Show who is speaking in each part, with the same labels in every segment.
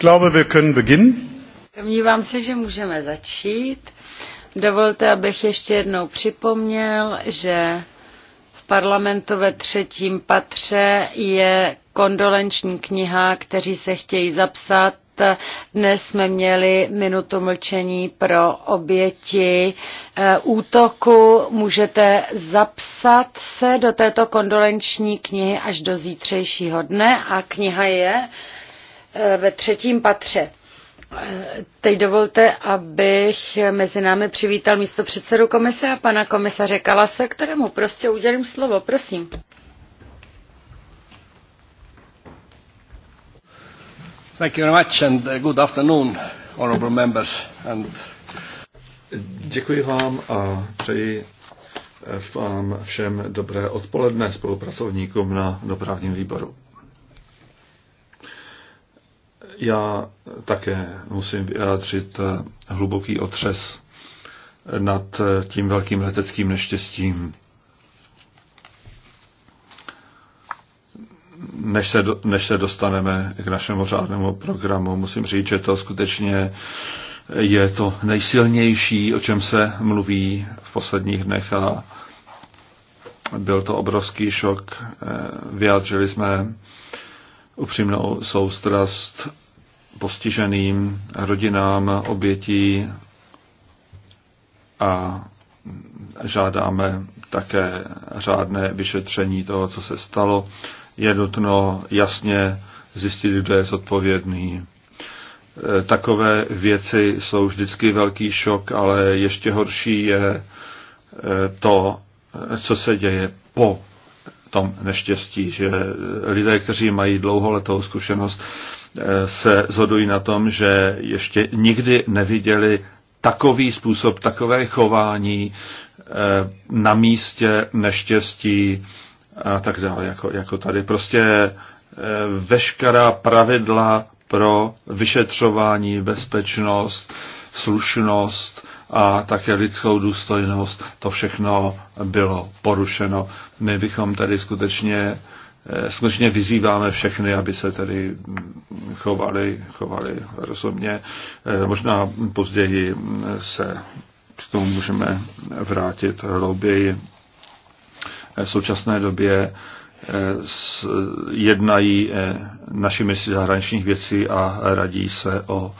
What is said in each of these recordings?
Speaker 1: glaube, wir können beginnen.
Speaker 2: Domnívám se, že můžeme začít. Dovolte, abych ještě jednou připomněl, že v parlamentu ve třetím patře je kondolenční kniha, kteří se chtějí zapsat. Dnes jsme měli minutu mlčení pro oběti eh, útoku. Můžete zapsat se do této kondolenční knihy až do zítřejšího dne a kniha je Eh, ve třetím patře. Eh, teď dovolte, abych mezi námi přivítal místo předsedu komise a pana komisaře Kalase, kterému prostě udělím slovo. Prosím.
Speaker 1: Thank you very much and eh, good afternoon, honorable members. And... Děkuji vám a přeji vám všem dobré odpoledne spolupracovníkům na dopravním výboru. Já také musím vyjádřit eh, hluboký otřes nad eh, tím velkým leteckým neštěstím. Než se, do, než se dostaneme k našemu řádnému programu, musím říct, že to skutečně je to nejsilnější, o čem se mluví v posledních dnech a byl to obrovský šok. Eh, vyjádřili jsme upřímnou soustrast postiženým, rodinám obětí a žádáme také řádné vyšetření toho, co se stalo. Je nutno jasně zjistit, kdo je zodpovědný. E, takové věci jsou vždycky velký šok, ale ještě horší je e, to, co se děje po tom neštěstí, že lidé, kteří mají dlouholetou zkušenost, se zhodují na tom, že ještě nikdy neviděli takový způsob, takové chování eh, na místě neštěstí a tak dále, jako, jako tady. Prostě eh, veškerá pravidla pro vyšetřování, bezpečnost, slušnost a také lidskou důstojnost, to všechno bylo porušeno. My bychom tady skutečně Eh, skutečně vyzýváme všechny, aby se tedy chovali, chovali rozumně. Eh, možná později eh, se k tomu můžeme vrátit hlouběji. V současné době jednají naši ministři zahraničních věcí a radí se o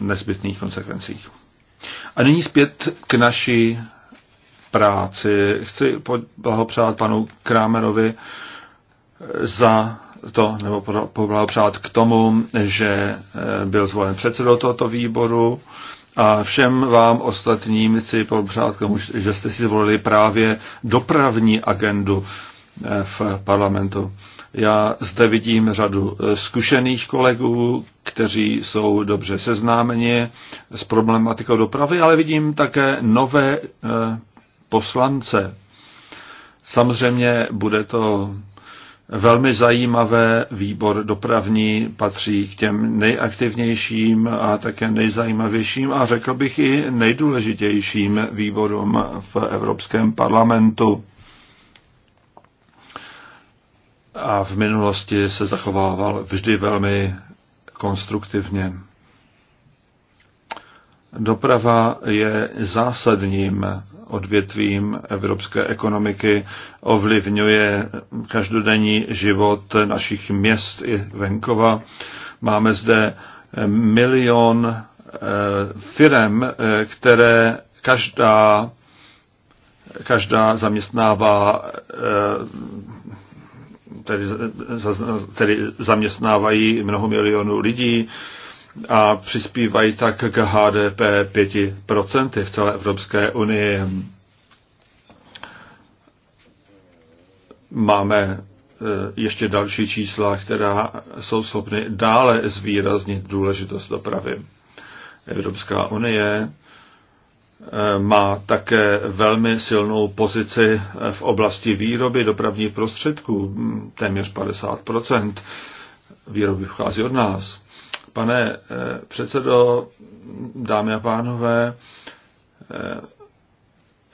Speaker 1: nezbytných konsekvencích. A nyní zpět k naší práci. Chci poblahopřát panu Krámerovi za to, nebo poblahopřát k tomu, že eh, byl zvolen předsedou tohoto výboru a všem vám ostatním chci poblahopřát k tomu, že jste si zvolili právě dopravní agendu eh, v parlamentu. Já zde vidím řadu eh, zkušených kolegů, kteří jsou dobře seznámeni s problematikou dopravy, ale vidím také nové poslance. Samozřejmě bude to velmi zajímavé. Výbor dopravní patří k těm nejaktivnějším a také nejzajímavějším a řekl bych i nejdůležitějším výborům v Evropském parlamentu. A v minulosti se zachovával vždy velmi konstruktivně. Doprava je zásadním odvětvím evropské ekonomiky, ovlivňuje každodenní život našich měst i venkova. Máme zde milion eh, firem, eh, které každá, každá zaměstnává eh, tedy, tedy zaměstnávají mnoho milionů lidí, a přispívají tak k HDP 5% v celé Evropské unii. Máme e, ještě další čísla, která jsou schopny dále zvýraznit důležitost dopravy. Evropská unie e, má také velmi silnou pozici v oblasti výroby dopravních prostředků, téměř 50 výroby vchází od nás. Pane eh, předsedo, dámy a pánové, eh,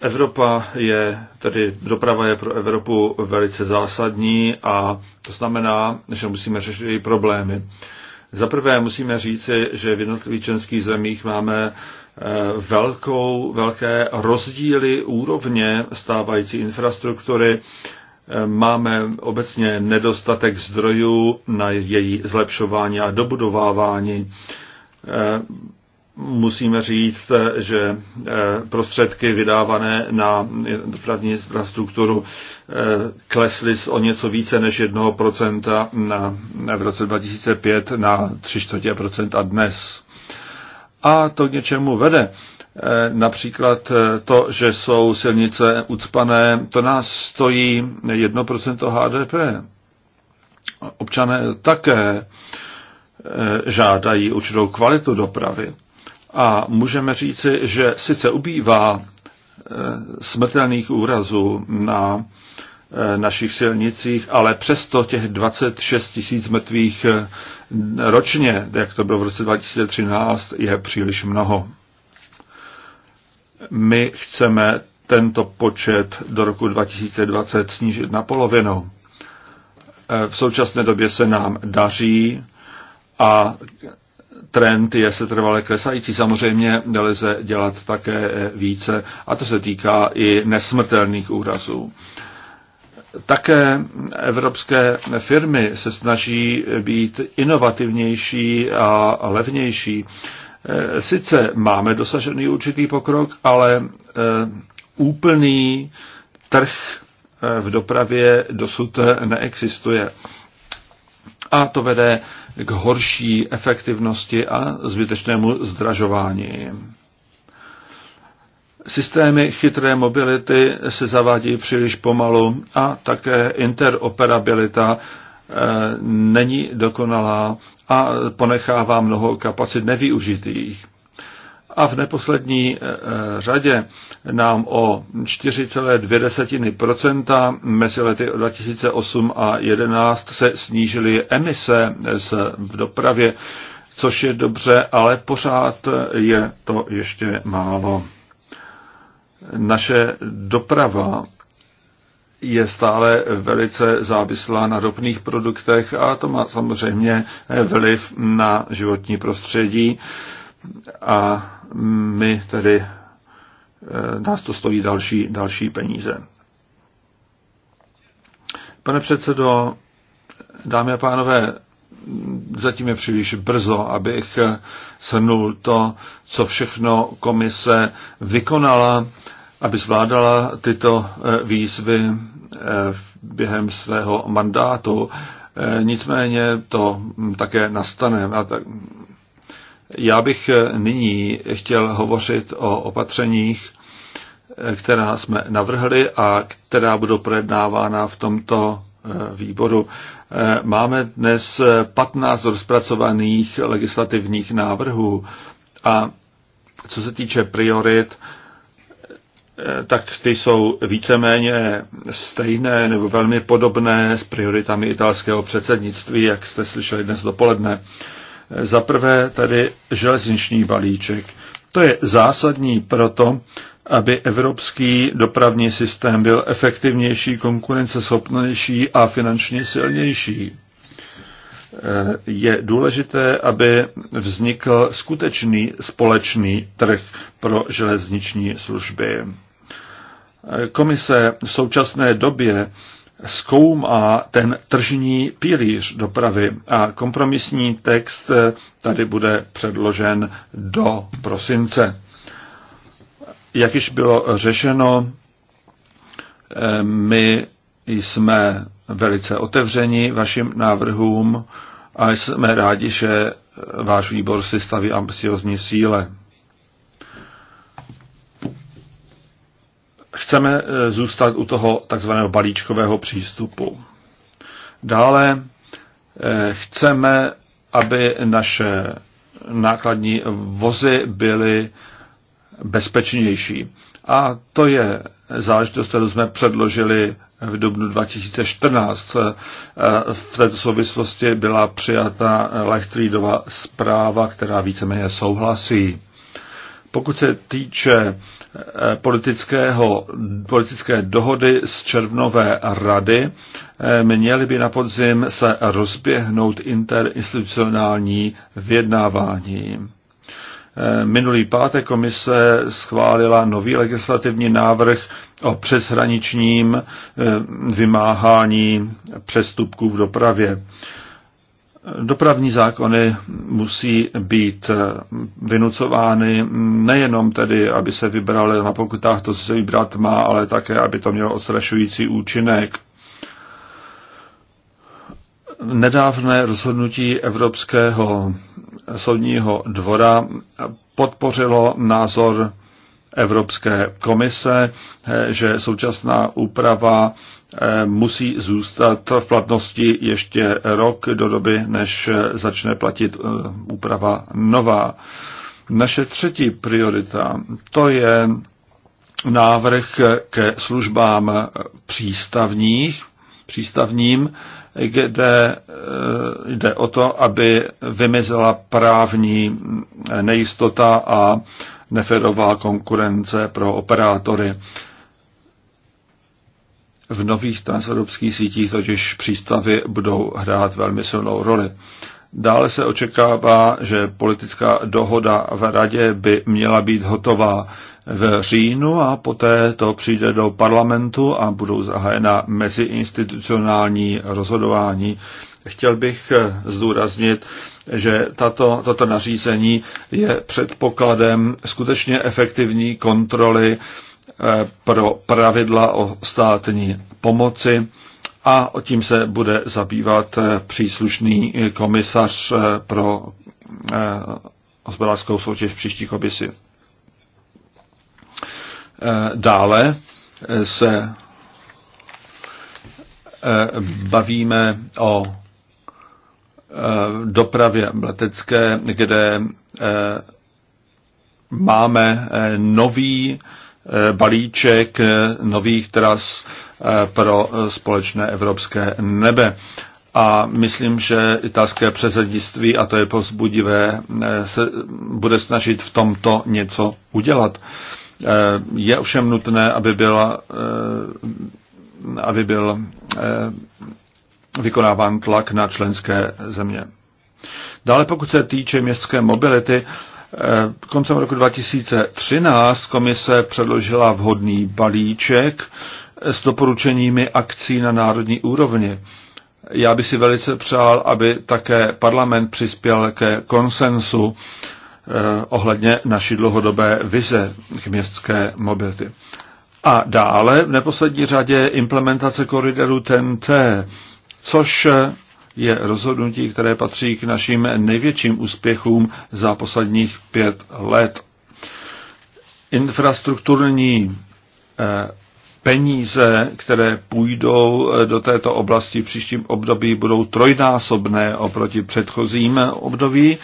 Speaker 1: Evropa je, tedy doprava je pro Evropu velice zásadní a to znamená, že musíme řešit její problémy. Za prvé musíme říci, že v jednotlivých členských zemích máme eh, velkou, velké rozdíly úrovně stávající infrastruktury, Máme obecně nedostatek zdrojů na její zlepšování a dobudovávání. Musíme říct, že eh, prostředky vydávané na dopravní infrastrukturu eh, klesly o něco více než 1% na, v roce 2005 na 3 a dnes. A to k něčemu vede. Eh, například eh, to, že jsou silnice ucpané, to nás stojí 1% HDP. Občané také eh, žádají určitou kvalitu dopravy. A můžeme říci, že sice ubývá smrtelných úrazů na našich silnicích, ale přesto těch 26 tisíc mrtvých ročně, jak to bylo v roce 2013, je příliš mnoho. My chceme tento počet do roku 2020 snížit na polovinu. E, v současné době se nám daří a trend je setrvale klesající. Samozřejmě nelze dělat také více a to se týká i nesmrtelných úrazů. Také evropské firmy se snaží být inovativnější a levnější. Eh, sice máme dosažený určitý pokrok, ale eh, úplný trh eh, v dopravě dosud neexistuje. A to vede k horší efektivnosti a zbytečnému zdražování. Systémy chytré mobility se zavádí příliš pomalu a také interoperabilita není dokonalá a ponechává mnoho kapacit nevyužitých. A v neposlední e, e, řadě nám o 4,2% mezi lety 2008 a 2011 se snížily emise v dopravě, což je dobře, ale pořád je to ještě málo. Naše doprava je stále velice závislá na ropných produktech a to má samozřejmě vliv na životní prostředí a my tedy eh, nás to stojí další, další peníze. Pane předsedo, dámy a pánové, zatím je příliš brzo, abych shrnul to, co všechno komise vykonala, aby zvládala tyto eh, výzvy Eh, během svého mandátu. Eh, nicméně to také nastane. já bych eh, nyní chtěl hovořit o opatřeních, která jsme navrhli a která budou projednávána v tomto výboru. Máme dnes 15 rozpracovaných legislativních návrhů a co se týče priorit, Eh, tak ty jsou víceméně stejné nebo velmi podobné s prioritami italského předsednictví, jak jste slyšeli dnes dopoledne. Eh, za prvé tady železniční balíček. To je zásadní proto, aby evropský dopravní systém byl efektivnější, konkurenceschopnější a finančně silnější. Eh, je důležité, aby vznikl skutečný společný trh pro železniční služby. Eh, komise v současné době zkoumá ten tržní pilíř dopravy a kompromisní text eh, tady bude předložen do prosince. Jak již bylo řešeno, my jsme velice otevřeni vašim návrhům a jsme rádi, že váš výbor si staví ambiciozní síle. Chceme e, zůstat u toho takzvaného balíčkového přístupu. Dále e, chceme, aby naše nákladní vozy byly bezpečnější. A to je záležitost, kterou jsme předložili v dubnu 2014. Eh, v této souvislosti byla přijata Lechtrýdova zpráva, která víceméně souhlasí. Pokud se týče eh, politického, politické dohody z červnové rady, eh, měly by na podzim se rozběhnout interinstitucionální vyjednávání. Minulý pátek komise schválila nový legislativní návrh o přeshraničním eh, vymáhání přestupků v dopravě. Dopravní zákony musí být eh, vynucovány nejenom tedy, aby se vybrali na pokutách, to se vybrat má, ale také, aby to mělo odstrašující účinek. Nedávné rozhodnutí Evropského soudního dvora podpořilo názor Evropské komise, eh, že současná úprava eh, musí zůstat v platnosti ještě rok do doby, než eh, začne platit úprava nová. Naše třetí priorita to je návrh ke službám přístavních, přístavním, kde jde o to, aby vymizela právní nejistota a neferová konkurence pro operátory. V nových transevropských sítích totiž přístavy budou hrát velmi silnou roli. Dále se očekává, že politická dohoda v radě by měla být hotová v říjnu a poté to přijde do parlamentu a budou zahájena meziinstitucionální rozhodování. Chtěl bych zdůraznit, že tato, toto nařízení je předpokladem skutečně efektivní kontroly eh, pro pravidla o státní pomoci a o tím se bude zabývat eh, příslušný komisař eh, pro hospodářskou soutěž v příští komisi. Dále se bavíme o Eh, dopravě letecké, kde eh, máme eh, nový balíček nových tras pro společné evropské nebe. A myslím, že italské předsednictví, a to je pozbudivé, se bude snažit v tomto něco udělat. Je ovšem nutné, aby, byla, aby byl vykonáván tlak na členské země. Dále pokud se týče městské mobility, eh, koncem roku 2013 komise předložila vhodný balíček s doporučeními akcí na národní úrovni. Já bych si velice přál, aby také parlament přispěl ke konsensu eh, ohledně naší dlouhodobé vize k městské mobility. A dále v neposlední řadě implementace koridoru TNT což je rozhodnutí, které patří k našim největším úspěchům za posledních pět let. Infrastrukturní eh, peníze, které půjdou eh, do této oblasti v příštím období, budou trojnásobné oproti předchozím období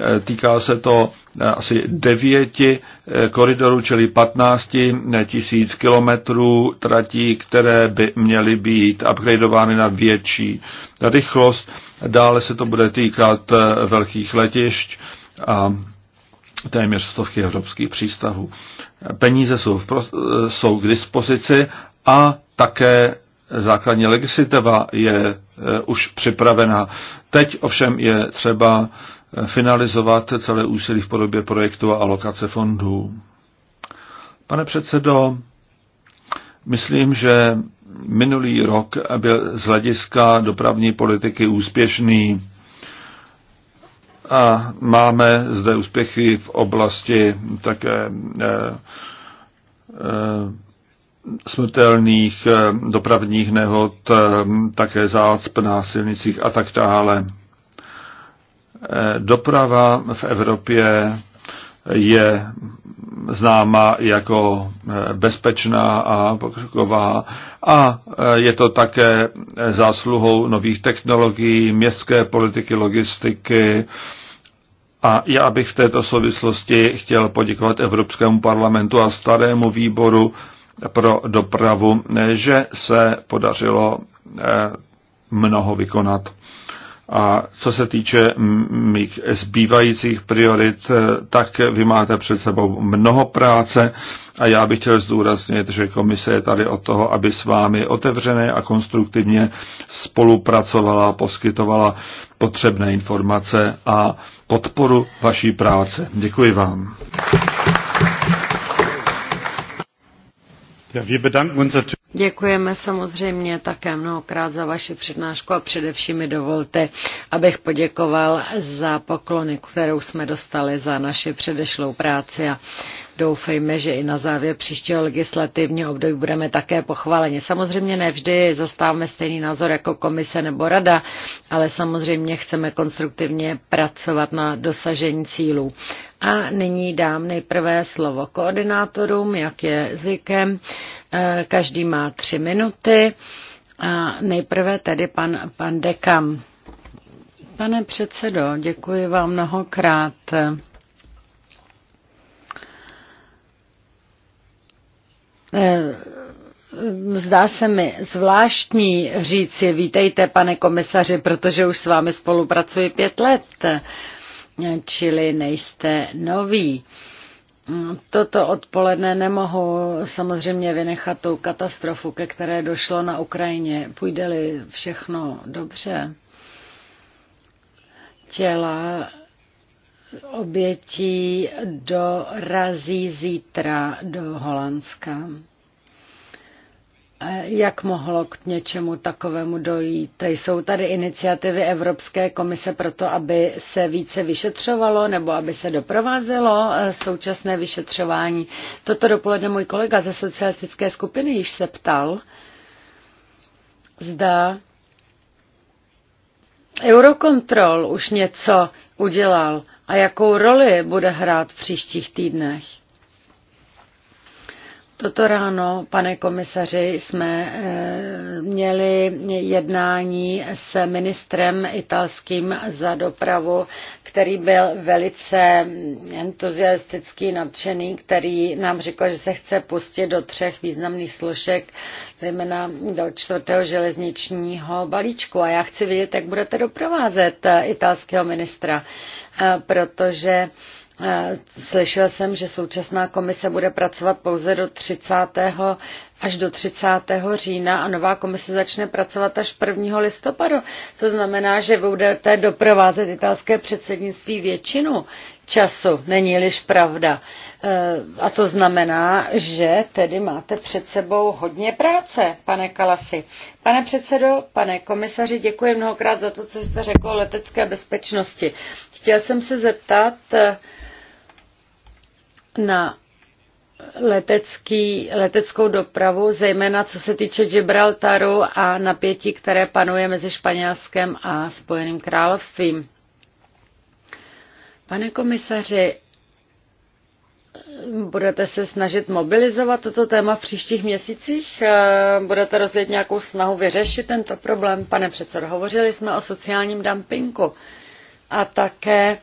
Speaker 1: Eh, týká se to eh, asi devěti eh, koridorů, čili 15 tisíc kilometrů tratí, které by měly být upgradeovány na větší rychlost. Dále se to bude týkat velkých letišť a téměř stovky evropských přístavů. Peníze jsou, v, jsou k dispozici a také základní legislativa je už připravena. Teď ovšem je třeba finalizovat celé úsilí v podobě projektu a alokace fondů. Pane předsedo, myslím, že minulý rok byl z hlediska dopravní politiky úspěšný a máme zde úspěchy v oblasti také e, e, smrtelných eh, dopravních nehod, také zácp na silnicích a tak dále. Eh, doprava v Evropě je známa jako eh, bezpečná a pokroková a eh, je to také zásluhou nových technologií, městské politiky, logistiky, a já bych v této souvislosti chtěl poděkovat Evropskému parlamentu a starému výboru pro dopravu, že se podařilo mnoho vykonat. A co se týče mých zbývajících priorit, eh, tak vy máte před sebou mnoho práce a já bych chtěl zdůraznit, že komise je tady od toho, aby s vámi otevřené a konstruktivně spolupracovala, poskytovala potřebné informace a podporu vaší práce. Děkuji vám.
Speaker 2: Děkujeme samozřejmě také mnohokrát za vaši přednášku a především mi dovolte, abych poděkoval za poklony, kterou jsme dostali za naši předešlou práci a doufejme, že i na závěr příštího legislativního období budeme také pochváleni. Samozřejmě nevždy zastáváme stejný názor jako komise nebo rada, ale samozřejmě chceme konstruktivně pracovat na dosažení cílů. A nyní dám nejprve slovo koordinátorům, jak je zvykem. Eh, každý má tři minuty. A nejprve tedy pan, pan Dekam. Pane předsedo, děkuji vám mnohokrát. Eh, zdá se mi zvláštní říci, vítejte pane komisaři, protože už s vámi spolupracuji pět let čili nejste noví. Toto odpoledne nemohu samozřejmě vynechat tu katastrofu, ke které došlo na Ukrajině. Půjde-li všechno dobře, těla obětí dorazí zítra do Holandska. Jak mohlo k něčemu takovému dojít? Jsou tady iniciativy Evropské komise pro to, aby se více vyšetřovalo nebo aby se doprovázelo eh, současné vyšetřování? Toto dopoledne můj kolega ze socialistické skupiny již se ptal, zda Eurocontrol už něco udělal a jakou roli bude hrát v příštích týdnech. Toto ráno, pane komisaři, jsme eh, měli jednání s ministrem italským za dopravu, který byl velice entuziastický, nadšený, který nám řekl, že se chce pustit do třech významných složek, zejména do čtvrtého železničního balíčku. A já chci vědět, jak budete doprovázet italského ministra, eh, protože Eh, slyšel jsem, že současná komise bude pracovat pouze do 30. až do 30. října a nová komise začne pracovat až 1. listopadu. To znamená, že budete doprovázet italské předsednictví většinu času, není-liž pravda. Eh, a to znamená, že tedy máte před sebou hodně práce, pane Kalasi. Pane předsedo, pane komisaři, děkuji mnohokrát za to, co jste řekl o letecké bezpečnosti. Chtěl jsem se zeptat, eh, na letecký, leteckou dopravu, zejména co se týče Gibraltaru a napětí, které panuje mezi Španělskem a Spojeným královstvím. Pane komisaři, budete se snažit mobilizovat toto téma v příštích měsících? Budete rozvět nějakou snahu vyřešit tento problém? Pane předsedo, hovořili jsme o sociálním dumpingu a také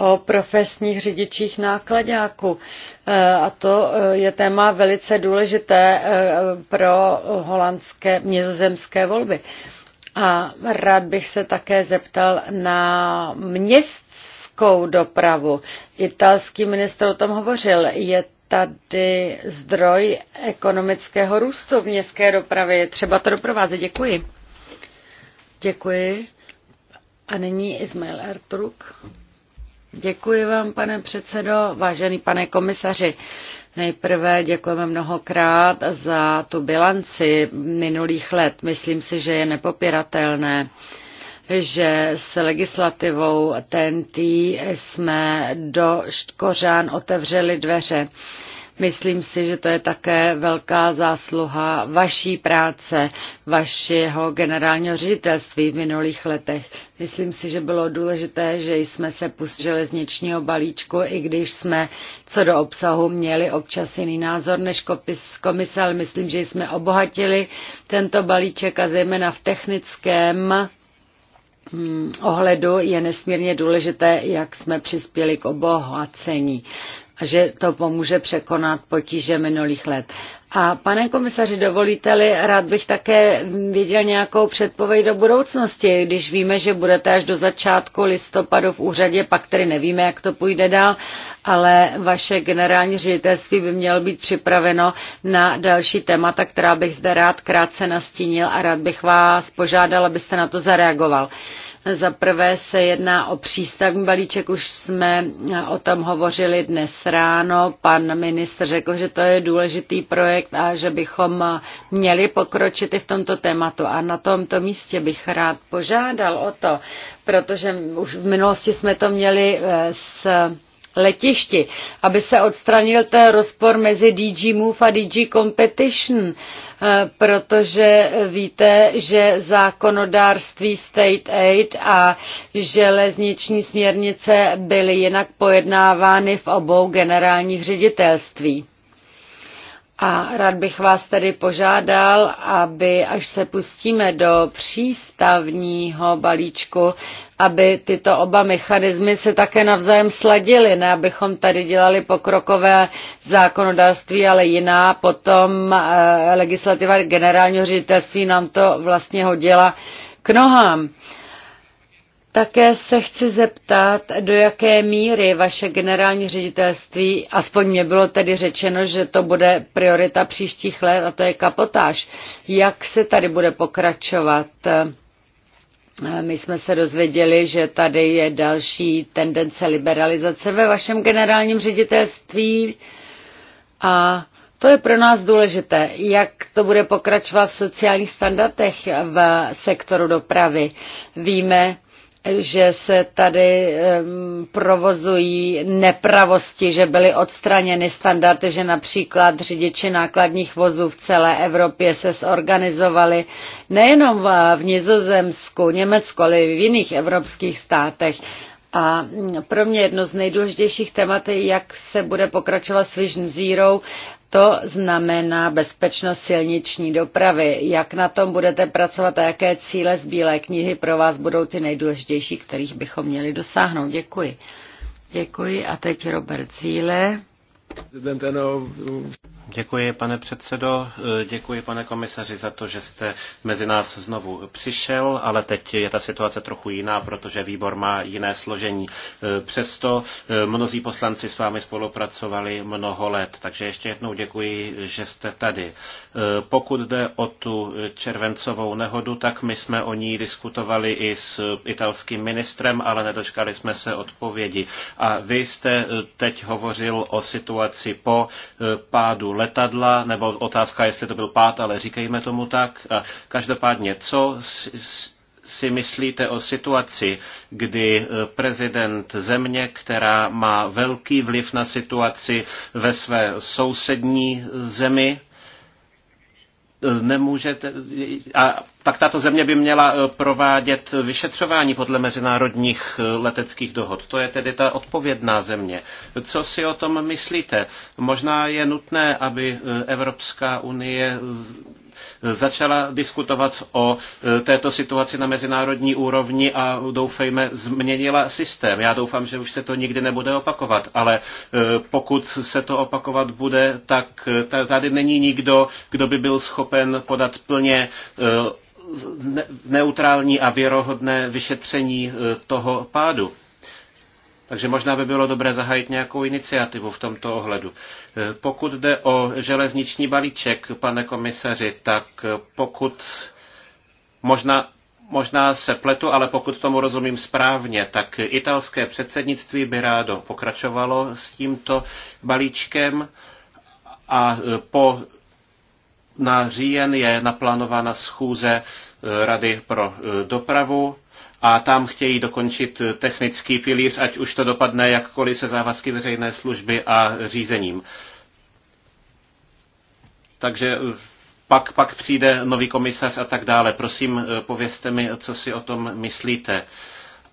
Speaker 2: o profesních řidičích nákladňáků. E, a to e, je téma velice důležité e, pro holandské nizozemské volby. A rád bych se také zeptal na městskou dopravu. Italský ministr o tom hovořil. Je tady zdroj ekonomického růstu v městské dopravě. Třeba to doprovázet. Děkuji. Děkuji. A nyní Ismail Ertruk. Děkuji vám, pane předsedo, vážený pane komisaři. Nejprve děkujeme mnohokrát za tu bilanci minulých let. Myslím si, že je nepopiratelné, že s legislativou TNT jsme do Kořán otevřeli dveře Myslím si, že to je také velká zásluha vaší práce, vašeho generálního ředitelství v minulých letech. Myslím si, že bylo důležité, že jsme se pustili z něčního balíčku, i když jsme co do obsahu měli občas jiný názor než komise, ale myslím, že jsme obohatili tento balíček a zejména v technickém hm, ohledu je nesmírně důležité, jak jsme přispěli k obohacení že to pomůže překonat potíže minulých let. A pane komisaři, dovolíte-li, rád bych také věděl nějakou předpověď do budoucnosti. Když víme, že budete až do začátku listopadu v úřadě, pak tedy nevíme, jak to půjde dál, ale vaše generální ředitelství by mělo být připraveno na další témata, která bych zde rád krátce nastínil a rád bych vás požádal, abyste na to zareagoval. Za prvé se jedná o přístavní balíček, už jsme o tom hovořili dnes ráno. Pan ministr řekl, že to je důležitý projekt a že bychom měli pokročit i v tomto tématu. A na tomto místě bych rád požádal o to, protože už v minulosti jsme to měli eh, s letišti, aby se odstranil ten rozpor mezi DG Move a DG Competition, eh, protože víte, že zákonodárství State Aid a železniční směrnice byly jinak pojednávány v obou generálních ředitelství. A rád bych vás tedy požádal, aby až se pustíme do přístavního balíčku, aby tyto oba mechanismy se také navzájem sladily, ne abychom tady dělali pokrokové zákonodárství, ale jiná. Potom eh, legislativa generálního ředitelství nám to vlastně hodila k nohám. Také se chci zeptat, do jaké míry vaše generální ředitelství, aspoň mě bylo tedy řečeno, že to bude priorita příštích let a to je kapotáž. Jak se tady bude pokračovat? My jsme se dozvěděli, že tady je další tendence liberalizace ve vašem generálním ředitelství a to je pro nás důležité, jak to bude pokračovat v sociálních standardech v sektoru dopravy. Víme, že se tady provozují nepravosti, že byly odstraněny standardy, že například řidiči nákladních vozů v celé Evropě se zorganizovali nejenom v, v Nizozemsku, Německu, ale i v jiných evropských státech. A pro mě jedno z nejdůležitějších témat je, jak se bude pokračovat s Vision Zero to znamená bezpečnost silniční dopravy. Jak na tom budete pracovat a jaké cíle z Bílé knihy pro vás budou ty nejdůležitější, kterých bychom měli dosáhnout? Děkuji. Děkuji a teď Robert Cíle.
Speaker 3: No. Děkuji, pane předsedo, děkuji, pane komisaři, za to, že jste mezi nás znovu přišel, ale teď je ta situace trochu jiná, protože výbor má jiné složení. Přesto mnozí poslanci s vámi spolupracovali mnoho let, takže ještě jednou děkuji, že jste tady. Pokud jde o tu červencovou nehodu, tak my jsme o ní diskutovali i s italským ministrem, ale nedočkali jsme se odpovědi. A vy jste teď hovořil o situaci, situaci po e, pádu letadla, nebo otázka, jestli to byl pád, ale říkejme tomu tak. Každopádně, co si myslíte o situaci, kdy e, prezident země, která má velký vliv na situaci ve své sousední zemi, nemůžete, a tak tato země by měla eh, provádět vyšetřování podle mezinárodních eh, leteckých dohod. To je tedy ta odpovědná země. Co si o tom myslíte? Možná je nutné, aby eh, Evropská unie začala diskutovat o e, této situaci na mezinárodní úrovni a doufejme změnila systém. Já doufám, že už se to nikdy nebude opakovat, ale e, pokud se to opakovat bude, tak e, tady není nikdo, kdo by byl schopen podat plně neutrální a věrohodné vyšetření toho pádu. Takže možná by bylo dobré zahájit nějakou iniciativu v tomto ohledu. E, pokud jde o železniční balíček, pane komisaři, tak pokud možná možná se pletu, ale pokud tomu rozumím správně, tak italské předsednictví by rádo pokračovalo s tímto balíčkem a e, po na říjen je naplánována schůze e, Rady pro dopravu a tam chtějí dokončit technický pilíř, ať už to dopadne jakkoliv se závazky veřejné služby a řízením. Takže eh, pak, pak přijde nový komisař a tak dále. Prosím, eh, povězte mi, co si o tom myslíte.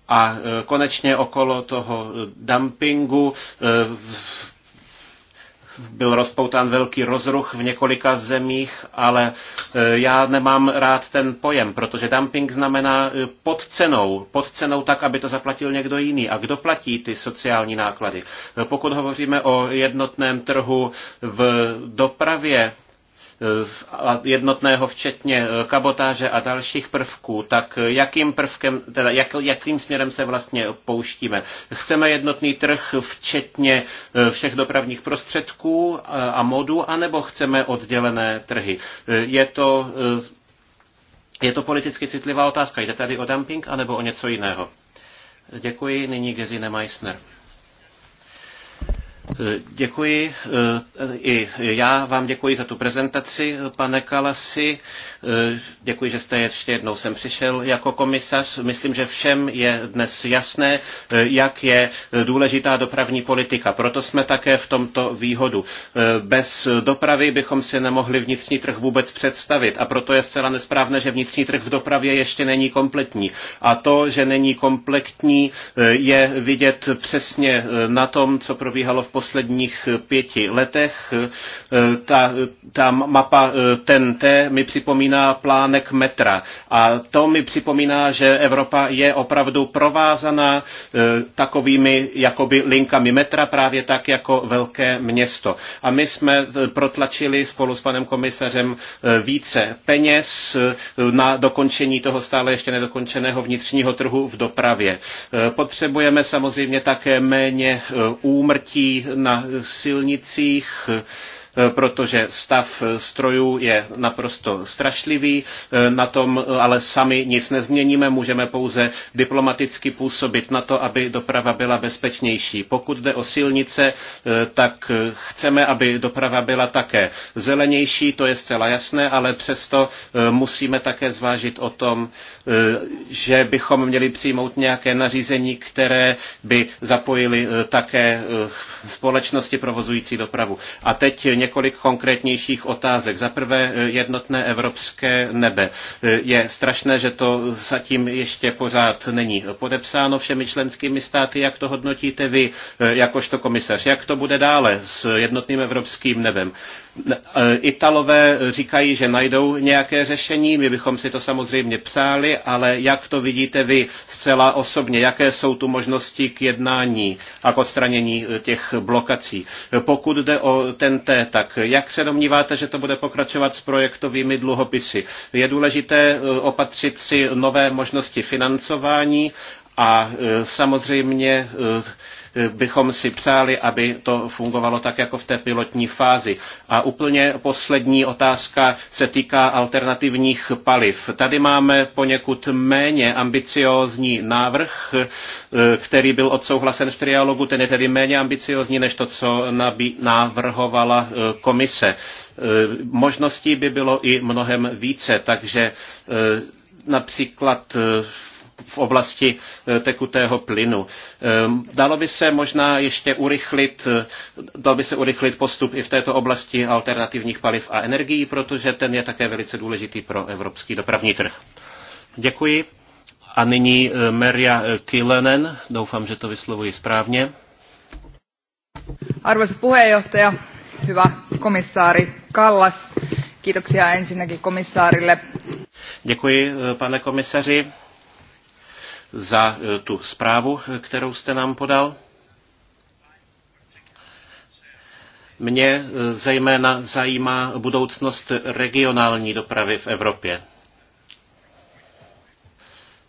Speaker 3: A eh, konečně okolo toho dumpingu byl rozpoután velký rozruch v několika zemích, ale e, já nemám rád ten pojem, protože dumping znamená e, pod cenou, pod cenou tak, aby to zaplatil někdo jiný. A kdo platí ty sociální náklady? E, pokud hovoříme o jednotném trhu v dopravě, jednotného včetně eh, kabotáže a dalších prvků, tak eh, jakým prvkem, teda jak, jakým směrem se vlastně pouštíme? Chceme jednotný trh včetně eh, všech dopravních prostředků a modů, anebo chceme oddělené trhy? Je to, je to politicky citlivá otázka. Jde tady o dumping anebo o něco jiného? Děkuji. Nyní Gezine Meissner. Děkuji. I já vám děkuji za tu prezentaci, pane Kalasi. Děkuji, že jste ještě jednou sem přišel jako komisař. Myslím, že všem je dnes jasné, jak je důležitá dopravní politika. Proto jsme také v tomto výhodu. Bez dopravy bychom si nemohli vnitřní trh vůbec představit a proto je zcela nesprávné, že vnitřní trh v dopravě ještě není kompletní. A to, že není kompletní, je vidět přesně na tom, co probíhalo v posledních pěti letech. E, ta, ta mapa TNT e, mi připomíná plánek metra a to mi připomíná, že Evropa je opravdu provázaná e, takovými jakoby linkami metra, právě tak jako velké město. A my jsme protlačili spolu s panem komisařem více peněz na dokončení toho stále ještě nedokončeného vnitřního trhu v dopravě. Potřebujeme samozřejmě také méně úmrtí na silnicích Eh, protože stav eh, strojů je naprosto strašlivý, eh, na tom ale sami nic nezměníme, můžeme pouze diplomaticky působit na to, aby doprava byla bezpečnější. Pokud jde o silnice, tak chceme, aby doprava byla také zelenější, to je zcela jasné, ale přesto musíme také zvážit o tom, že bychom měli přijmout nějaké nařízení, které by zapojili také společnosti provozující dopravu. A teď několik konkrétnějších otázek. Za prvé eh, jednotné evropské nebe. Eh, je strašné, že to zatím ještě pořád není podepsáno všemi členskými státy. Jak to hodnotíte vy, eh, jakožto komisař? Jak to bude dále s jednotným evropským nebem? E, Italové říkají, že najdou nějaké řešení, my bychom si to samozřejmě přáli, ale jak to vidíte vy zcela osobně, jaké jsou tu možnosti k jednání a k odstranění e, těch blokací? Pokud jde o ten T, tak jak se domníváte, že to bude pokračovat s projektovými dluhopisy? Je důležité e, opatřit si nové možnosti financování a samozřejmě bychom si přáli, aby to fungovalo tak jako v té pilotní fázi. A úplně poslední otázka se týká alternativních paliv. Tady máme poněkud méně ambiciózní návrh, eh, který byl odsouhlasen v trialogu, ten je tedy méně ambiciózní než to, co navrhovala eh, komise. Eh, možností by bylo i mnohem více, takže například v oblasti eh, tekutého plynu. Ehm, dalo by se možná ještě urychlit, eh, dal by se urychlit postup i v této oblasti alternativních paliv a energií, protože ten je také velice důležitý pro evropský dopravní trh. Děkuji. A nyní eh, Merja Kilenen, doufám, že to vyslovuji správně.
Speaker 2: Arvoisa puheenjohtaja, hyvä komissaari Kallas, kiitoksia ensinnäkin komissaarille.
Speaker 3: Děkuji, pane komisaři za eh, tu zprávu, eh, kterou jste nám podal. Mě eh, zejména zajímá budoucnost regionální dopravy v Evropě.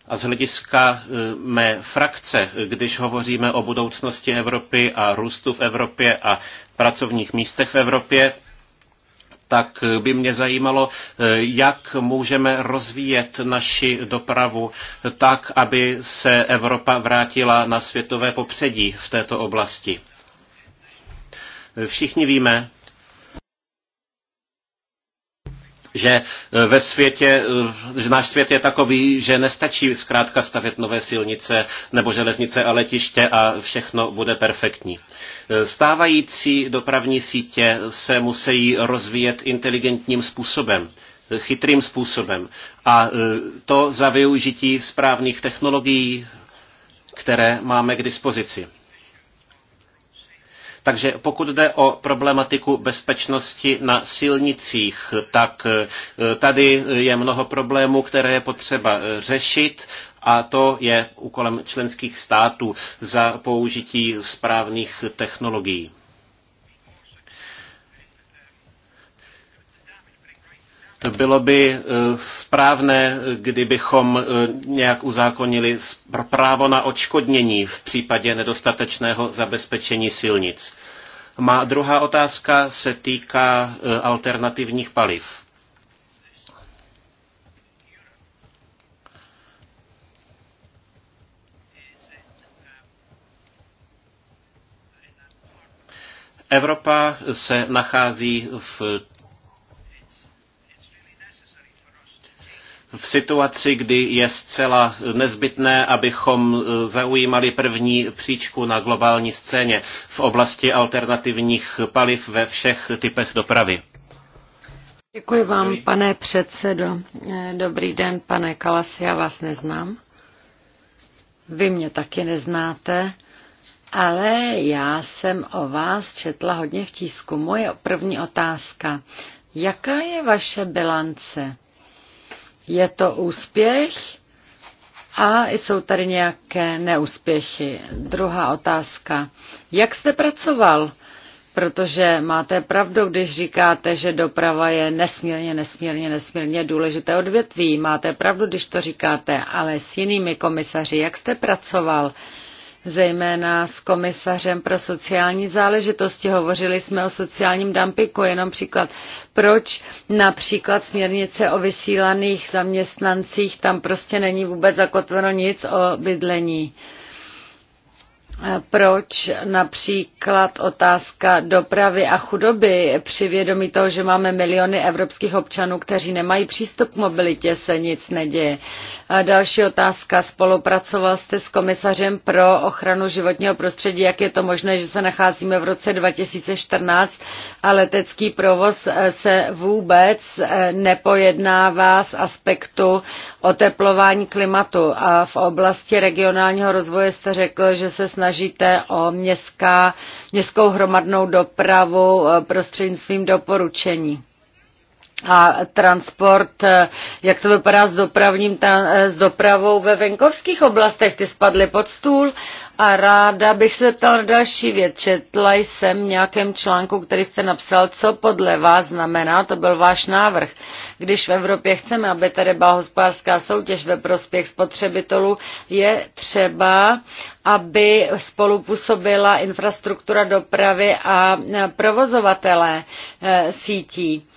Speaker 3: A z hlediska mé frakce, když hovoříme o budoucnosti Evropy a růstu v Evropě a pracovních místech v Evropě, tak by mě zajímalo, eh, jak můžeme rozvíjet naši dopravu tak, aby se Evropa vrátila na světové popředí v této oblasti. Všichni víme, že e, ve světě, e, že náš svět je takový, že nestačí zkrátka stavět nové silnice nebo železnice a letiště a všechno bude perfektní. E, stávající dopravní sítě se musí rozvíjet inteligentním způsobem chytrým způsobem. A to za využití správných technologií, které máme k dispozici. Takže pokud jde o problematiku bezpečnosti na silnicích, tak e, tady je mnoho problémů, které je potřeba e, řešit a to je úkolem členských států za použití správných technologií. Bylo by eh, správné, kdybychom eh, nějak uzákonili právo na odškodnění v případě nedostatečného zabezpečení silnic. Má druhá otázka se týká eh, alternativních paliv. Evropa se nachází v v situaci, kdy je zcela nezbytné, abychom eh, zaujímali první příčku na globální scéně v oblasti alternativních paliv ve všech typech dopravy.
Speaker 2: Děkuji vám, pane předsedo. Eh, dobrý den, pane Kalas, já vás neznám. Vy mě taky neznáte, ale já jsem o vás četla hodně v tisku. Moje první otázka. Jaká je vaše bilance? Je to úspěch a jsou tady nějaké neúspěchy? Druhá otázka. Jak jste pracoval? Protože máte pravdu, když říkáte, že doprava je nesmírně, nesmírně, nesmírně důležité odvětví. Máte pravdu, když to říkáte, ale s jinými komisaři, jak jste pracoval? zejména s komisařem pro sociální záležitosti. Hovořili jsme o sociálním dumpingu, jenom příklad. Proč například směrnice o vysílaných zaměstnancích, tam prostě není vůbec zakotveno nic o bydlení proč například otázka dopravy a chudoby při vědomí toho, že máme miliony evropských občanů, kteří nemají přístup k mobilitě, se nic neděje. A další otázka. Spolupracoval jste s komisařem pro ochranu životního prostředí. Jak je to možné, že se nacházíme v roce 2014 a letecký provoz eh, se vůbec eh, nepojednává z aspektu oteplování klimatu? A v oblasti regionálního rozvoje jste řekl, že se snaží snažíte o městská, městskou hromadnou dopravu eh, prostřednictvím doporučení a transport, eh, jak to vypadá s, dopravním, eh, s dopravou ve venkovských oblastech, ty spadly pod stůl a ráda bych se zeptala na další věc. Četla jsem v nějakém článku, který jste napsal, co podle vás znamená, to byl váš návrh. Když v Evropě chceme, aby tady byla hospodářská soutěž ve prospěch spotřebitelů, je třeba, aby spolupůsobila infrastruktura dopravy a provozovatelé eh, sítí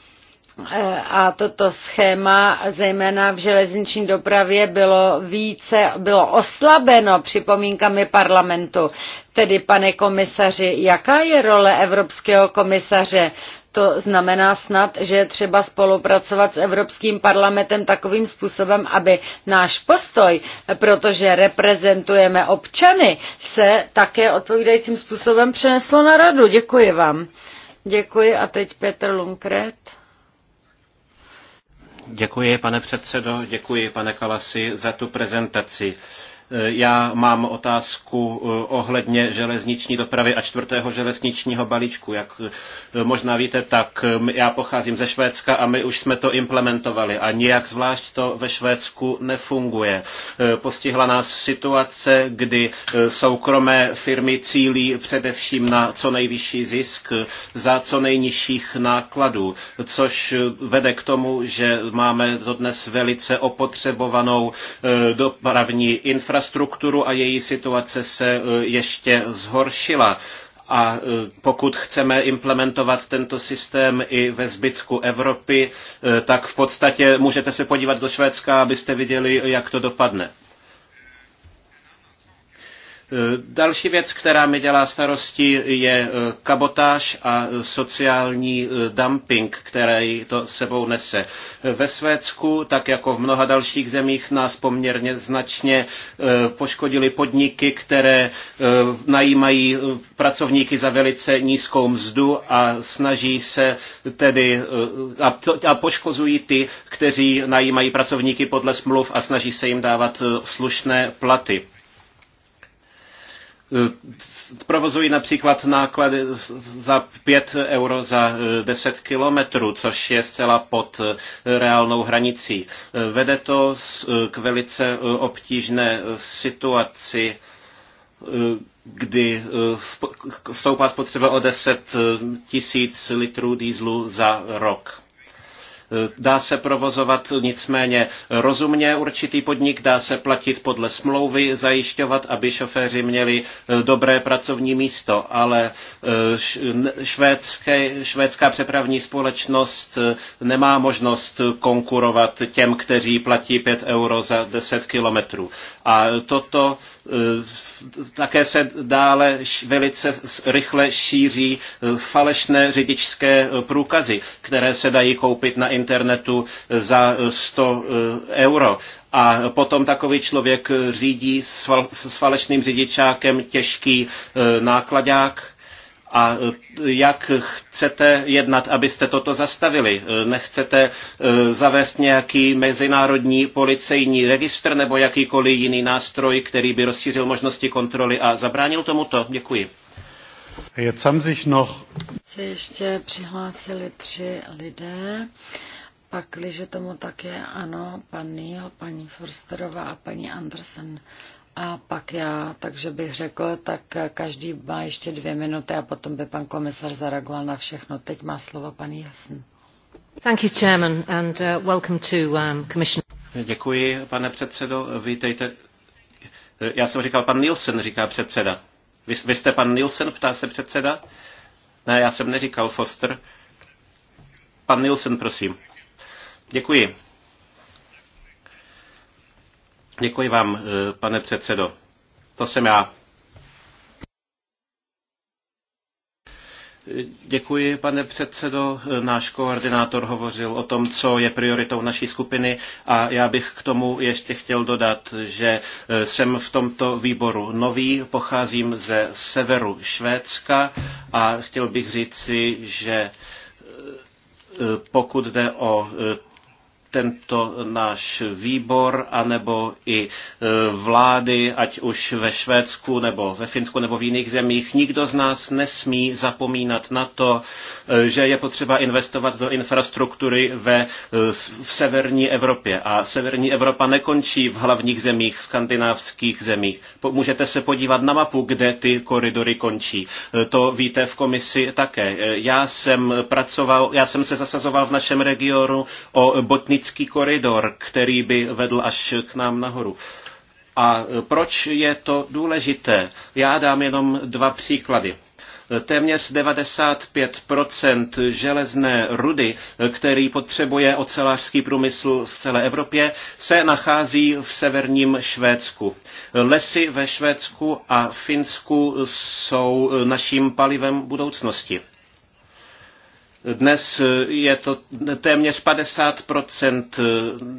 Speaker 2: a toto schéma, zejména v železniční dopravě, bylo více, bylo oslabeno připomínkami parlamentu. Tedy, pane komisaři, jaká je role Evropského komisaře? To znamená snad, že je třeba spolupracovat s Evropským parlamentem takovým způsobem, aby náš postoj, protože reprezentujeme občany, se také odpovídajícím způsobem přeneslo na radu. Děkuji vám. Děkuji a teď Petr Lunkret.
Speaker 3: Děkuji, pane předsedo, děkuji, pane Kalasi, za tu prezentaci. Eh, já mám otázku eh, ohledně železniční dopravy a čtvrtého železničního balíčku. Jak eh, možná víte, tak já pocházím ze Švédska a my už jsme to implementovali a nijak zvlášť to ve Švédsku nefunguje. Postihla nás situace, kdy soukromé firmy cílí především na co nejvyšší zisk za co nejnižších nákladů, což vede k tomu, že máme dodnes velice opotřebovanou dopravní infrastrukturu, infrastrukturu a její situace se e, ještě zhoršila. A e, pokud chceme implementovat tento systém i ve zbytku Evropy, e, tak v podstatě můžete se podívat do Švédska, abyste viděli, jak to dopadne. Eh, další věc, která mi dělá starosti, je eh, kabotáž a eh, sociální dumping, který to sebou nese. Ve Svédsku, tak jako v mnoha dalších zemích, nás poměrně značně poškodili podniky, které najímají pracovníky za velice nízkou mzdu a snaží se tedy a poškozují ty, kteří najímají pracovníky podle smluv a snaží se jim dávat slušné platy provozují například náklady za 5 euro za 10 eh, kilometrů, což je zcela pod eh, reálnou hranicí. Eh, vede to k velice obtížné situaci, kdy stoupá spotřeba o 10 tisíc litrů dýzlu za rok. Dá se provozovat nicméně rozumně určitý podnik, dá se platit podle smlouvy, zajišťovat, aby šoféři měli eh, dobré pracovní místo, ale eh, švédské, švédská přepravní společnost eh, nemá možnost konkurovat těm, kteří platí 5 euro za 10 kilometrů. A toto Eh, také se dále velice rychle šíří eh, falešné řidičské eh, průkazy, které se dají koupit na internetu za 100 euro. A potom takový člověk řídí s falešným řidičákem těžký nákladák a e, jak chcete jednat, abyste toto zastavili? E, nechcete e, zavést nějaký mezinárodní policejní registr nebo jakýkoliv jiný nástroj, který by rozšířil možnosti kontroly a zabránil tomuto? Děkuji.
Speaker 2: Se ještě přihlásili tři lidé. Pakliže tomu tak je, ano, pan Neil, paní Forsterová a paní Andersen. A pak já, takže bych řekl, tak každý má ještě dvě minuty a potom by pan komisar zareagoval na všechno. Teď má slovo pan Jasn.
Speaker 3: Thank you, Chairman, and uh,
Speaker 2: welcome to um,
Speaker 3: Commissioner. Děkuji, pane předsedo. Vítejte. Já jsem říkal, pan Nielsen říká předseda. Vy, vy jste pan Nielsen, ptá se předseda? Ne, já jsem neříkal Foster. Pan Nielsen, prosím. Děkuji. Děkuji vám, eh, pane předsedo. To jsem já. Děkuji, pane předsedo. Náš koordinátor hovořil o tom, co je prioritou naší skupiny a já bych k tomu ještě chtěl dodat, že eh, jsem v tomto výboru nový, pocházím ze severu Švédska a chtěl bych říci, že eh, pokud jde o tento náš výbor, anebo i e, vlády, ať už ve Švédsku, nebo ve Finsku, nebo v jiných zemích. Nikdo z nás nesmí zapomínat na to, e, že je potřeba investovat do infrastruktury ve, e, v severní Evropě. A severní Evropa nekončí v hlavních zemích, skandinávských zemích. Můžete se podívat na mapu, kde ty koridory končí. To víte v komisi také. Já jsem pracoval, já jsem se zasazoval v našem regionu o botnici technický koridor, který by vedl až k nám nahoru. A e, proč je to důležité? Já dám jenom dva příklady téměř 95 železné rudy, e, který potřebuje ocelářský průmysl v celé Evropě, se nachází v severním Švédsku. Lesy ve Švédsku a Finsku jsou e, naším palivem budoucnosti. Dnes eh, je to téměř 50 eh,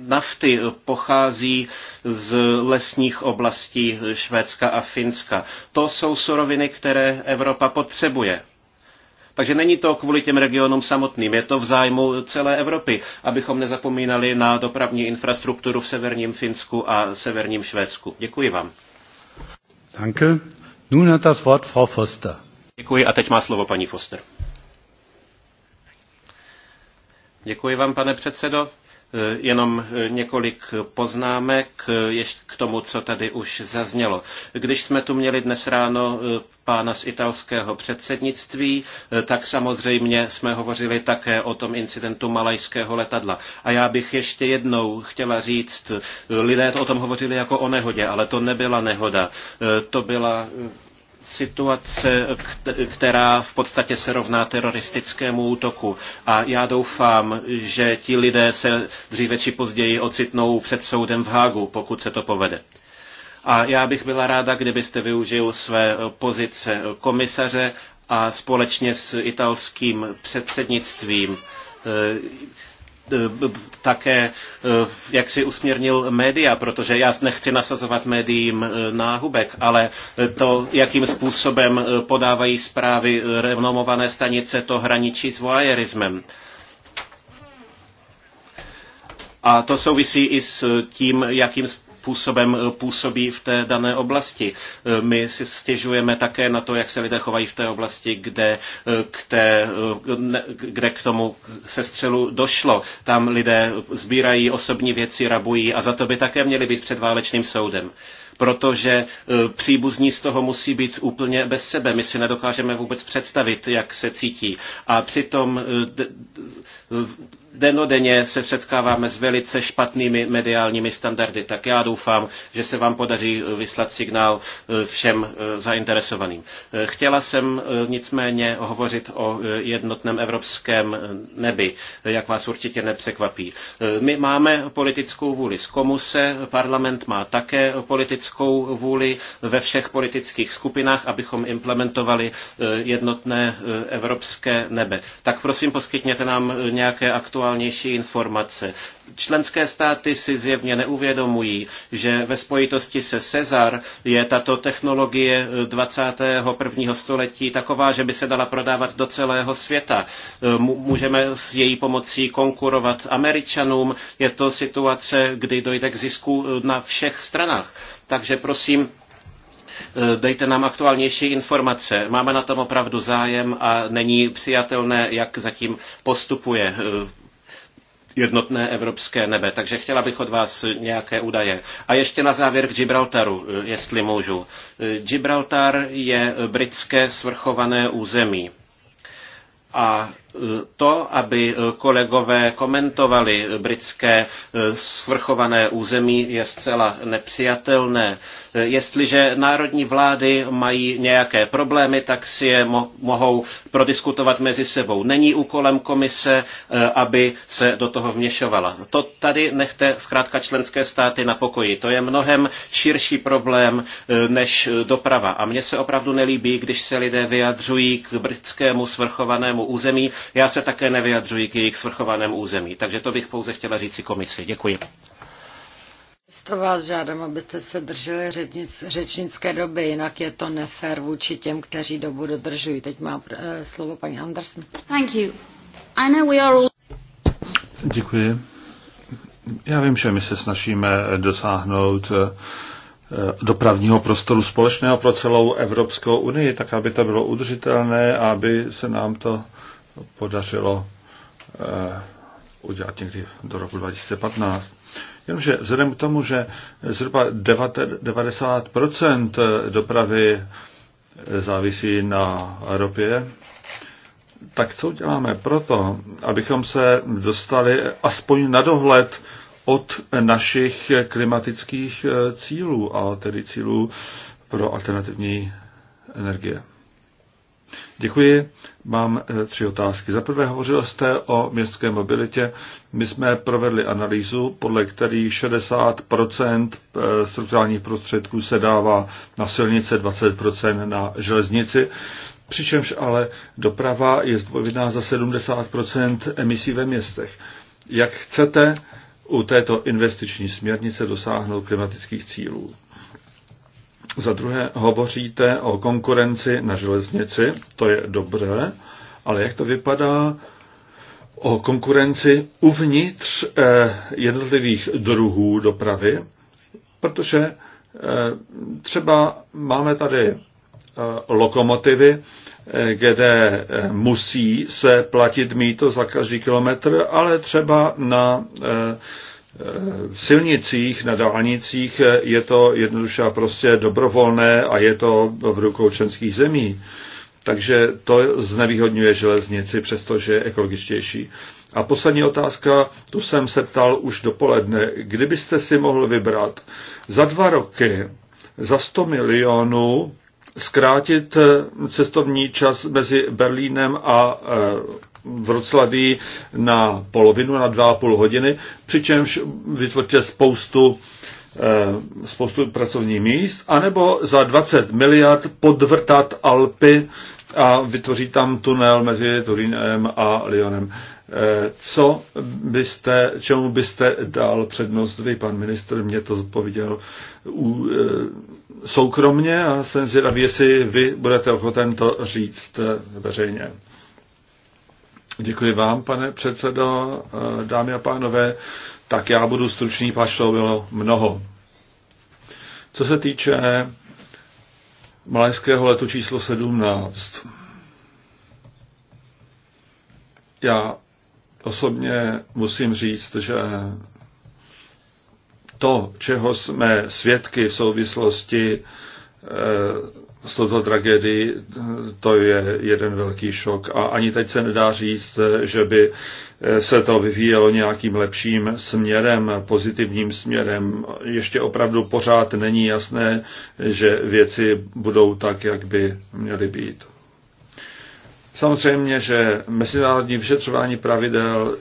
Speaker 3: nafty pochází z lesních oblastí Švédska a Finska. To jsou suroviny, které Evropa potřebuje. Takže není to kvůli těm regionům samotným, je to v zájmu celé Evropy, abychom nezapomínali na dopravní infrastrukturu v severním Finsku a severním Švédsku. Děkuji vám.
Speaker 1: Děkuji. Nun hat das Wort Frau Foster.
Speaker 3: Děkuji a teď má slovo paní Foster. Děkuji vám, pane předsedo. E, jenom e, několik poznámek e, k tomu, co tady už zaznělo. Když jsme tu měli dnes ráno pána z italského předsednictví, tak samozřejmě jsme hovořili také o tom incidentu malajského letadla. A já bych ještě jednou chtěla říct, lidé o tom hovořili jako o nehodě, ale to nebyla nehoda. To byla situace, která v podstatě se rovná teroristickému útoku. A já doufám, že ti lidé se dříve či později ocitnou před soudem v Hágu, pokud se to povede. A já bych byla ráda, kdybyste využil své pozice komisaře a společně s italským předsednictvím eh, Eh, také, eh, jak si usměrnil média, protože já nechci nasazovat médiím eh, náhubek, ale to, jakým způsobem podávají zprávy renomované stanice, to hraničí s voajerismem. A to souvisí i s tím, jakým, způsobem eh, působí v té dané oblasti. Eh, my si stěžujeme také na to, jak se lidé chovají v té oblasti, kde eh, k, té, kde k tomu sestřelu došlo. Tam lidé sbírají osobní věci, rabují a za to by také měli být před válečným soudem protože příbuzní z toho musí být úplně bez sebe. My si nedokážeme vůbec představit, jak se cítí. A přitom denodenně se setkáváme s velice špatnými mediálními standardy, tak já doufám, že se vám podaří eh, vyslat signál eh, všem eh, zainteresovaným. Chtěla jsem nicméně hovořit o jednotném evropském nebi, jak vás určitě nepřekvapí. My máme politickou vůli z komuse, parlament má také politickou vůli ve všech politických skupinách, abychom implementovali jednotné evropské nebe. Tak prosím, poskytněte nám nějaké aktuální Aktuálnější informace. Členské státy si zjevně neuvědomují, že ve spojitosti se Cezar je tato technologie 21. století taková, že by se dala prodávat do celého světa. Můžeme s její pomocí konkurovat Američanům. Je to situace, kdy dojde k zisku na všech stranách. Takže prosím, dejte nám aktuálnější informace. Máme na tom opravdu zájem a není přijatelné, jak zatím postupuje jednotné evropské nebe. Takže chtěla bych od vás nějaké údaje. A ještě na závěr k Gibraltaru, eh, jestli můžu. Eh, Gibraltar je britské svrchované území. A to, aby eh, kolegové komentovali britské eh, svrchované území, je zcela nepřijatelné. Eh, jestliže národní vlády mají nějaké problémy, tak si je mo- mohou prodiskutovat mezi sebou. Není úkolem komise, aby se do toho vměšovala. To tady nechte zkrátka členské státy na pokoji. To je mnohem širší problém než doprava. A mně se opravdu nelíbí, když se lidé vyjadřují k britskému svrchovanému území, já se také nevyjadřuji k jejich svrchovanému území, takže to bych pouze chtěla říci komisi. Děkuji.
Speaker 2: Přesto vás žádám, abyste se drželi řečnic, řečnické doby, jinak je to nefér vůči těm, kteří dobu dodržují. Teď má uh, slovo paní Anderson. Thank you. I know we are all...
Speaker 1: Děkuji. Já vím, že my se snažíme dosáhnout eh, dopravního prostoru společného pro celou Evropskou unii, tak aby to bylo udržitelné a aby se nám to podařilo eh, udělat někdy do roku 2015. Jenomže vzhledem k tomu, že zhruba 90 dopravy eh, závisí na ropě, tak co uděláme proto, abychom se dostali aspoň na dohled od našich klimatických eh, cílů a tedy cílů pro alternativní energie? Děkuji. Mám eh, tři otázky. Za prvé hovořil jste o městské mobilitě. My jsme provedli analýzu, podle který 60% eh, strukturálních prostředků se dává na silnice, 20% na železnici. Přičemž ale doprava je zodpovědná za 70% emisí ve městech. Jak chcete u této investiční směrnice dosáhnout klimatických cílů? Za druhé, hovoříte o konkurenci na železnici, to je dobré, ale jak to vypadá o konkurenci uvnitř eh, jednotlivých druhů dopravy, protože eh, třeba máme tady eh, lokomotivy, kde musí se platit mýto za každý kilometr, ale třeba na Eh, silnicích, na dálnicích eh, je to jednoduše a prostě dobrovolné a je to v rukou členských zemí. Takže to znevýhodňuje železnici, přestože je ekologičtější. A poslední otázka, tu jsem se ptal už dopoledne. Kdybyste si mohl vybrat za dva roky za 100 milionů zkrátit eh, cestovní čas mezi Berlínem a Vroclaví na polovinu, na dva a půl hodiny, přičemž vytvoříte spoustu eh, spoustu pracovních míst, anebo za 20 miliard podvrtat Alpy a vytvoří tam tunel mezi Turínem a Lyonem. Eh, co byste, čemu byste dal přednost vy, pan ministr, mě to odpověděl u, eh, soukromně a jsem zvědavý, jestli vy budete ochoten to říct veřejně. Děkuji vám, pane předsedo, dámy a pánové. Tak já budu stručný, pač to bylo mnoho. Co se týče malajského letu číslo 17, já osobně musím říct, že to, čeho jsme svědky v souvislosti eh, z touto tragédií, to je jeden velký šok. A ani teď se nedá říct, že by se to vyvíjelo nějakým lepším směrem, pozitivním směrem. Ještě opravdu pořád není jasné, že věci budou tak, jak by měly být. Samozřejmě, že mezinárodní vyšetřování pravidel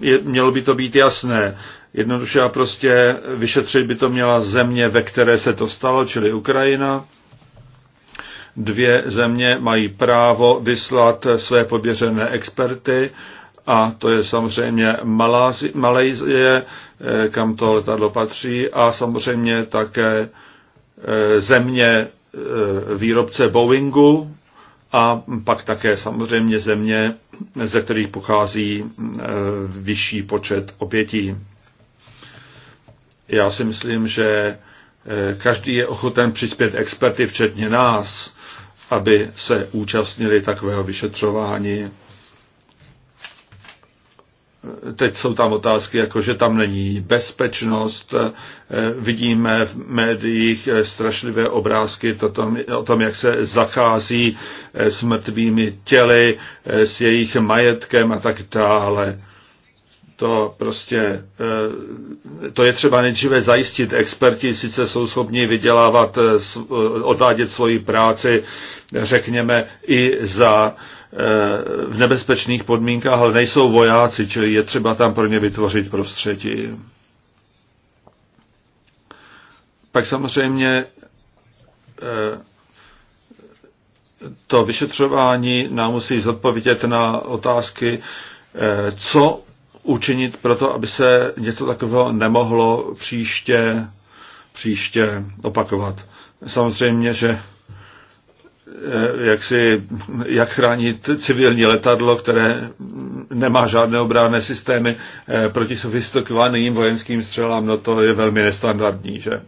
Speaker 1: je, mělo by to být jasné. Jednoduše a prostě vyšetřit by to měla země, ve které se to stalo, čili Ukrajina. Dvě země mají právo vyslat své pověřené experty a to je samozřejmě Malajzie, eh, kam to letadlo patří a samozřejmě také eh, země eh, výrobce Boeingu a pak také samozřejmě země, ze kterých pochází vyšší počet obětí. Já si myslím, že eh, každý je ochoten přispět experty, včetně nás, aby se účastnili takového vyšetřování. Eh, teď jsou tam otázky, jako že tam není bezpečnost. Eh, vidíme v médiích strašlivé obrázky o tom, jak se zachází s mrtvými těly, s jejich majetkem a tak dále to prostě, eh, to je třeba nejdříve zajistit. Experti sice jsou schopni vydělávat, eh, eh, odvádět svoji práci, řekněme, i za v nebezpečných podmínkách, ale nejsou vojáci, čili je třeba tam pro ně vytvořit prostředí. Pak samozřejmě to vyšetřování nám musí zodpovědět na otázky, co učinit proto, aby se něco takového nemohlo příště, příště opakovat. Samozřejmě, že eh, jak, si, jak chránit civilní letadlo, které nemá žádné obranné systémy eh, proti sofistikovaným vojenským střelám, no to je velmi nestandardní, že?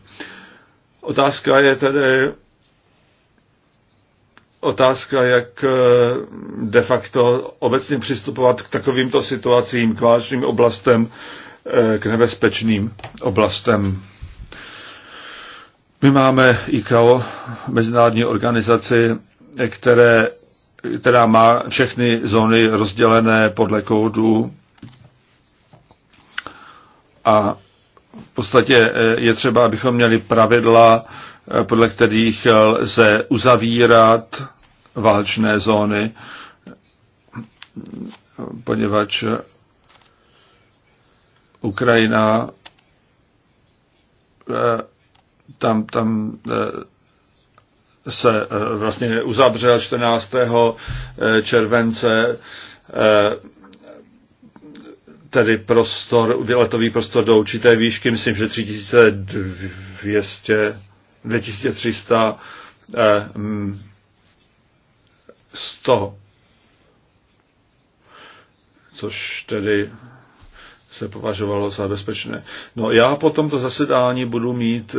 Speaker 1: Otázka je tedy, otázka, jak eh, de facto obecně přistupovat k takovýmto situacím, k vážným oblastem, eh, k nebezpečným oblastem. My máme ICAO, mezinárodní organizaci, které, která má všechny zóny rozdělené podle kódů a v podstatě eh, je třeba, abychom měli pravidla, Eh, podle kterých eh, lze uzavírat válčné zóny, poněvadž Ukrajina eh, tam, tam se vlastně uzavřel 14. července tedy prostor, letový prostor do určité výšky, myslím, že 3200 2300 100, eh, mm, což tedy se považovalo za bezpečné. No já po tomto zasedání budu mít eh,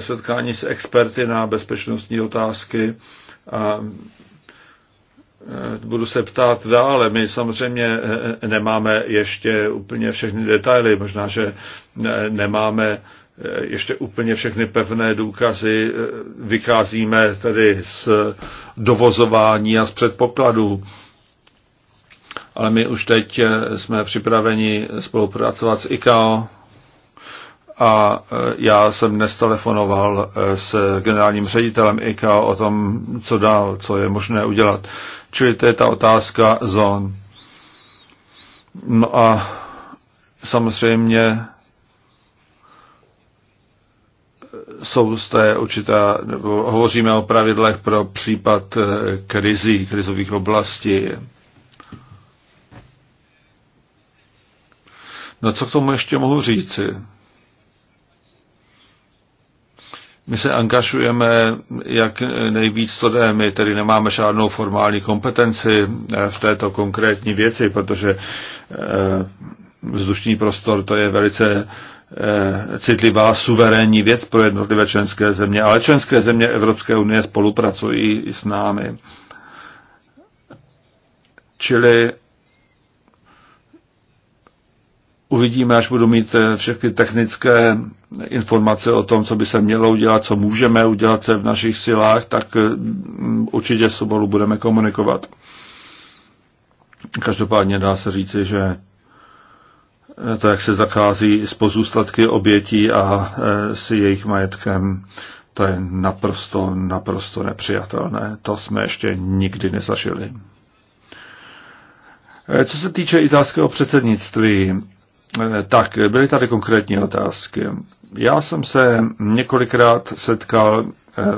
Speaker 1: setkání s experty na bezpečnostní otázky a eh, budu se ptát dále. My samozřejmě nemáme ještě úplně všechny detaily, možná, že nemáme ještě úplně všechny pevné důkazy eh, vycházíme tedy z dovozování a z předpokladů. Ale my už teď eh, jsme připraveni spolupracovat s ICAO a eh, já jsem dnes telefonoval s generálním ředitelem ICAO o tom, co dál, co je možné udělat. Čili to je ta otázka zón. No a samozřejmě jsou zde určitá, nebo hovoříme o pravidlech pro případ eh, krizí, krizových oblastí. No co k tomu ještě mohu říci? My se angažujeme, jak nejvíc to jde. My tedy nemáme žádnou formální kompetenci eh, v této konkrétní věci, protože eh, vzdušný prostor to je velice Eh, citlivá suverénní věc pro jednotlivé členské země, ale členské země Evropské unie spolupracují i s námi. Čili uvidíme, až budu mít eh, všechny technické informace o tom, co by se mělo udělat, co můžeme udělat se v našich silách, tak eh, mm, určitě s budeme komunikovat. Každopádně dá se říci, že to, jak se zachází s pozůstatky obětí a e, s jejich majetkem, to je naprosto, naprosto nepřijatelné. To jsme ještě nikdy nezažili. E, co se týče italského předsednictví, e, tak byly tady konkrétní otázky. Já jsem se několikrát setkal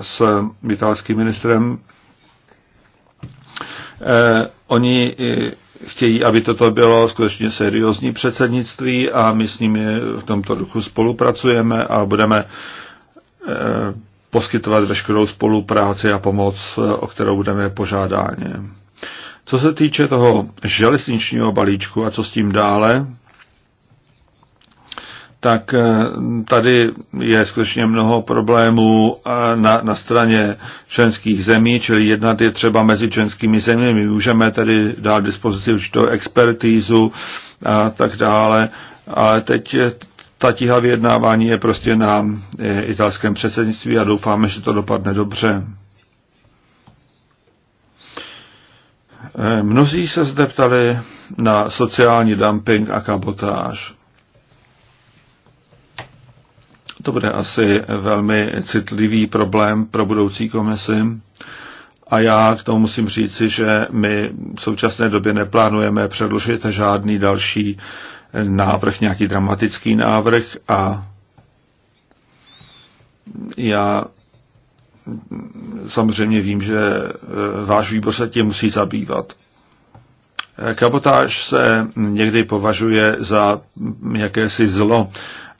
Speaker 1: s italským ministrem. Oni chtějí, aby toto bylo skutečně seriózní předsednictví a my s nimi v tomto duchu spolupracujeme a budeme eh, poskytovat veškerou spolupráci a pomoc, eh, o kterou budeme požádáni. Co se týče toho železničního balíčku a co s tím dále, tak eh, tady je skutečně mnoho problémů eh, na, na straně členských zemí, čili jednat je třeba mezi členskými zeměmi. můžeme tedy dát dispozici určitou expertízu a tak dále, ale teď ta tíha vyjednávání je prostě na eh, italském předsednictví a doufáme, že to dopadne dobře. Mnozí se zde ptali na sociální dumping a kabotáž. To bude asi velmi citlivý problém pro budoucí komisi. A já k tomu musím říci, že my v současné době neplánujeme předložit žádný další návrh, nějaký dramatický návrh a já samozřejmě vím, že eh, váš výbor se tím musí zabývat. Eh, kabotáž se někdy považuje za jakési zlo,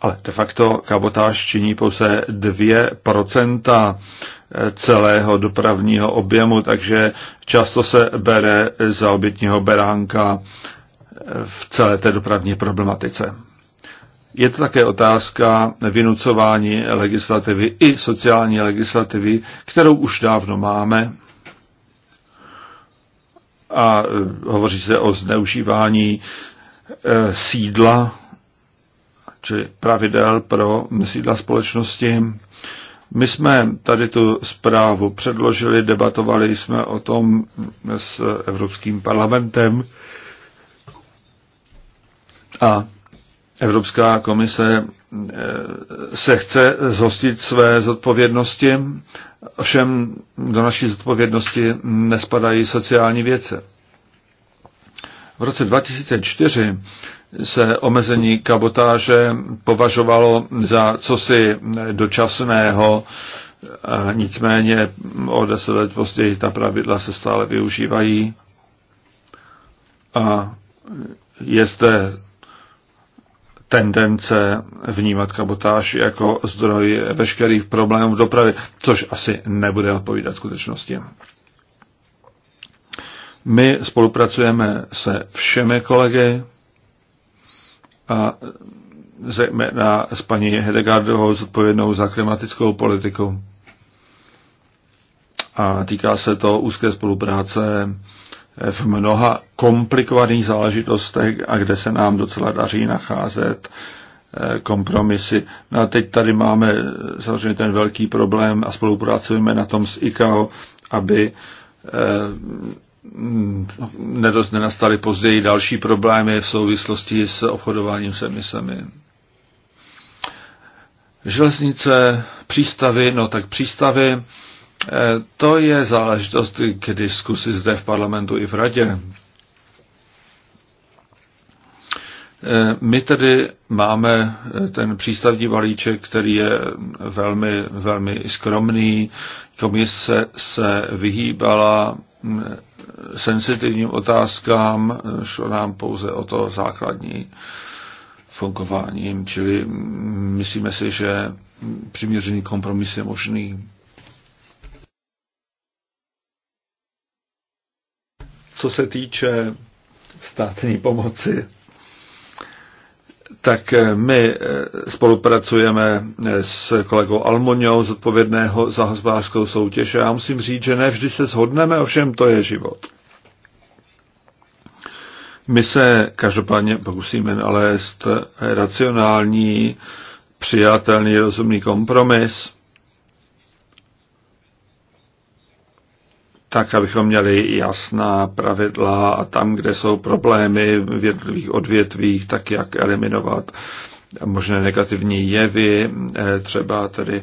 Speaker 1: ale de facto kabotáž činí pouze 2% eh, celého dopravního objemu, takže často se bere za obětního beránka eh, v celé té dopravní problematice. Je to také otázka vynucování legislativy i sociální legislativy, kterou už dávno máme. A eh, hovoří se o zneužívání sídla či pravidel pro sídla společnosti. My jsme tady tu zprávu předložili, debatovali jsme o tom s Evropským parlamentem a Evropská komise eh, se chce zhostit své zodpovědnosti, ovšem do naší zodpovědnosti nespadají sociální věce. V roce 2004 se omezení kabotáže považovalo za cosi dočasného, nicméně o deset let později ta pravidla se stále využívají a je zde tendence vnímat kabotáž jako zdroj veškerých problémů v dopravě, což asi nebude odpovídat skutečnosti. My spolupracujeme se všemi kolegy, a zejména s paní Hedegardovou zodpovědnou za klimatickou politiku. A týká se to úzké spolupráce v mnoha komplikovaných záležitostech a kde se nám docela daří nacházet eh, kompromisy. No a teď tady máme eh, samozřejmě ten velký problém a spolupracujeme na tom s ICAO, aby eh, Mm, nenastaly později další problémy v souvislosti s obchodováním s emisemi. Železnice, přístavy, no tak přístavy, eh, to je záležitost k diskusi zde v parlamentu i v radě. Eh, my tedy máme eh, ten přístavní balíček, který je velmi, velmi skromný. Komise se vyhýbala mm, sensitivním otázkám, šlo nám pouze o to základní fungováním, čili myslíme si, že přiměřený kompromis je možný. Co se týče státní pomoci, tak eh, my eh, spolupracujeme eh, s kolegou Almoňou, zodpovědného za hospodářskou soutěž. A já musím říct, že ne vždy se shodneme, ovšem to je život. My se každopádně pokusíme nalézt racionální, přijatelný, rozumný kompromis, tak abychom měli jasná pravidla a tam, kde jsou problémy v jednotlivých odvětvích, tak jak eliminovat možné negativní jevy, eh, třeba tedy eh,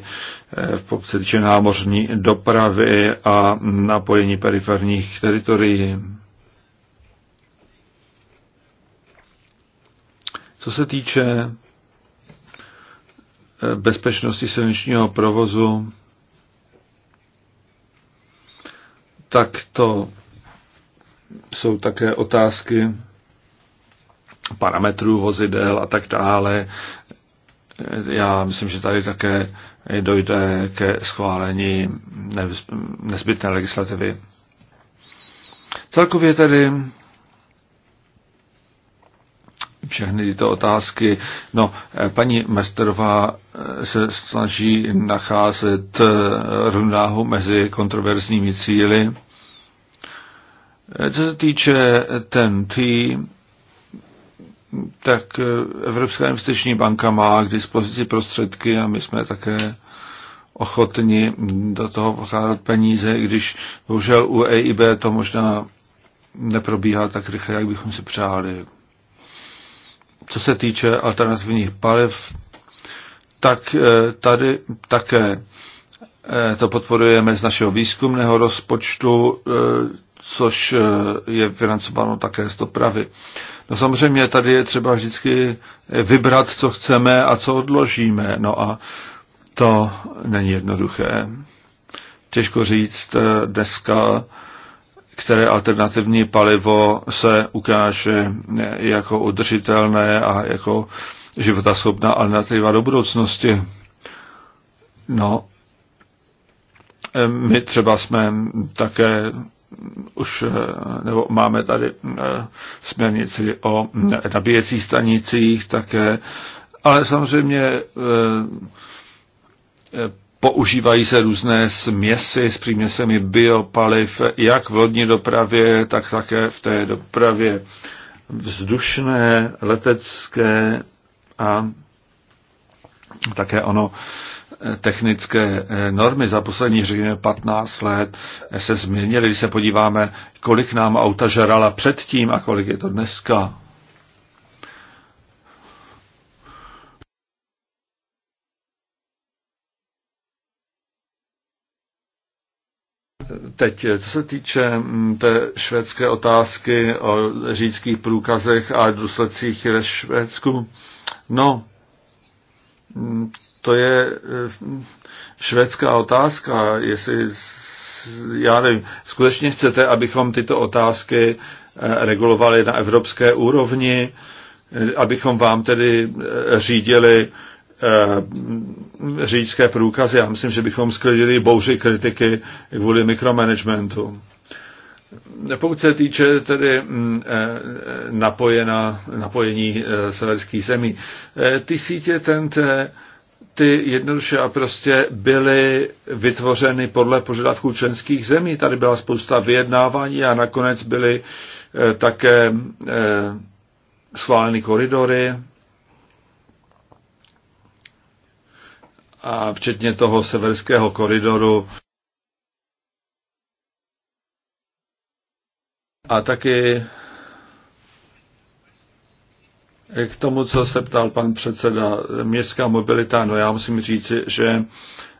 Speaker 1: v popředče námořní dopravy a napojení periferních teritorií. Co se týče eh, bezpečnosti silničního provozu, tak to jsou také otázky parametrů vozidel a tak dále. Já myslím, že tady také dojde ke schválení nezbytné legislativy. Celkově tedy všechny tyto otázky. No, paní Mesterová se snaží nacházet rovnáhu mezi kontroverzními cíly co se týče TNT, tak Evropská investiční banka má k dispozici prostředky a my jsme také ochotni do toho vkládat peníze, i když bohužel u EIB to možná neprobíhá tak rychle, jak bychom si přáli. Co se týče alternativních paliv, tak eh, tady také eh, to podporujeme z našeho výzkumného rozpočtu eh, což eh, je financováno také z dopravy. No samozřejmě tady je třeba vždycky eh, vybrat, co chceme a co odložíme. No a to není jednoduché. Těžko říct eh, dneska, které alternativní palivo se ukáže jako udržitelné a jako životaschopná alternativa do budoucnosti. No, my třeba jsme také už eh, nebo máme tady eh, směrnici o hm, nabíjecích stanicích také, ale samozřejmě eh, používají se různé směsi s příměsemi biopaliv, jak v lodní dopravě, tak také v té dopravě vzdušné, letecké a také ono technické eh, normy za poslední, řekněme, 15 let eh, se změnily. Když se podíváme, kolik nám auta žrala předtím a kolik je to dneska. Teď, eh, co se týče mm, té švédské otázky o řídských průkazech a důsledcích ve Švédsku, no, mm, to je eh, švédská otázka, jestli, já nevím, skutečně chcete, abychom tyto otázky eh, regulovali na evropské úrovni, eh, abychom vám tedy řídili řidičské průkazy. Já myslím, že bychom sklidili bouři kritiky kvůli mikromanagementu. Pokud se týče tedy mm, napojena, napojení severských zemí, ty sítě tento ty jednoduše a prostě byly vytvořeny podle požadavků členských zemí. Tady byla spousta vyjednávání a nakonec byly eh, také eh, schváleny koridory, a včetně toho severského koridoru. A taky k tomu, co se ptal pan předseda, městská mobilita, no já musím říct, že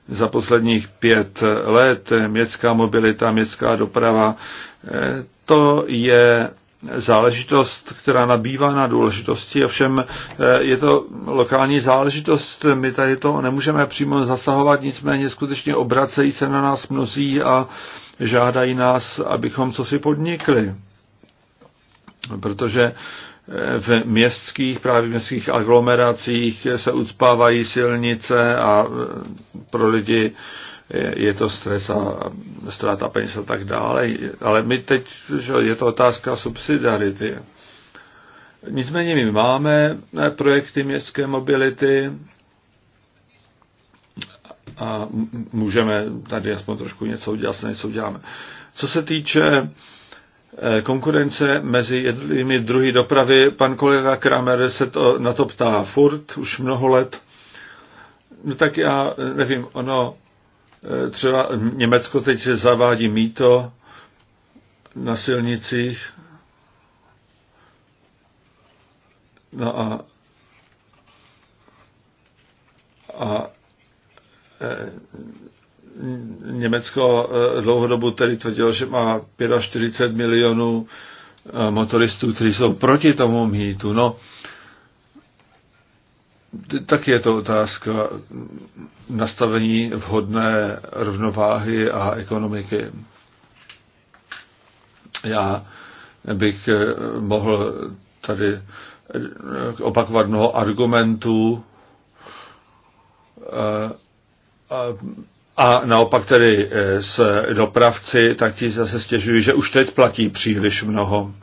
Speaker 1: za posledních pět let městská mobilita, městská doprava, eh, to je záležitost, která nabývá na důležitosti, ovšem eh, je to lokální záležitost, my tady to nemůžeme přímo zasahovat, nicméně skutečně obracejí se na nás mnozí a žádají nás, abychom co si podnikli. Protože v městských, právě v městských aglomeracích se ucpávají silnice a e, pro lidi je to stres a ztráta peněz a tak dále. Ale my teď, že je to otázka subsidiarity. Nicméně my máme projekty městské mobility a můžeme tady aspoň trošku něco udělat, co něco uděláme. Co se týče Eh, konkurence mezi jednotlivými druhy dopravy. Pan kolega Kramer se to, na to ptá furt, už mnoho let. No tak já eh, nevím, ono eh, třeba Německo teď zavádí mýto na silnicích. No a, a Německo eh, dlouhodobu tedy tvrdilo, že má 45 milionů eh, motoristů, kteří jsou proti tomu mýtu. No, tak je to otázka nastavení vhodné rovnováhy a ekonomiky. Já bych eh, mohl tady opakovat mnoho argumentů, a naopak tedy eh, s dopravci, tak ti zase stěžují, že už teď platí příliš mnoho.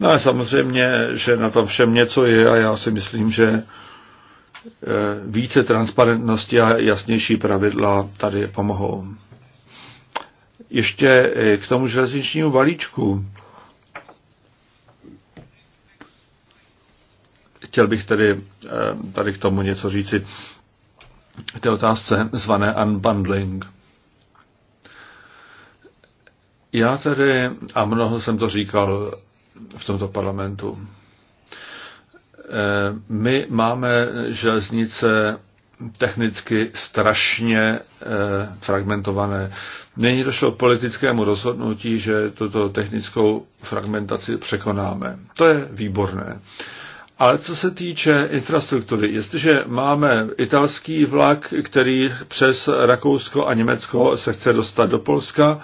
Speaker 1: No a samozřejmě, že na tom všem něco je a já si myslím, že eh, více transparentnosti a jasnější pravidla tady pomohou. Ještě eh, k tomu železničnímu balíčku. Chtěl bych tedy tady k tomu něco říci té otázce zvané unbundling. Já tedy, a mnoho jsem to říkal v tomto parlamentu, eh, my máme železnice technicky strašně eh, fragmentované. Není došlo k politickému rozhodnutí, že tuto technickou fragmentaci překonáme. To je výborné. Ale co se týče infrastruktury, jestliže máme italský vlak, který přes Rakousko a Německo se chce dostat do Polska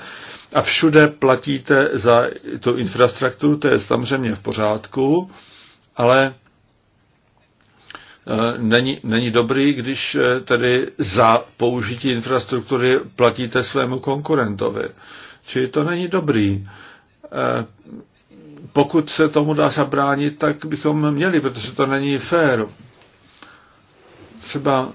Speaker 1: a všude platíte za tu infrastrukturu, to je samozřejmě v pořádku, ale e, není, není dobrý, když e, tedy za použití infrastruktury platíte svému konkurentovi. Čili to není dobrý e, pokud se tomu dá zabránit, tak bychom měli, protože to není fér. Třeba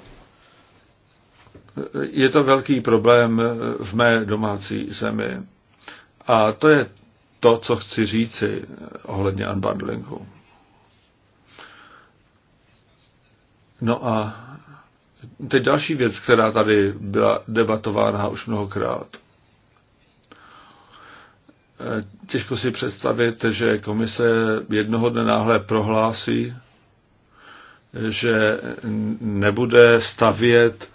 Speaker 1: je to velký problém v mé domácí zemi. A to je to, co chci říci ohledně unbundlingu. No a teď další věc, která tady byla debatována už mnohokrát – Eh, těžko si představit, že komise jednoho dne náhle prohlásí, že nebude stavět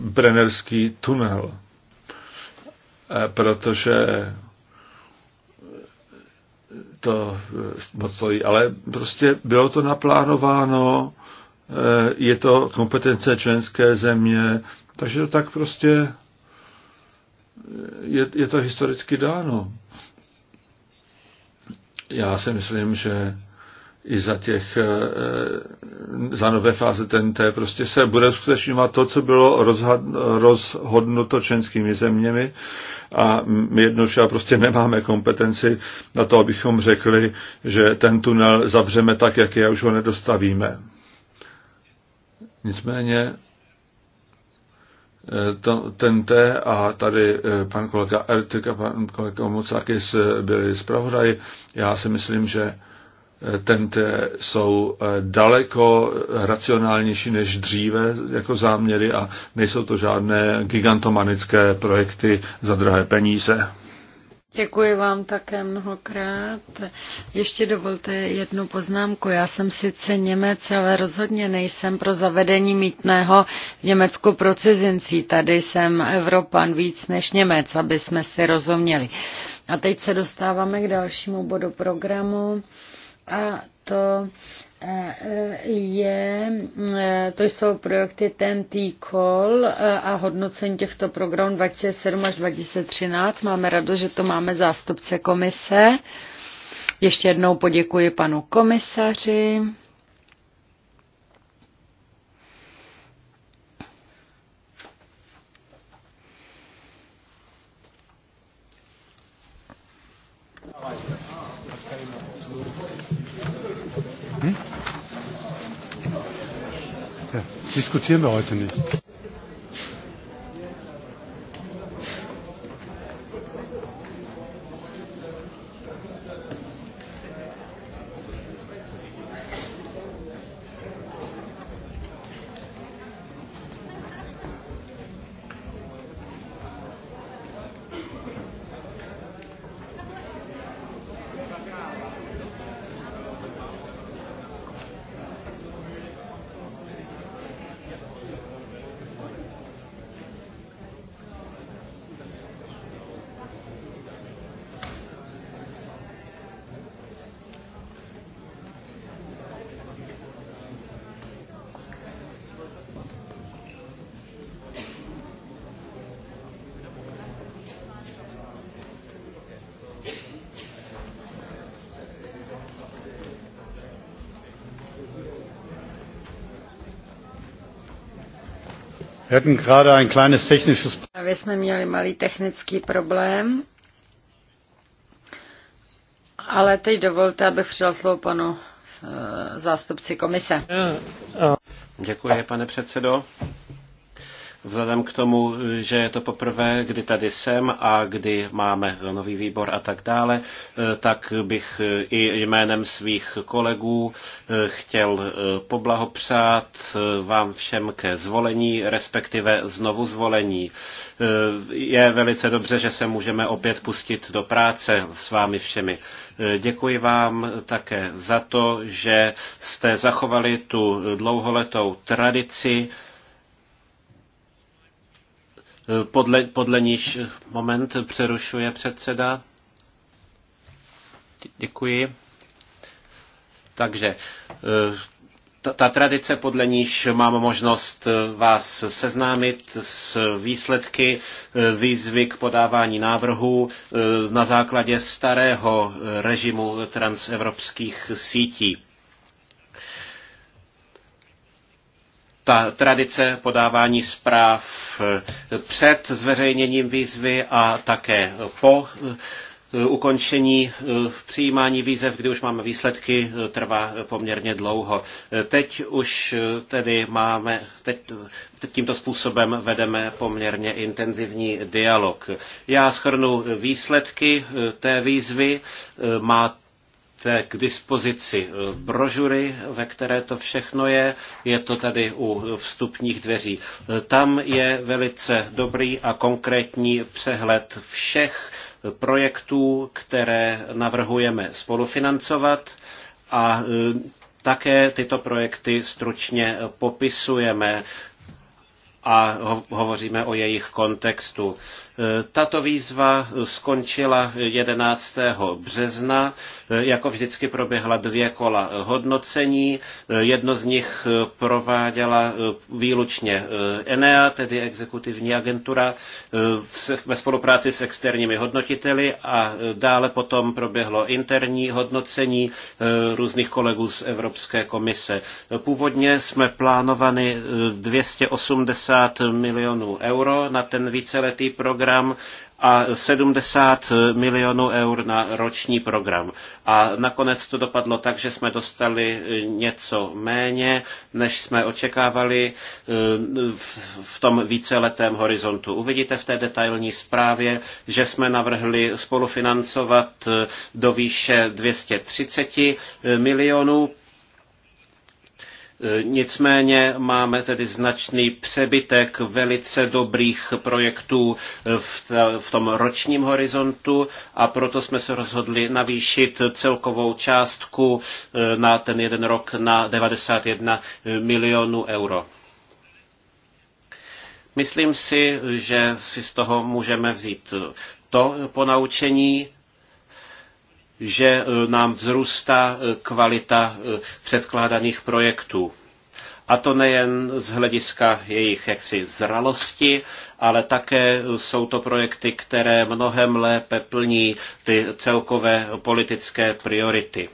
Speaker 1: Brennerský tunel, eh, protože to eh, moc stojí, ale prostě bylo to naplánováno, je to kompetence členské země, takže to tak prostě je, je to historicky dáno. Já si myslím, že i za těch, eh, za nové fáze TNT prostě se bude uskutečňovat to, co bylo rozhad, rozhodnuto členskými zeměmi a my jednoduše prostě nemáme kompetenci na to, abychom řekli, že ten tunel zavřeme tak, jak je a už ho nedostavíme. Nicméně Eh, to, ten T a tady eh, pan kolega Ertik a pan kolega Mocakis eh, byli zpravodaji. Já si myslím, že ten T jsou daleko racionálnější než dříve jako záměry a nejsou to žádné gigantomanické projekty za drahé peníze.
Speaker 2: Děkuji vám také mnohokrát. Ještě dovolte jednu poznámku. Já jsem sice Němec, ale rozhodně nejsem pro zavedení mítného v Německu pro cizincí. Tady jsem Evropan víc než Němec, aby jsme si rozuměli. A teď se dostáváme k dalšímu bodu programu a to E, je, e, to jsou projekty TNT e Call a hodnocení těchto programů 2007 až 2013. Máme rado, že to máme zástupce komise. Ještě jednou poděkuji panu komisaři.
Speaker 1: diskutieren wir heute nicht.
Speaker 2: Právě jsme měli malý technický problém. Ale teď dovolte, abych přidal slovo panu eh, zástupci komise. Eh,
Speaker 3: eh. Děkuji, pane předsedo. Vzhledem k tomu, že je to poprvé, kdy tady jsem a kdy máme nový výbor a tak dále, eh, tak bych eh, i jménem svých kolegů eh, chtěl poblahopřát vám všem ke zvolení, respektive znovu zvolení. Je velice dobře, že se můžeme opět pustit do práce s vámi všemi. Děkuji vám také za to, že jste zachovali tu dlouholetou tradici, podle, podle níž moment přerušuje předseda. Děkuji. Takže eh, ta, ta tradice, podle níž mám možnost eh, vás seznámit s výsledky eh, výzvy k podávání návrhů na základě starého režimu transevropských sítí. ta tradice podávání zpráv eh, před zveřejněním výzvy a také po eh, ukončení eh, přijímání výzev, kdy už máme výsledky, trvá poměrně dlouho. Teď už tedy máme, teď, teď tímto způsobem vedeme poměrně intenzivní dialog. Já schrnu výsledky té výzvy. Má máte k dispozici eh, brožury, ve které to všechno je. Je to tady u vstupních dveří. Eh, tam je velice dobrý a konkrétní přehled všech projektů, které navrhujeme spolufinancovat a eh, také tyto projekty stručně popisujeme a hovoříme o jejich kontextu. Tato výzva skončila 11. března. Jako vždycky proběhla dvě kola hodnocení. Jedno z nich prováděla výlučně ENEA, tedy exekutivní agentura, ve spolupráci s externími hodnotiteli a dále potom proběhlo interní hodnocení eh, různých kolegů z Evropské komise. Původně jsme plánovali 280 eh, milionů euro na ten víceletý program program a 70 milionů eur na roční program. A nakonec to dopadlo tak, že jsme dostali eh, něco méně, než jsme očekávali eh, v tom víceletém horizontu. Uvidíte v té detailní zprávě, že jsme navrhli spolufinancovat eh, do výše 230 milionů E, nicméně máme tedy značný přebytek velice dobrých projektů v, tom ročním horizontu a proto jsme se rozhodli navýšit celkovou částku e, na ten jeden rok na 91 milionů euro. Myslím si, že si z toho můžeme vzít to ponaučení, že e, nám vzrůstá e, kvalita e, předkládaných projektů. A to nejen z hlediska jejich jaksi zralosti, ale také jsou to projekty, které mnohem lépe plní ty celkové politické priority.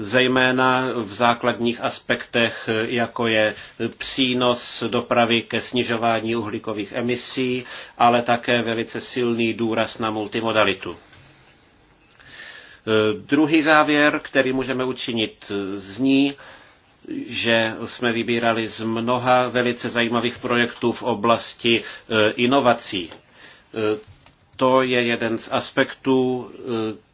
Speaker 3: zejména v základních aspektech, jako je přínos dopravy ke snižování uhlíkových emisí, ale také velice silný důraz na multimodalitu. Druhý závěr, který můžeme učinit, zní, že jsme vybírali z mnoha velice zajímavých projektů v oblasti eh, inovací. Eh, to je jeden z aspektů, eh,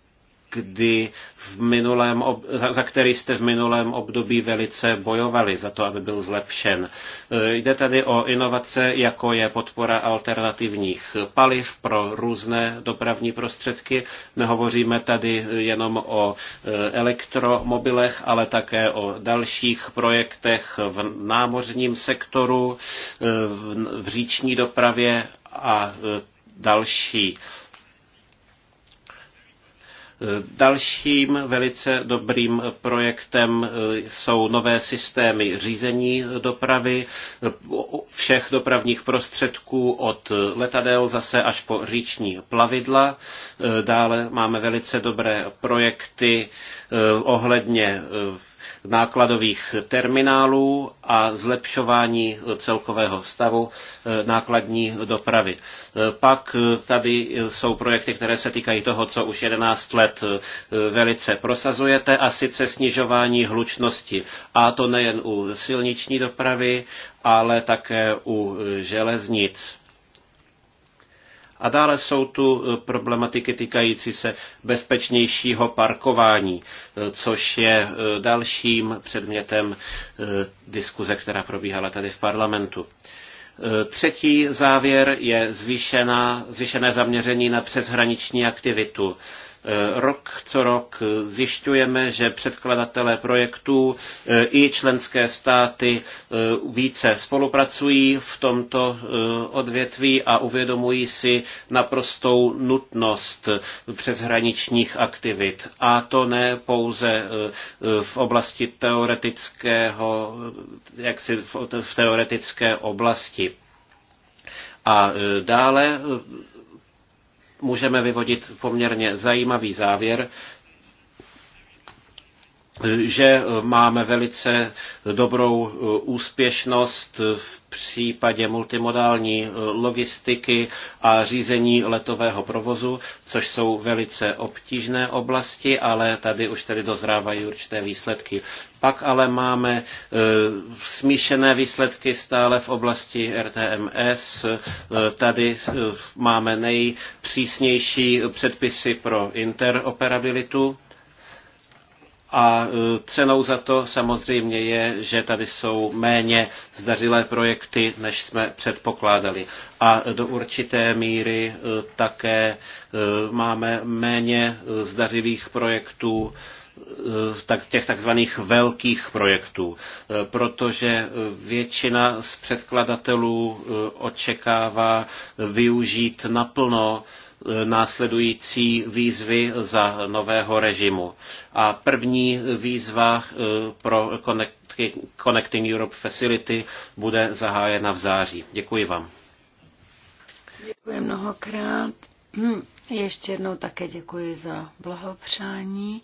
Speaker 3: kdy v minulém, za, za který jste v minulém období velice bojovali za to, aby byl zlepšen. E, jde tady o inovace, jako je podpora alternativních paliv pro různé dopravní prostředky. Nehovoříme tady jenom o e, elektromobilech, ale také o dalších projektech v námořním sektoru, e, v říční dopravě a další. Dalším velice dobrým projektem e, jsou nové systémy řízení dopravy všech dopravních prostředků od letadel zase až po říční plavidla. E, dále máme velice dobré projekty e, ohledně nákladových terminálů a zlepšování celkového stavu eh, nákladní dopravy. Eh, pak eh, tady jsou projekty, které se týkají toho, co už 11 let velice prosazujete, a sice snižování hlučnosti. A to nejen u silniční dopravy, ale také u železnic. A dále jsou tu e, problematiky týkající se bezpečnějšího parkování, e, což je e, dalším předmětem diskuze, která probíhala tady v parlamentu. Třetí závěr je zvýšená, zvýšené zaměření na přeshraniční aktivitu Eh, rok co rok zjišťujeme, že předkladatelé projektů eh, i členské státy eh, více spolupracují v tomto odvětví a uvědomují si naprostou nutnost přeshraničních aktivit. A to ne pouze v oblasti teoretického, jak si v teoretické oblasti. A dále můžeme vyvodit poměrně zajímavý závěr, že eh, máme velice dobrou eh, úspěšnost v případě multimodální eh, logistiky a řízení letového provozu, což jsou velice obtížné oblasti, ale tady už tedy dozrávají určité výsledky. Pak ale máme smíšené výsledky stále v oblasti RTMS. Tady máme nejpřísnější předpisy pro interoperabilitu a e, cenou za to samozřejmě je, že tady jsou méně zdařilé projekty, než jsme předpokládali. A do určité míry e, také e, máme méně zdařilých projektů, tak, těch takzvaných velkých projektů, protože většina z předkladatelů očekává využít naplno Eh, následující výzvy za nového režimu. A první výzva eh, pro Connecting Europe Facility bude zahájena v září. Děkuji vám.
Speaker 2: Děkuji mnohokrát. Hm, ještě jednou také děkuji za blahopřání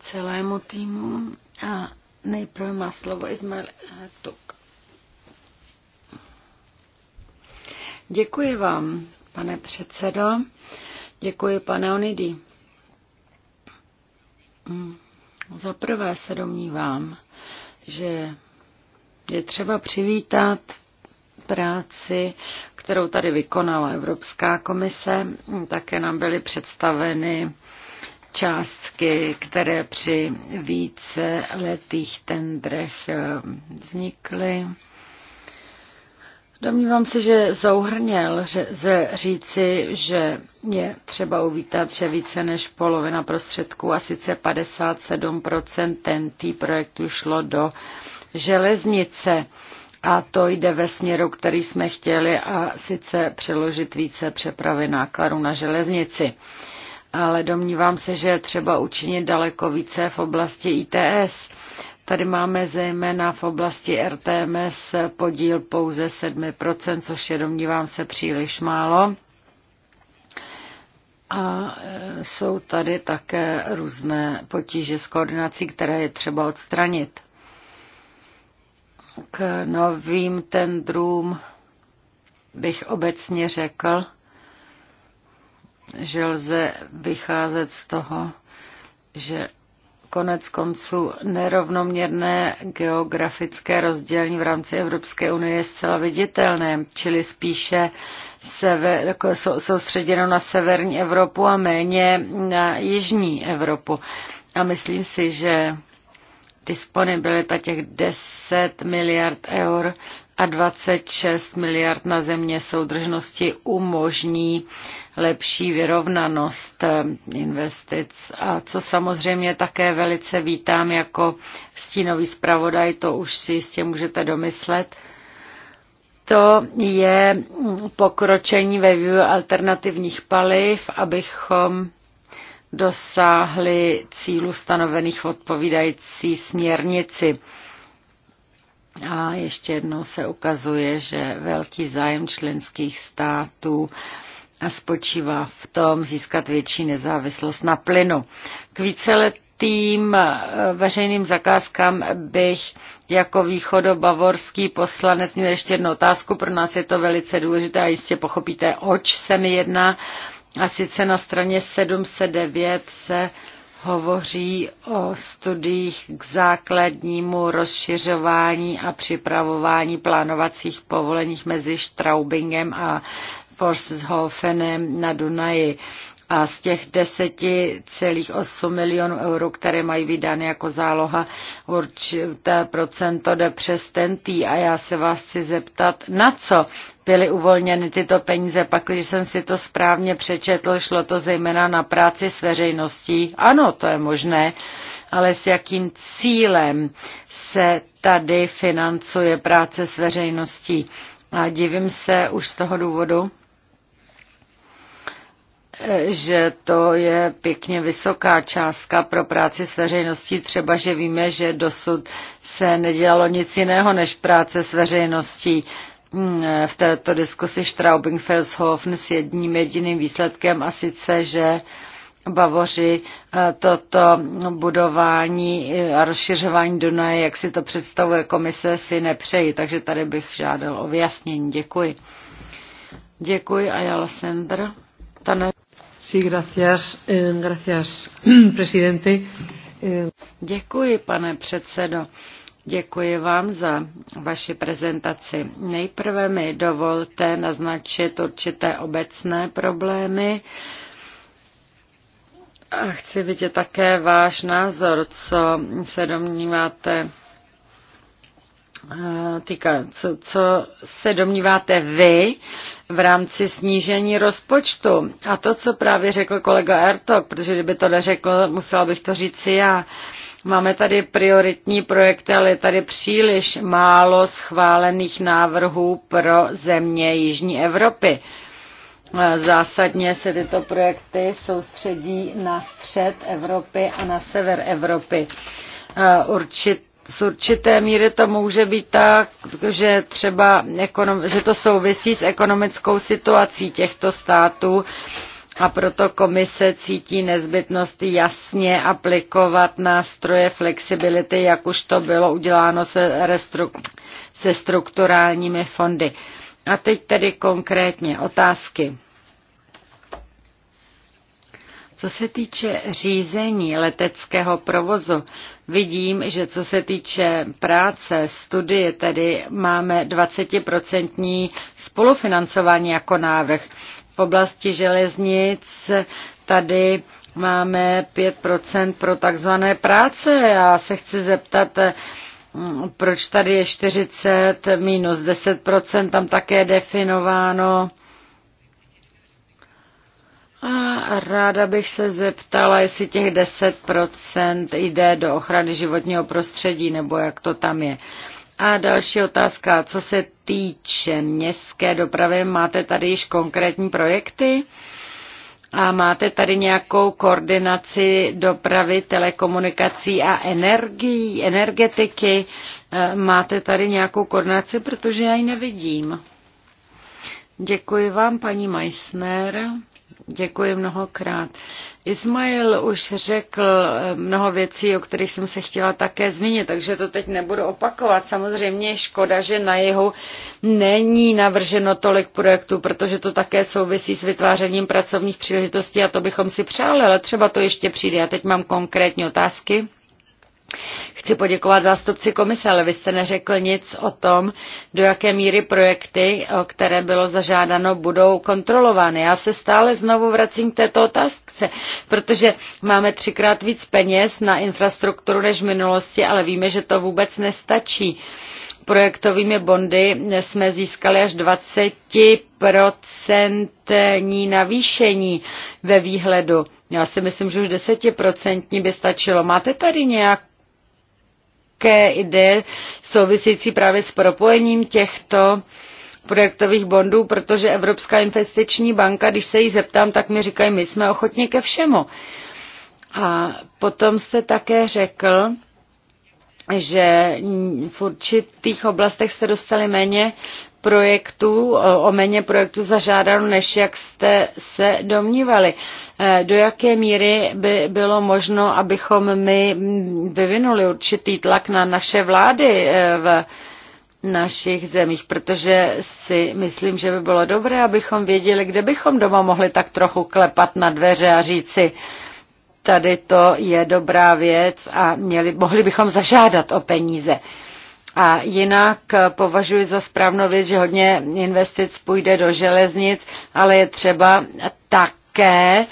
Speaker 2: celému týmu a nejprve má slovo Ismail Tuk. Děkuji vám pane předsedo. Děkuji, pane Onidy. Mm, za prvé se domnívám, že je třeba přivítat práci, kterou tady vykonala Evropská komise. Mm, také nám byly představeny částky, které při více letých tendrech eh, vznikly. Domnívám se, že souhrně ze říci, že je třeba uvítat, že více než polovina prostředků, a sice 57% TNT projektu šlo do železnice. A to jde ve směru, který jsme chtěli, a sice přeložit více přepravy nákladů na železnici. Ale domnívám se, že je třeba učinit daleko více v oblasti ITS Tady máme zejména v oblasti RTMS podíl pouze 7%, což je domnívám se příliš málo. A e, jsou tady také různé potíže s koordinací, které je třeba odstranit. K novým tendrům bych obecně řekl, že lze vycházet z toho, že konec konců nerovnoměrné geografické rozdělení v rámci Evropské unie je zcela viditelné, čili spíše sever, jako soustředěno na severní Evropu a méně na jižní Evropu. A myslím si, že disponibilita těch 10 miliard eur a 26 miliard na země soudržnosti umožní lepší vyrovnanost eh, investic. A co samozřejmě také velice vítám jako stínový zpravodaj, to už si jistě můžete domyslet, to je pokročení ve vývoji alternativních paliv, abychom dosáhli cílu stanovených odpovídající směrnici. A ještě jednou se ukazuje, že velký zájem členských států spočívá v tom získat větší nezávislost na plynu. K víceletým eh, veřejným zakázkám bych jako východobavorský poslanec měl ještě jednu otázku. Pro nás je to velice důležité a jistě pochopíte, oč se mi jedná. A sice na straně 709 se hovoří o studiích k základnímu rozšiřování a připravování plánovacích povoleních mezi Straubingem a Forsthofenem na Dunaji. A z těch 10,8 milionů eur, které mají vydány jako záloha, určité procento jde přes ten tý. A já se vás chci zeptat, na co byly uvolněny tyto peníze. Pak, když jsem si to správně přečetl, šlo to zejména na práci s veřejností. Ano, to je možné, ale s jakým cílem se tady financuje práce s veřejností. A divím se už z toho důvodu, že to je pěkně vysoká částka pro práci s veřejností. Třeba, že víme, že dosud se nedělalo nic jiného než práce s veřejností. Mm, v této diskusi Straubing Felshofen s jedním jediným výsledkem a sice, že Bavoři eh, toto budování eh, a rozšiřování Dunaje, jak si to představuje komise, si nepřeji. Takže tady bych žádal o vyjasnění. Děkuji. Děkuji a já Sender. Tane. Sí, gracias, eh, gracias, presidente. Děkuji, pane předsedo. Děkuji vám za vaši prezentaci. Nejprve mi dovolte naznačit určité obecné problémy a chci vidět také váš názor, co se domníváte eh, Týka, co, co se domníváte vy v rámci snížení rozpočtu? A to, co právě řekl kolega Ertok, protože kdyby to neřekl, musela bych to říct si já. Máme tady prioritní projekty, ale je tady příliš málo schválených návrhů pro země Jižní Evropy. E, zásadně se tyto projekty soustředí na střed Evropy a na sever Evropy. E, Určitě z určité míry to může být tak, že třeba že to souvisí s ekonomickou situací těchto států a proto komise cítí nezbytnost jasně aplikovat nástroje flexibility, jak už to bylo uděláno se, restruk- se strukturálními fondy. A teď tedy konkrétně otázky. Co se týče řízení leteckého provozu, vidím, že co se týče práce, studie, tedy máme 20% spolufinancování jako návrh v oblasti železnic tady máme 5% pro takzvané práce. Já se chci zeptat, proč tady je 40 minus 10%, tam také definováno. A ráda bych se zeptala, jestli těch 10% jde do ochrany životního prostředí, nebo jak to tam je. A další otázka, co se týče městské dopravy, máte tady již konkrétní projekty? A máte tady nějakou koordinaci dopravy, telekomunikací a energií, energetiky? Eh, máte tady nějakou koordinaci, protože já ji nevidím. Děkuji vám, paní Meissner. Děkuji mnohokrát. Ismail už řekl eh, mnoho věcí, o kterých jsem se chtěla také zmínit, takže to teď nebudu opakovat. Samozřejmě je škoda, že na jihu není navrženo tolik projektů, protože to také souvisí s vytvářením pracovních příležitostí a to bychom si přáli, ale třeba to ještě přijde. Já teď mám konkrétní otázky. Chci poděkovat zástupci komise, ale vy jste neřekl nic o tom, do jaké míry projekty, o které bylo zažádáno, budou kontrolovány. Já se stále znovu vracím k této otázce, protože máme třikrát víc peněz na infrastrukturu než v minulosti, ale víme, že to vůbec nestačí projektovými bondy jsme získali až 20% navýšení ve výhledu. Já si myslím, že už 10% by stačilo. Máte tady nějak také jde související právě s propojením těchto projektových bondů, protože Evropská investiční banka, když se jí zeptám, tak mi říkají, my jsme ochotní ke všemu. A potom jste také řekl, že v určitých oblastech se dostali méně projektů, o méně projektů zažádáno, než jak jste se domnívali. E, do jaké míry by bylo možno, abychom my vyvinuli určitý tlak na naše vlády e, v našich zemích, protože si myslím, že by bylo dobré, abychom věděli, kde bychom doma mohli tak trochu klepat na dveře a říci, tady to je dobrá věc a měli, mohli bychom zažádat o peníze. A jinak eh, považuji za správnou věc, že hodně investic půjde do železnic, ale je třeba také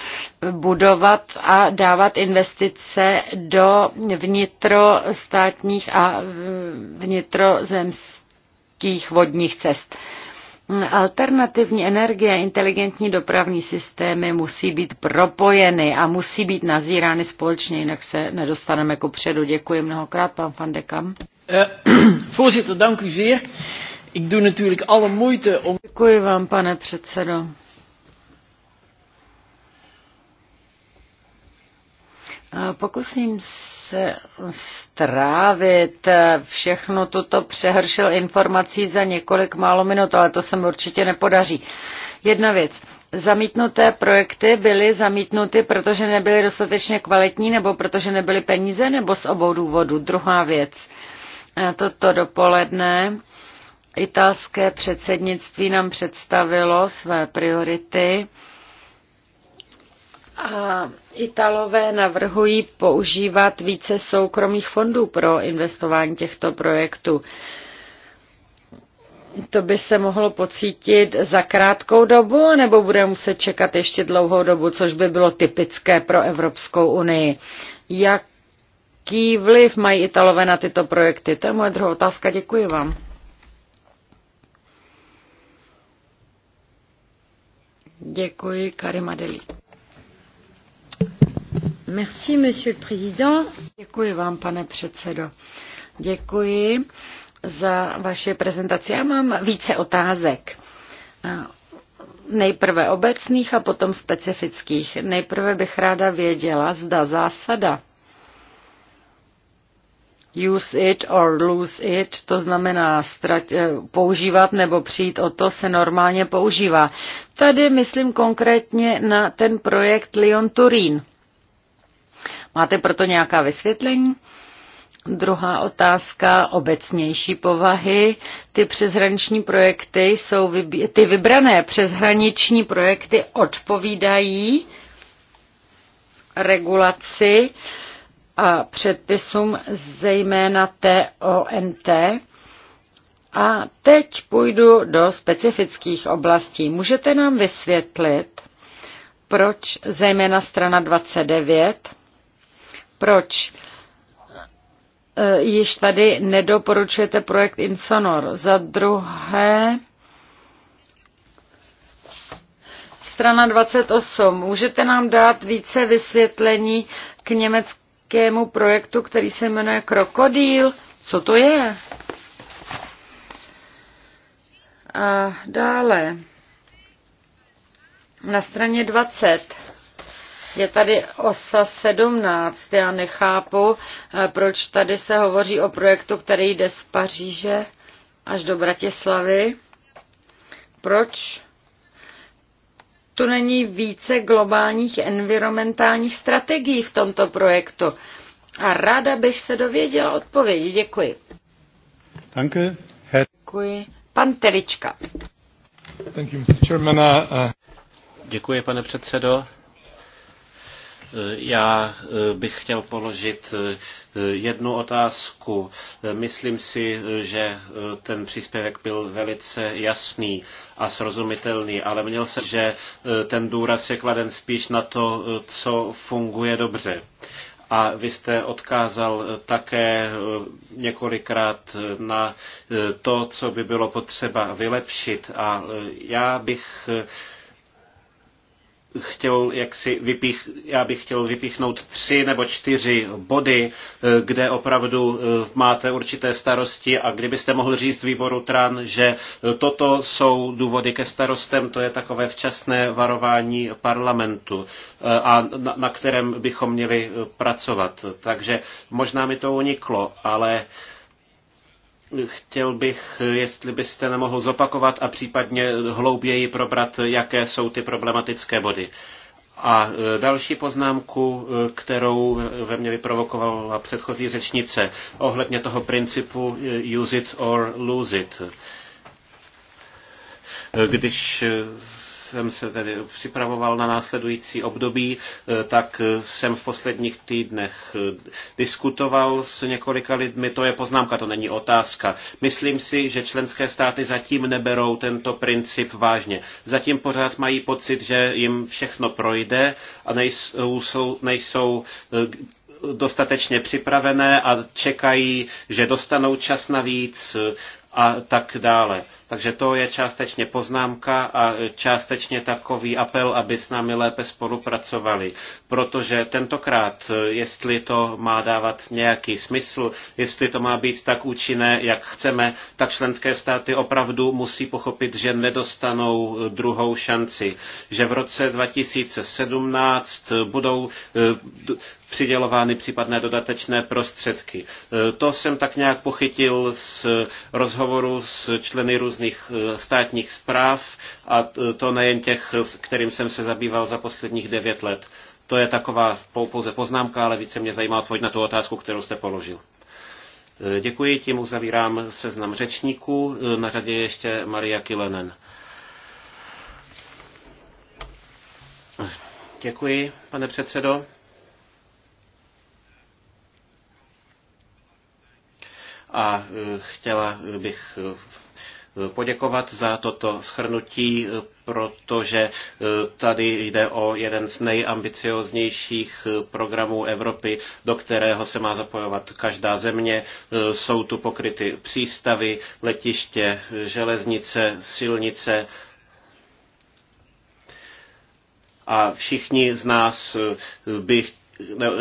Speaker 2: budovat a dávat investice do vnitrostátních a eh, vnitrozemských vodních cest. Hmm, alternativní energie a inteligentní dopravní systémy musí být propojeny a musí být nazírány společně, jinak se nedostaneme ku předu. Děkuji mnohokrát, pan Fandekam. Eh, voorzitter, dank u zeer. Ik doe natuurlijk alle moeite om... Děkuji vám, pane předsedo. Eh, pokusím se strávit eh, všechno toto přehršel informací za několik málo minut, ale to se mi určitě nepodaří. Jedna věc. Zamítnuté projekty byly zamítnuty, protože nebyly dostatečně kvalitní, nebo protože nebyly peníze, nebo z obou důvodů. Druhá věc E, toto dopoledne italské předsednictví nám představilo své priority a Italové navrhují používat více soukromých fondů pro investování těchto projektů. To by se mohlo pocítit za krátkou dobu, nebo bude muset čekat ještě dlouhou dobu, což by bylo typické pro Evropskou unii. Jak jaký vliv mají Italové na tyto projekty? To je moje druhá otázka. Děkuji vám. Děkuji, Karim Adeli. Merci, monsieur le président. Děkuji vám, pane předsedo. Děkuji za vaši prezentaci. Já mám více otázek. Nejprve obecných a potom specifických. Nejprve bych ráda věděla, zda zásada use it or lose it, to znamená strať, eh, používat nebo přijít o to, se normálně používá. Tady myslím konkrétně na ten projekt Lyon Turín. Máte proto nějaká vysvětlení? Druhá otázka obecnější povahy. Ty přeshraniční projekty jsou, ty vybrané přeshraniční projekty odpovídají regulaci uh, a předpisům, zejména TONT. A teď půjdu do specifických oblastí. Můžete nám vysvětlit, proč zejména strana 29, proč e, již tady nedoporučujete projekt Insonor. Za druhé, strana 28. Můžete nám dát více vysvětlení k, německ, nějakému projektu, který se jmenuje Krokodýl. Co to je? A dále. Na straně 20 je tady osa 17. Já nechápu, eh, proč tady se hovoří o projektu, který jde z Paříže až do Bratislavy. Proč tu není více globálních environmentálních strategií v tomto projektu? A ráda bych se dověděla odpovědi. Děkuji.
Speaker 1: Danke. Herr...
Speaker 2: Děkuji. Pan Telička.
Speaker 1: Thank you, Mr. Chairman. Uh, uh,
Speaker 3: Děkuji, pane předsedo. Eh, já eh, bych chtěl položit eh, jednu otázku. Myslím si, že ten příspěvek byl velice jasný a srozumitelný, ale měl se, že ten důraz je kladen spíš na to, co funguje dobře. A vy jste odkázal také několikrát na to, co by bylo potřeba vylepšit. A já bych chtěl jaksi vypích, já bych chtěl vypíchnout tři nebo čtyři body, eh, kde opravdu eh, máte určité starosti a kdybyste mohl říct výboru TRAN, že eh, toto jsou důvody ke starostem, to je takové včasné varování parlamentu a na, na kterém bychom měli pracovat. Takže možná mi to uniklo, ale uh, Chtěl bych, jestli byste nemohl zopakovat a případně hlouběji probrat, jaké jsou ty problematické body. A e, další poznámku, e, kterou ve mně vyprovokovala předchozí řečnice ohledně toho principu e, use it or lose it. Když jsem se tedy připravoval na následující období, e, tak e, jsem v posledních týdnech e, diskutoval s několika lidmi. To je poznámka, to není otázka. Myslím si, že členské státy zatím neberou tento princip vážně. Zatím pořád mají pocit, že jim všechno projde a nejsou, jsou, nejsou dostatečně připravené a čekají, že dostanou čas navíc, a tak dále. Takže to je částečně poznámka a částečně takový apel, aby s námi lépe spolupracovali. Protože tentokrát, jestli to má dávat nějaký smysl, jestli to má být tak účinné, jak chceme, tak členské státy opravdu musí pochopit, že nedostanou druhou šanci. Že v roce 2017 budou eh, přidělovány případné dodatečné prostředky. E, to jsem tak nějak pochytil z rozhovoru s členy různých e, státních zpráv a to nejen těch, s kterým jsem se zabýval za posledních devět let. To je taková pouze poznámka, ale více mě zajímá odpověď na tu otázku, kterou jste položil. E, děkuji, tím uzavírám seznam řečníků. Na řadě je ještě Maria Kilenen. Děkuji, pane předsedo. a e, chtěla bych e, poděkovat za toto schrnutí, e, protože tady jde o jeden z nejambicioznějších programů Evropy, do kterého se má zapojovat každá země. Jsou tu pokryty přístavy, letiště, železnice, silnice, a všichni z nás by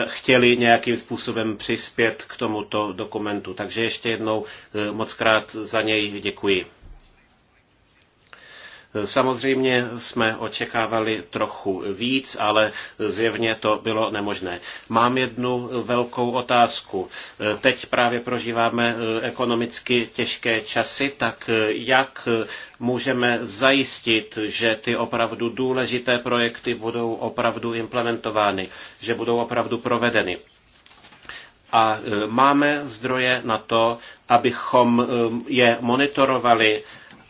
Speaker 3: chtěli nějakým způsobem přispět k tomuto dokumentu. Takže ještě jednou eh, moc krát za něj děkuji. Samozřejmě jsme očekávali trochu víc, ale zjevně to bylo nemožné. Mám jednu velkou otázku. Teď právě prožíváme eh, ekonomicky těžké časy, tak eh, jak můžeme zajistit, že ty opravdu důležité projekty budou opravdu implementovány, že budou opravdu provedeny? a eh, máme zdroje na to, abychom je monitorovali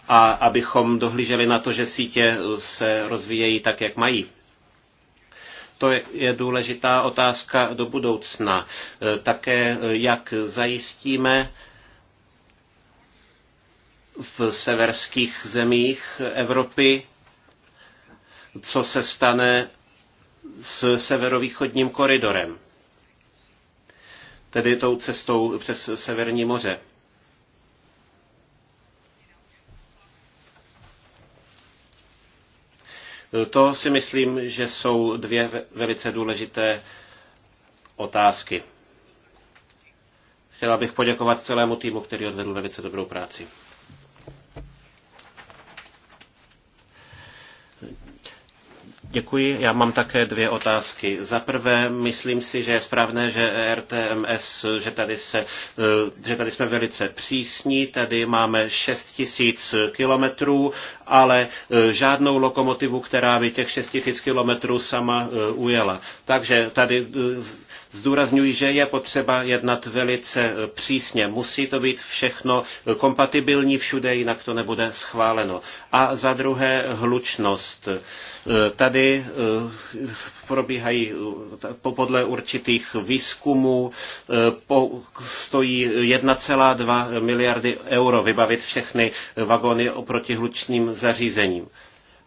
Speaker 3: a abychom dohlíželi na to, že sítě se rozvíjejí tak, jak mají. To je důležitá otázka do budoucna. E, také e, jak zajistíme v severských zemích Evropy, co se stane s severovýchodním koridorem, tedy tou cestou přes Severní moře. To si myslím, že jsou dvě velice důležité otázky. Chtěla bych poděkovat celému týmu, který odvedl velice dobrou práci. Děkuji. Já mám také dvě otázky. Za prvé, myslím si, že je správné, že RTMS, že tady, se, eh, že tady jsme velice přísní, tady máme 6 tisíc kilometrů, ale eh, žádnou lokomotivu, která by těch 6 tisíc kilometrů sama eh, ujela. Takže tady Zdůrazňuji, že je potřeba jednat velice eh, přísně. Musí to být všechno eh, kompatibilní všude, jinak to nebude schváleno. A za druhé hlučnost. Eh, tady probíhají podle určitých výzkumů stojí 1,2 miliardy euro vybavit všechny vagony oproti hlučným zařízením zařízením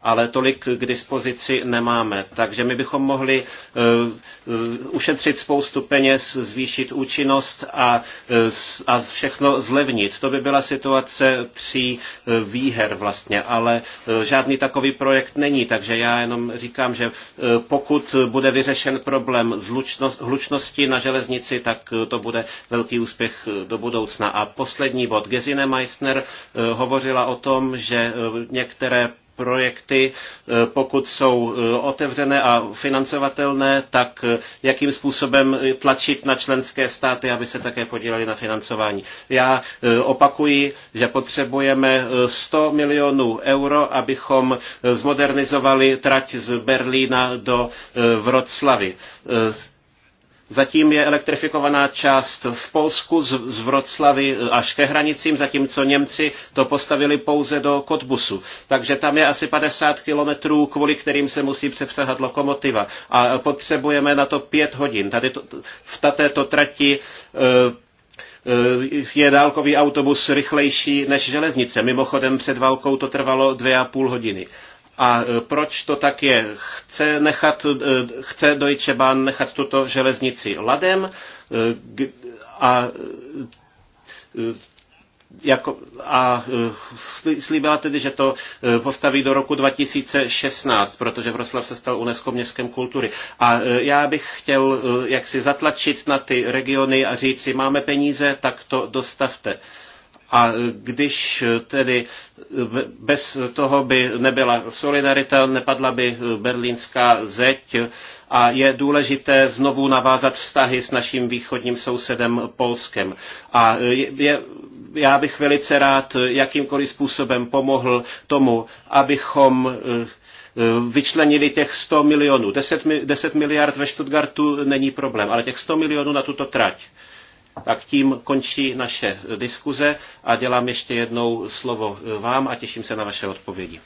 Speaker 3: ale tolik k dispozici nemáme. Takže my bychom mohli eh, eh, ušetřit spoustu peněz, zvýšit účinnost a, eh, a všechno zlevnit. To by byla situace tří výher vlastně, ale žádný takový projekt není, takže já jenom říkám, že pokud bude vyřešen problém hlučnosti na železnici, tak to bude velký úspěch do budoucna. A poslední bod. Gesine Meissner hovořila o tom, že některé projekty, eh, pokud jsou eh, otevřené a financovatelné, tak eh, jakým způsobem tlačit na členské státy, aby se také podíleli na financování. Já opakuji, že potřebujeme 100 milionů euro, abychom zmodernizovali trať z Berlína do Vroclavy. Zatím je elektrifikovaná část v Polsku z, z Vroclavy e, až ke hranicím, zatímco Němci to postavili pouze do Kotbusu. Takže tam je asi 50 kilometrů, kvůli kterým se musí přepřehat lokomotiva. A potřebujeme na to pět hodin. Tady to, v této trati e, e, je dálkový autobus rychlejší než železnice. Mimochodem před válkou to trvalo dvě a půl hodiny. A e, proč to tak je? Chce, nechat, e, chce Deutsche Bahn nechat tuto železnici ladem e, a jako, a slíbila tedy, že to postaví do roku 2016, protože Vroslav se stal UNESCO městskem kultury. A já bych chtěl jaksi zatlačit na ty regiony a říct si, máme peníze, tak to dostavte. A když tedy bez toho by nebyla solidarita, nepadla by berlínská zeď a je důležité znovu navázat vztahy s naším východním sousedem Polskem. A je, já bych velice rád jakýmkoliv způsobem pomohl tomu, abychom eh, vyčlenili těch 100 milionů. 10, 10 miliard ve Stuttgartu není problém, ale těch 100 milionů na tuto trať tak tím končí naše diskuze a dělám ještě jednou slovo vám a těším se na vaše odpovědi.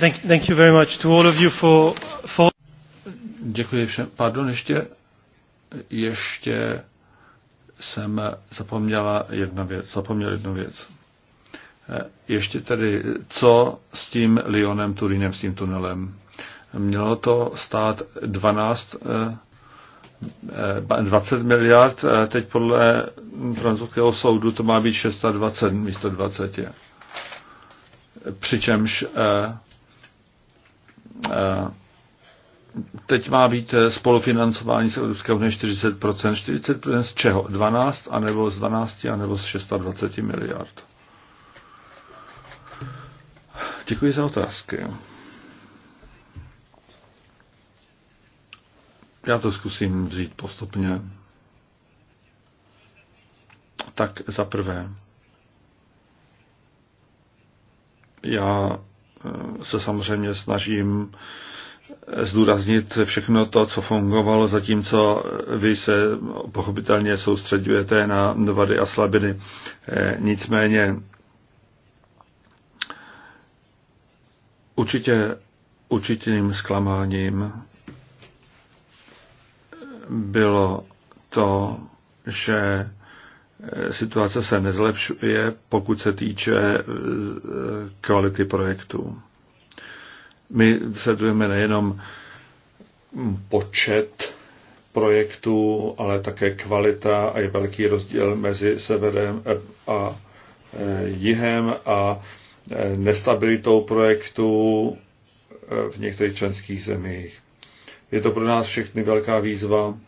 Speaker 1: Thank, thank you very much to all of you for, for... Děkuji všem. Pardon, ještě, ještě jsem zapomněla jedna věc, zapomněl jednu věc. Ještě tedy, co s tím Lyonem Turinem, s tím tunelem? Mělo to stát 12 20 eh, miliard, eh, teď podle francouzského soudu to má být 620 místo 20. Přičemž eh, teď má být spolufinancování z Evropské unie 40%. 40% z čeho? 12, anebo z 12, anebo z 620 miliard. Děkuji za otázky. Já to zkusím vzít postupně. Tak za prvé, já eh, se samozřejmě snažím eh, zdůraznit všechno to, co fungovalo, zatímco eh, vy se pochopitelně soustředujete na vady a slabiny. Nicméně určitě určitým zklamáním bylo to, že eh, situace se nezlepšuje, pokud se týče eh, kvality projektů. My sledujeme nejenom hm, počet projektů, ale také kvalita a je velký rozdíl mezi severem eh, a jihem a nestabilitou projektů v některých členských zemích. Je to pro nás všechny velká výzva,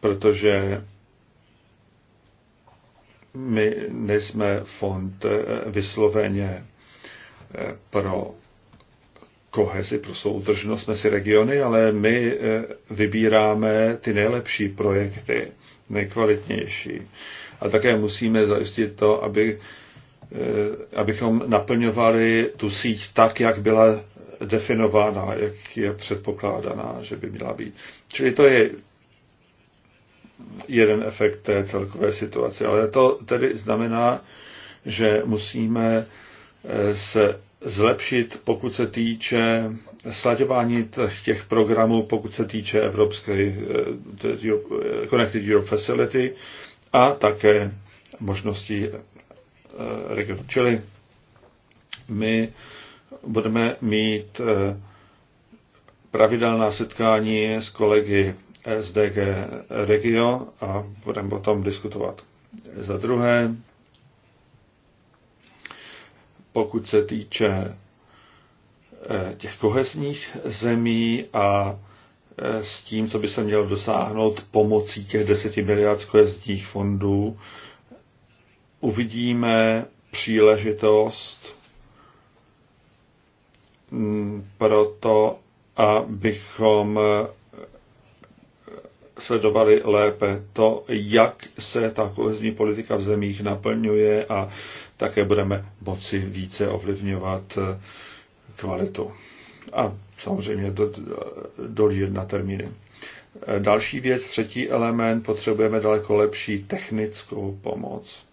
Speaker 1: protože my nejsme fond eh, vysloveně eh, pro kohezi, pro soudržnost mezi regiony, ale my eh, vybíráme ty nejlepší projekty, nejkvalitnější. A také musíme zajistit to, aby, abychom naplňovali tu síť tak, jak byla definována, jak je předpokládaná, že by měla být. Čili to je jeden efekt té celkové situace. Ale to tedy znamená, že musíme eh, se zlepšit, pokud se týče slaďování těch programů, pokud se týče Evropské eh, eh, Connected Europe Facility a také možností regionu. Čili my budeme mít eh, pravidelná setkání s kolegy SDG Regio a budeme o tom diskutovat. Za druhé, pokud se týče eh, těch kohezních zemí a eh, s tím, co by se mělo dosáhnout pomocí těch 10 miliard kohezních fondů, uvidíme příležitost proto, abychom sledovali lépe to, jak se ta kohezní politika v zemích naplňuje a také budeme moci více ovlivňovat kvalitu. A samozřejmě do, dolížet na termíny. Další věc, třetí element, potřebujeme daleko lepší technickou pomoc.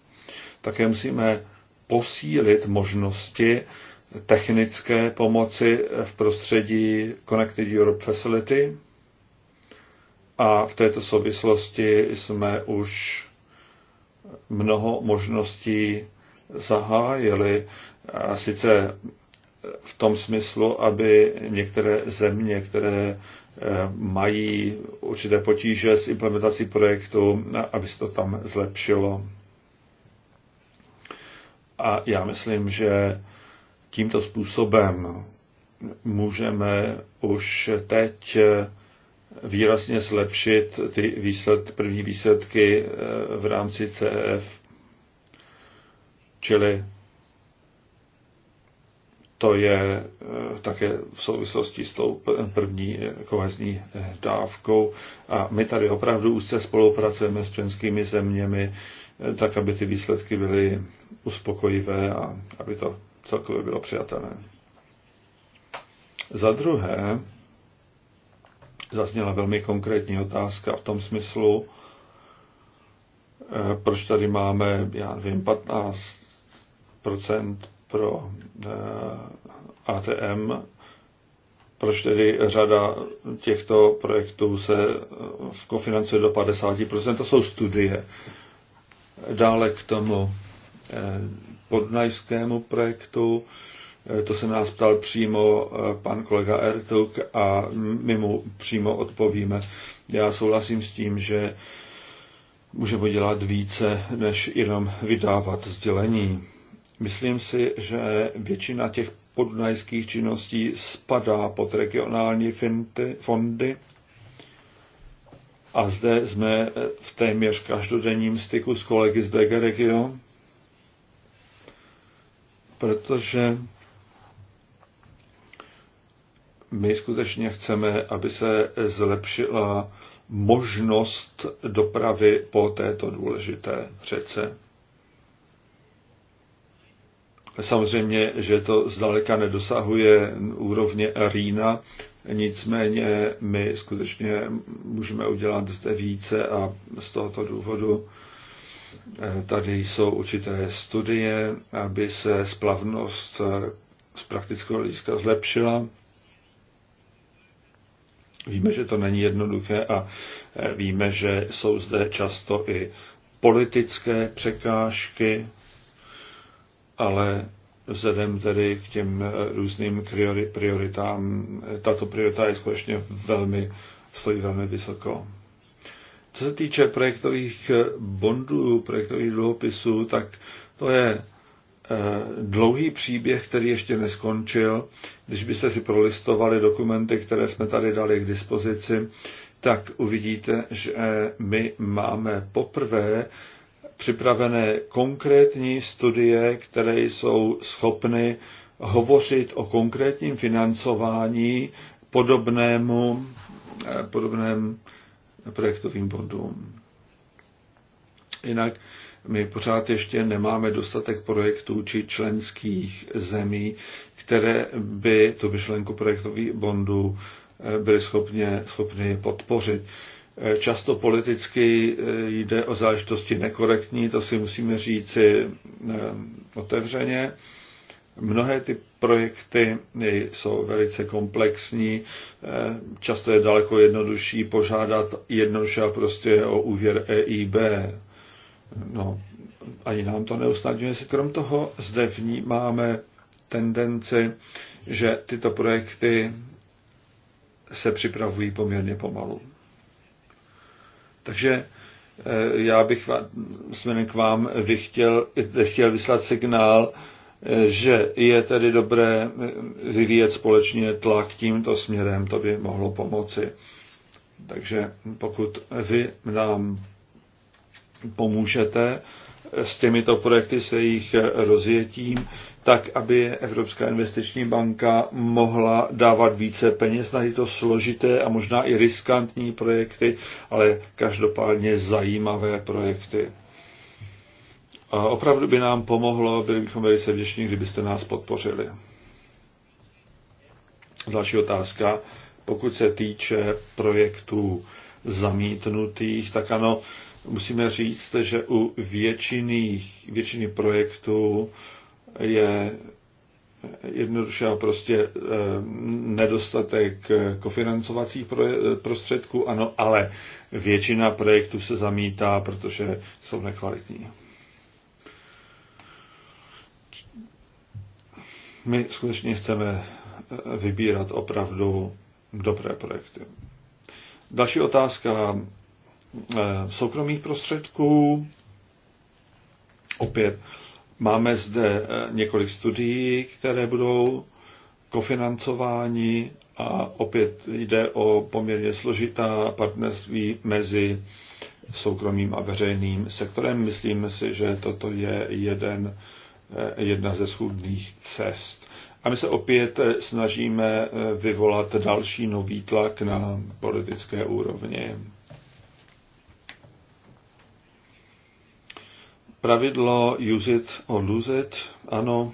Speaker 1: Také musíme posílit možnosti technické pomoci v prostředí Connected Europe Facility. A v této souvislosti jsme už mnoho možností zahájili. A sice v tom smyslu, aby některé země, které eh, mají určité potíže s implementací projektu, aby se to tam zlepšilo. A já myslím, že Tímto způsobem můžeme už teď výrazně zlepšit ty výsled, první výsledky eh, v rámci CF, e čili to je eh, také v souvislosti s tou první eh, kohezní dávkou. A my tady opravdu úzce spolupracujeme s členskými zeměmi, tak aby ty výsledky byly uspokojivé a aby to celkově bylo přijatelné. Za druhé, zazněla velmi konkrétní otázka v tom smyslu, eh, proč tady máme, já nevím, 15 pro eh, ATM, proč tedy řada těchto projektů se v eh, kofinancuje do 50 To jsou studie. Dále k tomu podnajskému projektu. Eh, to se nás ptal přímo eh, pan kolega Ertuk a my mu přímo odpovíme. Já souhlasím s tím, že můžeme dělat více, než jenom vydávat sdělení. Myslím si, že většina těch podnajských činností spadá pod regionální fondy a zde jsme eh, v téměř každodenním styku s kolegy z DG Region protože my skutečně chceme, aby se zlepšila možnost dopravy po této důležité řece. Samozřejmě, že to zdaleka nedosahuje úrovně Rýna, nicméně my skutečně můžeme udělat zde více a z tohoto důvodu Tady jsou určité studie, aby se splavnost eh, z praktického hlediska zlepšila. Víme, že to není jednoduché a eh, víme, že jsou zde často i politické překážky, ale vzhledem tedy k těm eh, různým prioritám, tato priorita je skutečně velmi, stojí velmi vysoko. Co se týče projektových eh, bondů, projektových dluhopisů, tak to je eh, dlouhý příběh, který ještě neskončil. Když byste si prolistovali dokumenty, které jsme tady dali k dispozici, tak uvidíte, že my máme poprvé připravené konkrétní studie, které jsou schopny hovořit o konkrétním financování podobnému, eh, podobném projektovým bodům. Jinak my pořád ještě nemáme dostatek projektů či členských zemí, které by tu myšlenku projektových bondů eh, byly schopně, schopny podpořit. Eh, často politicky eh, jde o záležitosti nekorektní, to si musíme říci otevřeně. Mnohé ty projekty eh, jsou velice komplexní, eh, často je daleko jednodušší požádat jednoduše a prostě o úvěr EIB. No, ani nám to neusnadňuje. Krom toho zde vnímáme tendenci, že tyto projekty se připravují poměrně pomalu. Takže eh, já bych směrem k vám bych chtěl, chtěl vyslat signál, že je tedy dobré vyvíjet společně tlak tímto směrem, to by mohlo pomoci. Takže pokud vy nám pomůžete s těmito projekty, se jejich rozjetím, tak aby Evropská investiční banka mohla dávat více peněz na tyto složité a možná i riskantní projekty, ale každopádně zajímavé projekty. A opravdu by nám pomohlo, byli bychom velice vděční, kdybyste nás podpořili. Další otázka. Pokud se týče projektů zamítnutých, tak ano, musíme říct, že u většiny, většiny projektů je jednoduše a prostě eh, nedostatek kofinancovacích prostředků, ano, ale většina projektů se zamítá, protože jsou nekvalitní. My skutečně chceme eh, vybírat opravdu dobré projekty. Další otázka eh, soukromých prostředků. Opět máme zde eh, několik studií, které budou kofinancováni a opět jde o poměrně složitá partnerství mezi soukromým a veřejným sektorem. Myslíme si, že toto je jeden Eh, jedna ze schůdných cest. A my se opět eh, snažíme eh, vyvolat další nový tlak na politické úrovni. Pravidlo use it or lose it, ano,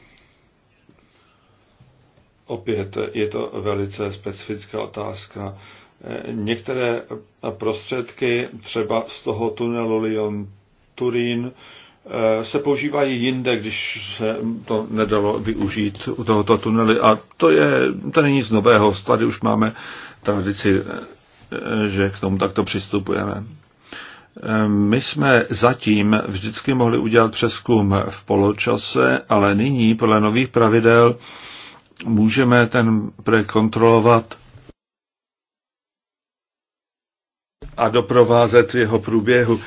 Speaker 1: opět je to velice specifická otázka. Některé prostředky, třeba z toho tunelu Lyon-Turín, Eh, se používají jinde, když se to nedalo využít u tohoto tunely. A to, je, to není nic nového. Tady už máme tradici, eh, eh, že k tomu takto přistupujeme. My jsme zatím vždycky mohli udělat přeskum v poločase, ale nyní podle nových pravidel můžeme ten projekt kontrolovat a doprovázet jeho průběhu.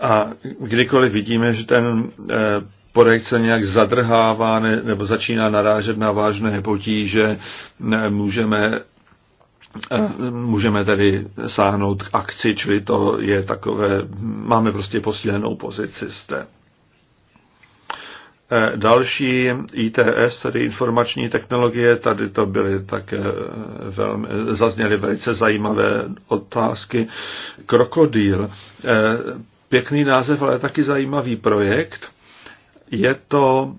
Speaker 1: A kdykoliv vidíme, že ten eh, projekt se nějak zadrhává nebo začíná narážet na vážné potíže, můžeme eh, můžeme tedy sáhnout k akci, čili to je takové, máme prostě posílenou pozici zde. Eh, další ITS, tedy informační technologie, tady to byly také velmi, zazněly velice zajímavé otázky. Krokodýl pěkný název, ale taky zajímavý projekt. Je to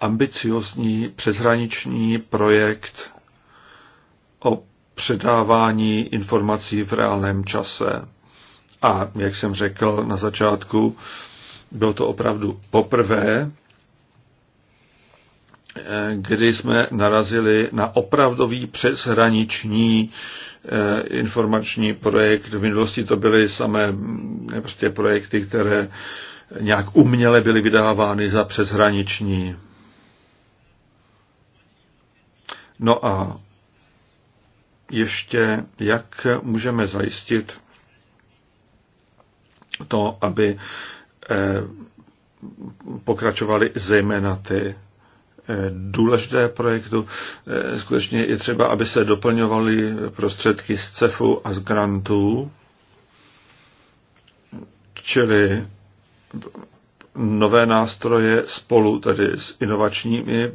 Speaker 1: ambiciozní přeshraniční projekt o předávání informací v reálném čase. A jak jsem řekl na začátku, bylo to opravdu poprvé, eh, kdy jsme narazili na opravdový přeshraniční Eh, informační projekt. V minulosti to byly samé eh, prostě projekty, které nějak uměle byly vydávány za přeshraniční. No a ještě, jak můžeme zajistit to, aby eh, pokračovaly zejména ty důležité projektu. Eh, skutečně je třeba, aby se doplňovaly prostředky z CEFu a z grantů, čili nové nástroje spolu tedy s inovačními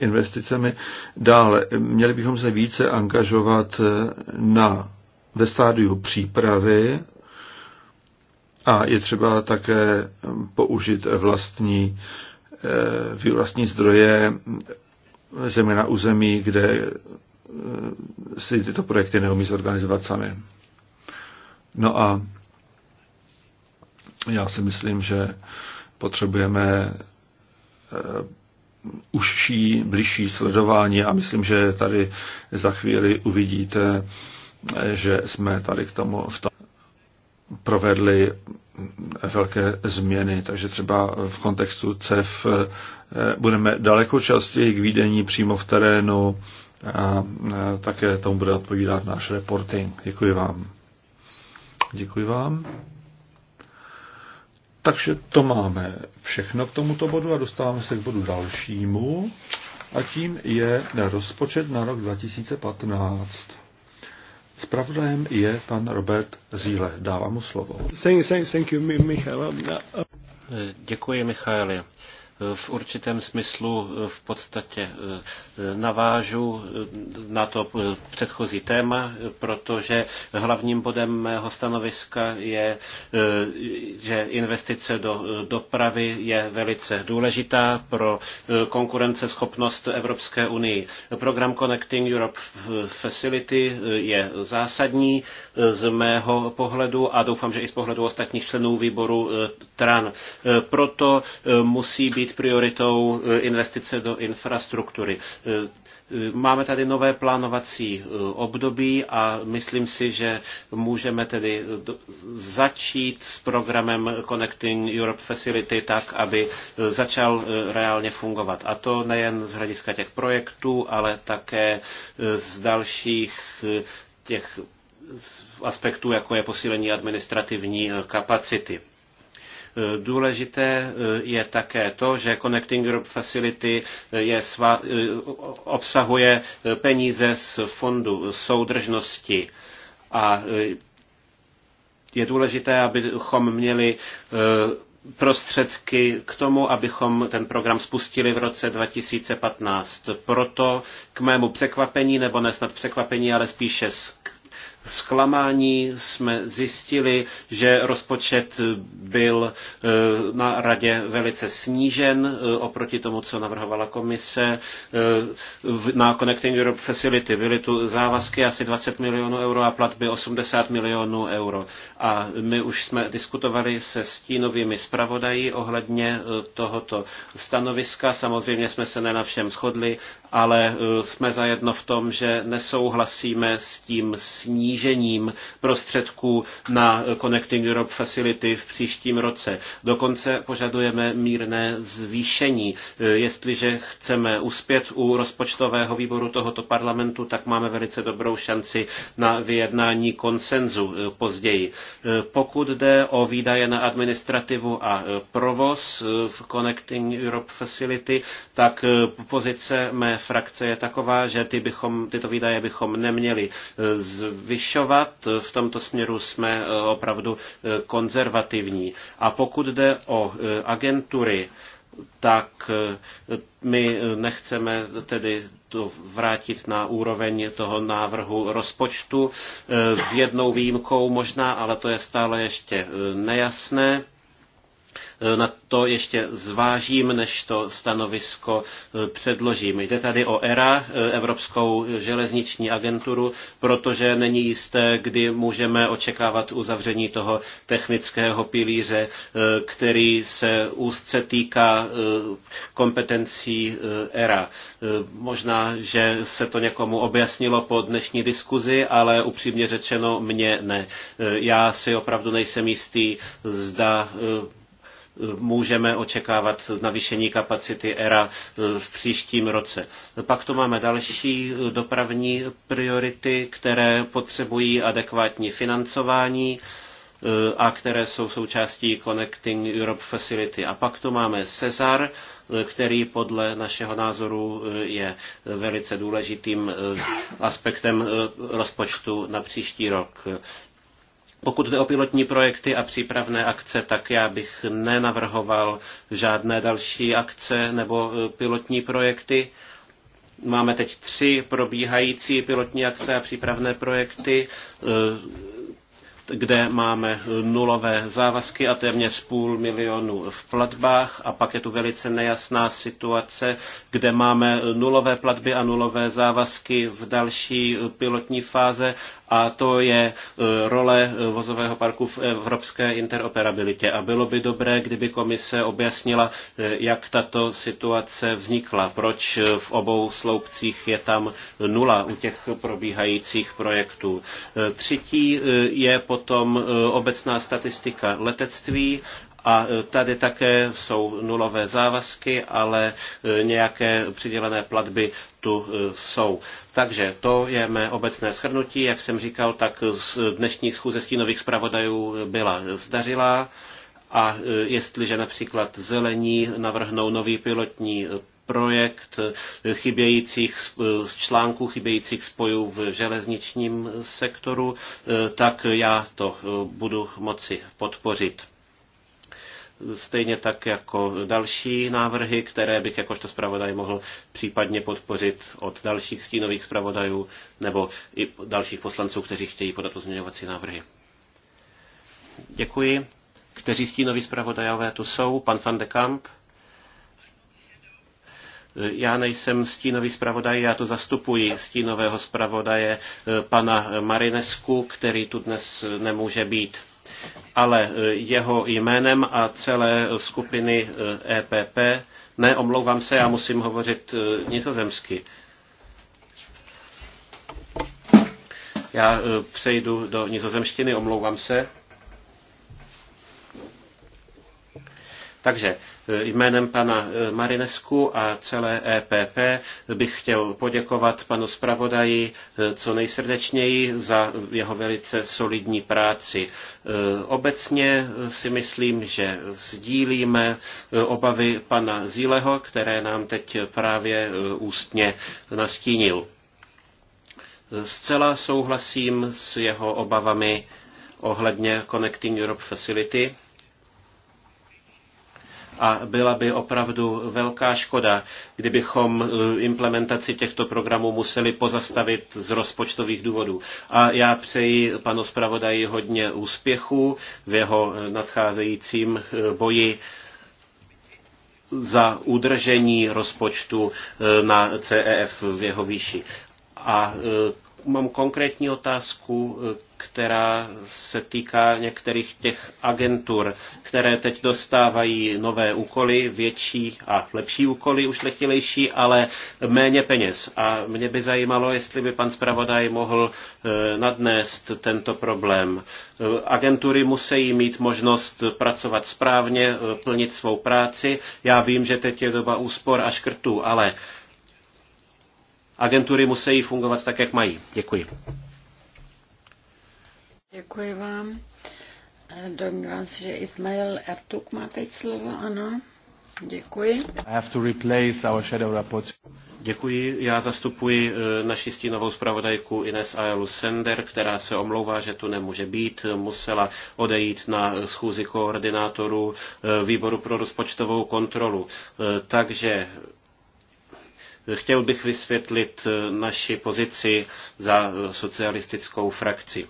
Speaker 1: investicemi. Dále, měli bychom se více angažovat eh, na, ve stádiu přípravy a je třeba také použít vlastní Eh, vlastní zdroje země na území, kde eh, si tyto projekty neumí zorganizovat sami. No a já si myslím, že potřebujeme eh, užší, blížší sledování a myslím, že tady za chvíli uvidíte, že jsme tady k tomu v tom provedly velké změny, takže třeba v kontextu CEF eh, budeme daleko častěji k výdení přímo v terénu a také tomu bude odpovídat náš reporting. Děkuji vám. Děkuji vám. Takže to máme všechno k tomuto bodu a dostáváme se k bodu dalšímu a tím je rozpočet na rok 2015. Spravodajem je pan Robert Zíle. Dávám mu slovo. Thank you,
Speaker 3: Děkuji, Michaeli v určitém smyslu eh, v podstatě eh, navážu eh, na to předchozí téma, protože hlavním bodem mého stanoviska je, že investice do dopravy je velice důležitá pro konkurenceschopnost Evropské unii. Program Connecting Europe Facility je zásadní z mého pohledu a doufám, že i z pohledu ostatních členů výboru TRAN. Proto musí být být prioritou eh, investice do infrastruktury. Eh, eh, máme tady nové plánovací období a myslím si, že můžeme tedy začít s programem Connecting Europe Facility tak, aby začal reálně fungovat. A to nejen z hlediska těch projektů, ale také z dalších těch aspektů, jako je posílení administrativní kapacity. Eh, důležité eh, je také to, že Connecting Europe Facility eh, je sva, obsahuje peníze z fondu soudržnosti a je důležité, abychom měli prostředky k tomu, abychom ten program spustili v roce 2015. Proto k mému překvapení, nebo nesnad překvapení, ale spíše zklamání jsme zjistili, že rozpočet byl e, na radě velice snížen e, oproti tomu, co navrhovala komise. E, na Connecting Europe Facility byly tu závazky asi 20 milionů euro a platby 80 milionů euro. A my už jsme diskutovali se stínovými zpravodají ohledně tohoto stanoviska. Samozřejmě jsme se ne na všem shodli, ale jsme zajedno v tom, že nesouhlasíme s tím snížením snížením prostředků na Connecting Europe Facility v příštím roce. Dokonce požadujeme mírné zvýšení. Jestliže chceme uspět u rozpočtového výboru tohoto parlamentu, tak máme velice dobrou šanci na vyjednání konsenzu eh, později. Eh, pokud jde o výdaje na administrativu a eh, provoz v Connecting Europe Facility, tak pozice mé frakce je taková, že ty bychom, tyto výdaje bychom neměli zvyšovat zvyšovat. V tomto směru jsme eh, opravdu eh, konzervativní. A pokud jde o eh, agentury, tak my nechceme tedy to vrátit na úroveň toho návrhu rozpočtu s jednou výjimkou možná, ale to je stále ještě nejasné. Eh, na to ještě zvážím, než to stanovisko eh, předložím. Jde tady o ERA, eh, Evropskou železniční agenturu, protože není jisté, kdy můžeme očekávat uzavření toho technického pilíře, který se úzce týká kompetencí ERA. Možná, že se to někomu objasnilo po dnešní diskuzi, ale upřímně řečeno mně ne. Já si opravdu nejsem jistý, zda můžeme očekávat navýšení kapacity ERA e, v příštím roce. Pak tu máme další e, dopravní priority, které potřebují adekvátní financování e, a které jsou součástí Connecting Europe Facility. A pak tu máme Cezar, který podle našeho názoru je velice důležitým aspektem rozpočtu na příští rok. Pokud jde o pilotní projekty a přípravné akce, tak já bych nenavrhoval žádné další akce nebo e, pilotní projekty. Máme teď tři probíhající pilotní akce a přípravné projekty. E, kde máme nulové závazky a téměř půl milionu v platbách a pak je tu velice nejasná situace, kde máme nulové platby a nulové závazky v další pilotní fáze a to je e, role e, vozového parku v evropské interoperabilitě. A bylo by dobré, kdyby komise objasnila, e, jak tato situace vznikla, proč v obou sloupcích je tam nula u těch probíhajících projektů. Třetí je potom e, obecná statistika letectví a e, tady také jsou nulové závazky, ale e, nějaké přidělené platby tu jsou. Takže to je mé obecné shrnutí. Jak jsem říkal, tak dnešní schůze stínových zpravodajů byla zdařilá. A jestliže například zelení navrhnou nový pilotní projekt chybějících z článků chybějících spojů v železničním sektoru, eh, tak já to eh, budu moci podpořit stejně tak jako další návrhy, které bych jakožto zpravodaj mohl případně podpořit od dalších stínových zpravodajů nebo i dalších poslanců, kteří chtějí podat pozměňovací návrhy. Děkuji. Kteří stínoví zpravodajové tu jsou? Pan van de Kamp? Já nejsem stínový zpravodaj, já tu zastupuji stínového zpravodaje eh, pana Marinesku, který tu dnes nemůže být. Ale eh, jeho jménem a celé skupiny EPP, eh, e ne, omlouvám se, já musím hovořit nizozemsky. Já přejdu do nizozemštiny, omlouvám se. Takže e, jménem pana e, Marinesku a celé EPP bych chtěl poděkovat panu zpravodaji e, co nejsrdečněji za jeho velice solidní práci. Obecně si myslím, že sdílíme obavy pana Zíleho, které nám teď právě ústně nastínil. Zcela souhlasím s jeho obavami ohledně Connecting Europe Facility a byla by opravdu velká škoda, kdybychom eh, implementaci těchto programů museli pozastavit z rozpočtových důvodů. A já přeji panu zpravodaji hodně úspěchů v jeho eh, nadcházejícím eh, boji za udržení rozpočtu na CEF v jeho výši. A Mám konkrétní otázku, eh, která se týká některých těch agentur, které teď dostávají nové úkoly, větší a lepší úkoly, ušlechtilejší, ale méně peněz. A mě by zajímalo, jestli by pan zpravodaj mohl eh, nadnést tento problém. Eh, agentury musí mít možnost pracovat správně, plnit svou práci. Já vím, že teď je doba úspor a škrtů, ale agentury musí fungovat tak, jak mají. Děkuji.
Speaker 2: Děkuji vám. Domnívám se, že Ismail Ertuk má teď slovo, ano. Děkuji.
Speaker 3: I have to replace our shadow report. Děkuji. Já zastupuji eh, naši stínovou zpravodajku Ines Ayelu Sender, která se omlouvá, že tu nemůže být. Musela odejít na schůzi koordinátorů eh, výboru pro rozpočtovou kontrolu. Eh, takže Chtěl bych vysvětlit eh, naši pozici za eh, socialistickou frakci.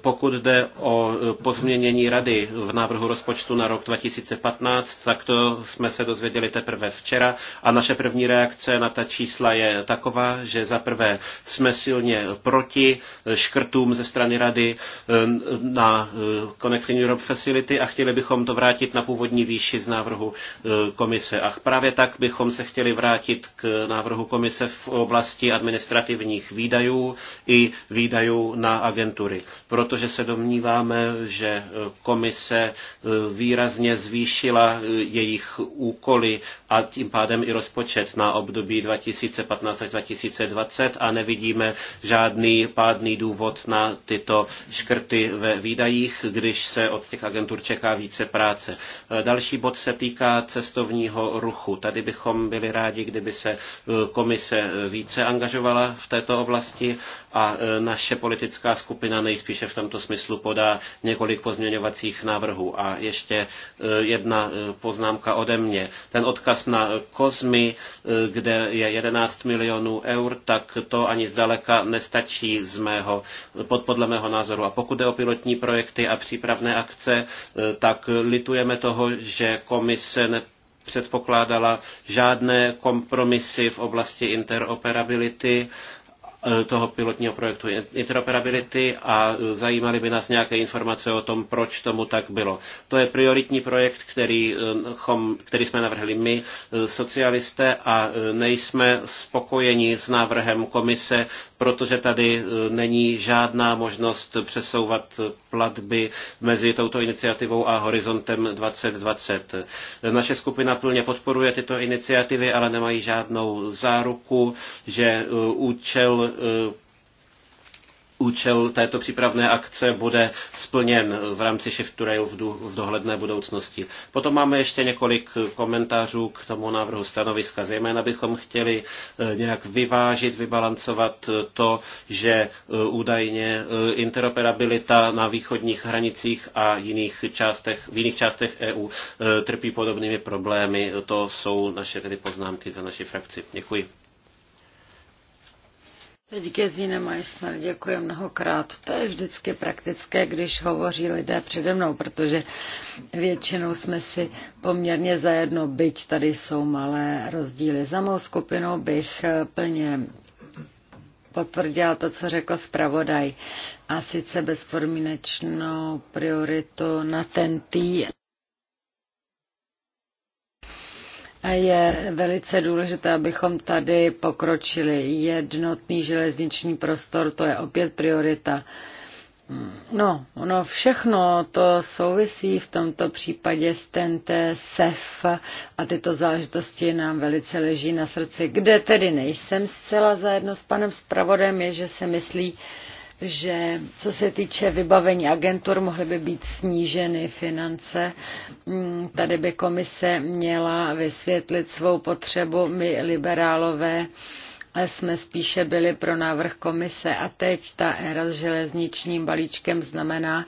Speaker 3: Pokud jde o pozměnění rady v návrhu rozpočtu na rok 2015, tak to jsme se dozvěděli teprve včera a naše první reakce na ta čísla je taková, že za prvé jsme silně proti škrtům ze strany rady eh, na eh, Connecting Europe Facility a chtěli bychom to vrátit na původní výši z návrhu eh, komise. A právě tak bychom se chtěli vrátit k návrhu komise v oblasti administrativních výdajů i výdajů na agentury protože se domníváme, že e, komise e, výrazně zvýšila e, jejich úkoly a tím pádem i rozpočet na období 2015 až 2020 a nevidíme žádný pádný důvod na tyto škrty ve výdajích, když se od těch agentur čeká více práce. Další bod se týká cestovního ruchu. Tady bychom byli rádi, kdyby se komise více angažovala v této oblasti a naše politická skupina nejspíše že v tomto smyslu podá několik pozměňovacích návrhů. A ještě e, jedna e, poznámka ode mě. Ten odkaz na Kozmy, e, kde je 11 milionů eur, tak to ani zdaleka nestačí z mého, pod, podle mého názoru. A pokud je o pilotní projekty a přípravné akce, tak litujeme toho, že komise ne předpokládala žádné kompromisy v oblasti interoperability Eh, toho pilotního projektu interoperability a eh, zajímaly by nás nějaké informace o tom, proč tomu tak bylo. To je prioritní projekt, který, eh, který jsme navrhli my, socialisté, a nejsme spokojeni s návrhem komise protože tady e, není žádná možnost přesouvat platby mezi touto iniciativou a horizontem 2020. Naše skupina plně podporuje tyto iniciativy, ale nemají žádnou záruku, že e, účel e, účel této přípravné akce bude splněn v rámci Shift to Rail v dohledné budoucnosti. Potom máme ještě několik komentářů k tomu návrhu stanoviska. Zejména bychom chtěli eh, nějak vyvážit, vybalancovat eh, to, že eh, údajně interoperabilita na východních hranicích a jiných částech, v jiných částech EU trpí podobnými problémy. To jsou naše tedy poznámky za naši frakci. Děkuji.
Speaker 2: Teď Gezine Meissner, děkuji mnohokrát. To je vždycky praktické, když hovoří lidé přede mnou, protože většinou jsme si poměrně zajedno, byť tady jsou malé rozdíly. Za mou skupinu bych plně potvrdila to, co řekl zpravodaj, a sice bezpodmínečnou prioritu na ten tý Je velice důležité, abychom tady pokročili. Jednotný železniční prostor, to je opět priorita. No, ono všechno to souvisí v tomto případě s TNT, SEF a tyto záležitosti nám velice leží na srdci. Kde tedy nejsem zcela zajedno s panem zpravodem, je, že se myslí, že co se týče vybavení agentur, mohly by být sníženy finance. Mm, tady by komise měla vysvětlit svou potřebu. My liberálové ale jsme spíše byli pro návrh komise a teď ta éra s železničním balíčkem znamená,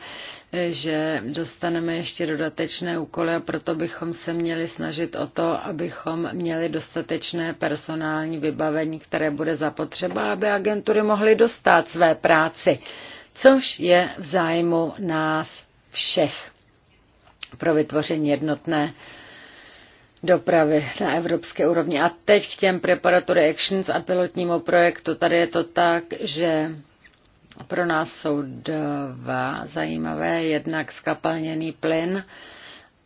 Speaker 2: eh, že dostaneme ještě dodatečné úkoly a proto bychom se měli snažit o to, abychom měli dostatečné personální vybavení, které bude zapotřeba, aby agentury mohly dostat své práci, což je v zájmu nás všech pro vytvoření jednotné dopravy na evropské úrovni. A teď k těm preparatory actions a pilotnímu projektu. Tady je to tak, že pro nás jsou dva zajímavé. Jednak skapalněný plyn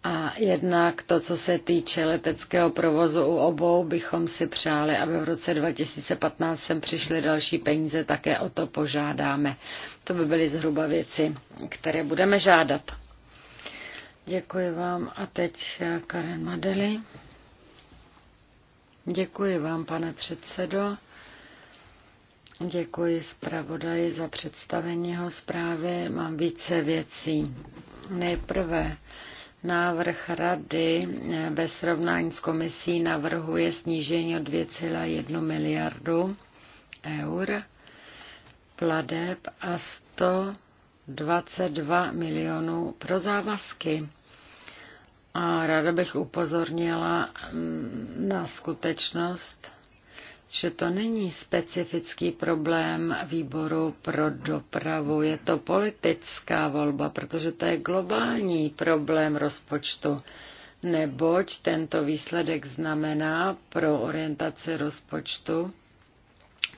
Speaker 2: a jednak to, co se týče leteckého provozu u obou, bychom si přáli, aby v roce 2015 sem přišly další peníze, také o to požádáme. To by byly zhruba věci, které budeme žádat. Děkuji vám a teď eh, Karen Madeli. Děkuji vám, pane předsedo. Děkuji zpravodaji za představení jeho zprávy. Mám více věcí. Nejprve návrh rady eh, ve srovnání s komisí navrhuje snížení o 2,1 miliardu eur pladeb a 100 22 milionů pro závazky. A ráda bych upozornila mm, na skutečnost, že to není specifický problém výboru pro dopravu, je to politická volba, protože to je globální problém rozpočtu, neboť tento výsledek znamená pro orientaci rozpočtu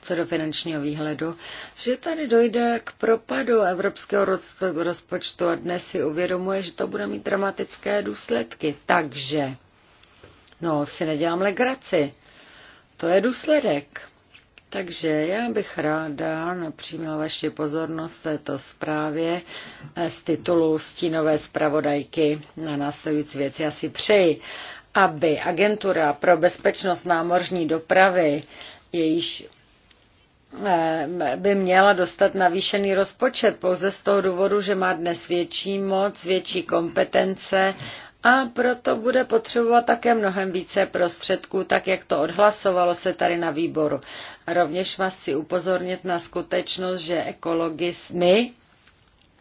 Speaker 2: co do finančního výhledu, že tady dojde k propadu evropského rozpočtu a dnes si uvědomuje, že to bude mít dramatické důsledky. Takže, no, si nedělám legraci. To je důsledek. Takže já bych ráda napřímila vaši pozornost této zprávě z titulu Stínové zpravodajky na následující věci. Já si přeji, aby Agentura pro bezpečnost námořní dopravy, jejíž Eh, by měla dostat navýšený rozpočet pouze z toho důvodu, že má dnes větší moc, větší kompetence a proto bude potřebovat také mnohem více prostředků, tak jak to odhlasovalo se tady na výboru. rovněž vás si upozornit na skutečnost, že ekologi, my,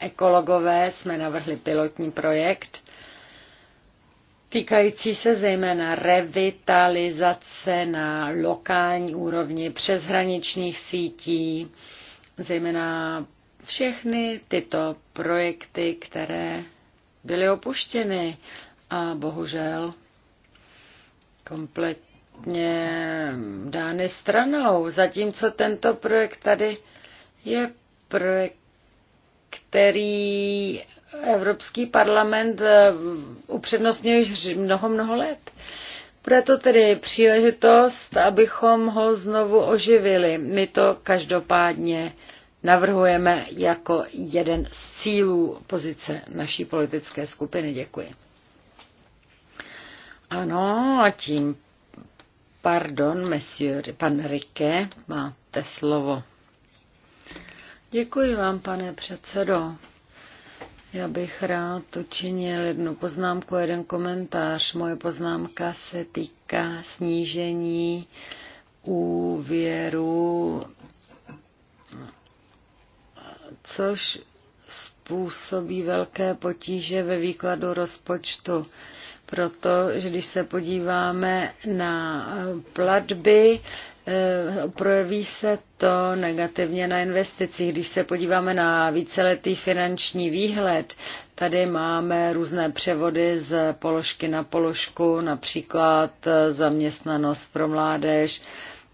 Speaker 2: ekologové, jsme navrhli pilotní projekt, týkající se zejména revitalizace na lokální úrovni přeshraničních sítí, zejména všechny tyto projekty, které byly opuštěny a bohužel kompletně dány stranou. Zatímco tento projekt tady je projekt, který Evropský parlament eh, upřednostňuje již mnoho, mnoho let. Bude to tedy příležitost, abychom ho znovu oživili. My to každopádně navrhujeme jako jeden z cílů pozice naší politické skupiny. Děkuji. Ano, a tím, pardon, monsieur, pan Rike, máte slovo. Děkuji vám, pane předsedo. Já bych rád učinil jednu poznámku, jeden komentář. Moje poznámka se týká snížení úvěru, což způsobí velké potíže ve výkladu rozpočtu. protože, když se podíváme na platby, Eh, projeví se to negativně na investicích. Když se podíváme na víceletý finanční výhled, tady máme různé převody z položky na položku, například eh, zaměstnanost pro mládež.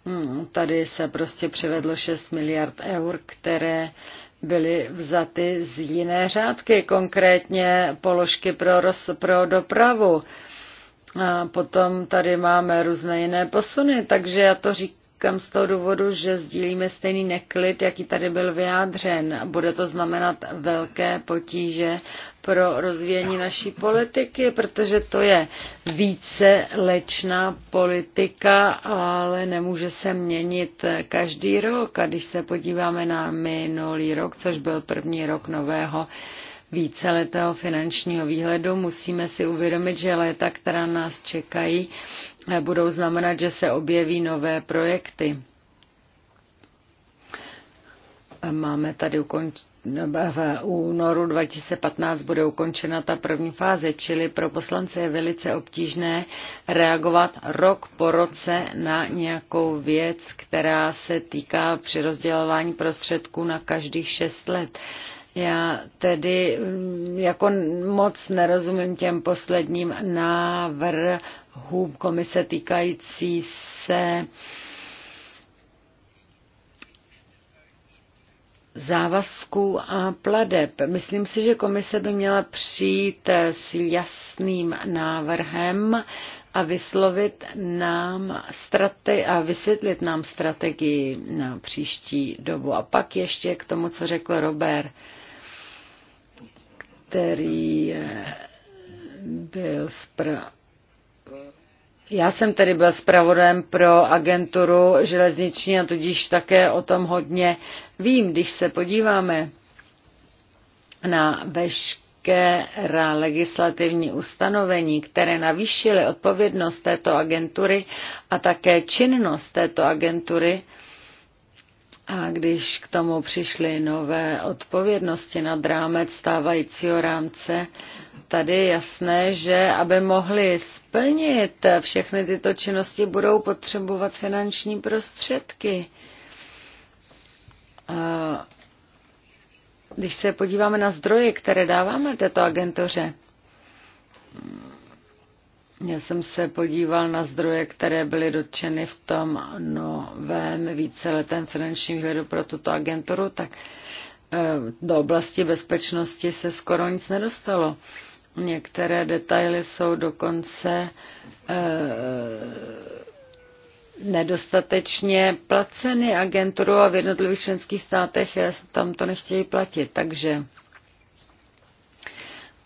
Speaker 2: Hmm, tady se prostě převedlo 6 miliard eur, které byly vzaty z jiné řádky, konkrétně položky pro, roz, pro dopravu. A potom tady máme různé jiné posuny, takže já to říkám kam z toho důvodu, že sdílíme stejný neklid, jaký tady byl vyjádřen. Bude to znamenat velké potíže pro rozvíjení naší politiky, protože to je více lečná politika, ale nemůže se měnit každý rok. A když se podíváme na minulý rok, což byl první rok nového víceletého finančního výhledu, musíme si uvědomit, že léta, která nás čekají, budou znamenat, že se objeví nové projekty. Máme tady u v únoru 2015 bude ukončena ta první fáze, čili pro poslance je velice obtížné reagovat rok po roce na nějakou věc, která se týká rozdělování prostředků na každých šest let. Já tedy mm, jako moc nerozumím těm posledním návrhům návrhům komise týkající se závazků a pladeb. Myslím si, že komise by měla přijít s jasným návrhem a vyslovit nám strate- a vysvětlit nám strategii na příští dobu. A pak ještě k tomu, co řekl Robert, který eh, byl zpráv já jsem tedy byl zpravodajem pro agenturu železniční a tudíž také o tom hodně vím, když se podíváme na veškerá legislativní ustanovení, které navýšily odpovědnost této agentury a také činnost této agentury, a když k tomu přišly nové odpovědnosti nad rámec stávajícího rámce, tady je jasné, že aby mohli splnit všechny tyto činnosti, budou potřebovat finanční prostředky. A když se podíváme na zdroje, které dáváme této agentuře, já jsem se podíval na zdroje, které byly dotčeny v tom novém víceletém finančním výhledu pro tuto agenturu, tak eh, do oblasti bezpečnosti se skoro nic nedostalo. Některé detaily jsou dokonce eh, nedostatečně placeny agenturu a v jednotlivých členských státech tam to nechtějí platit. Takže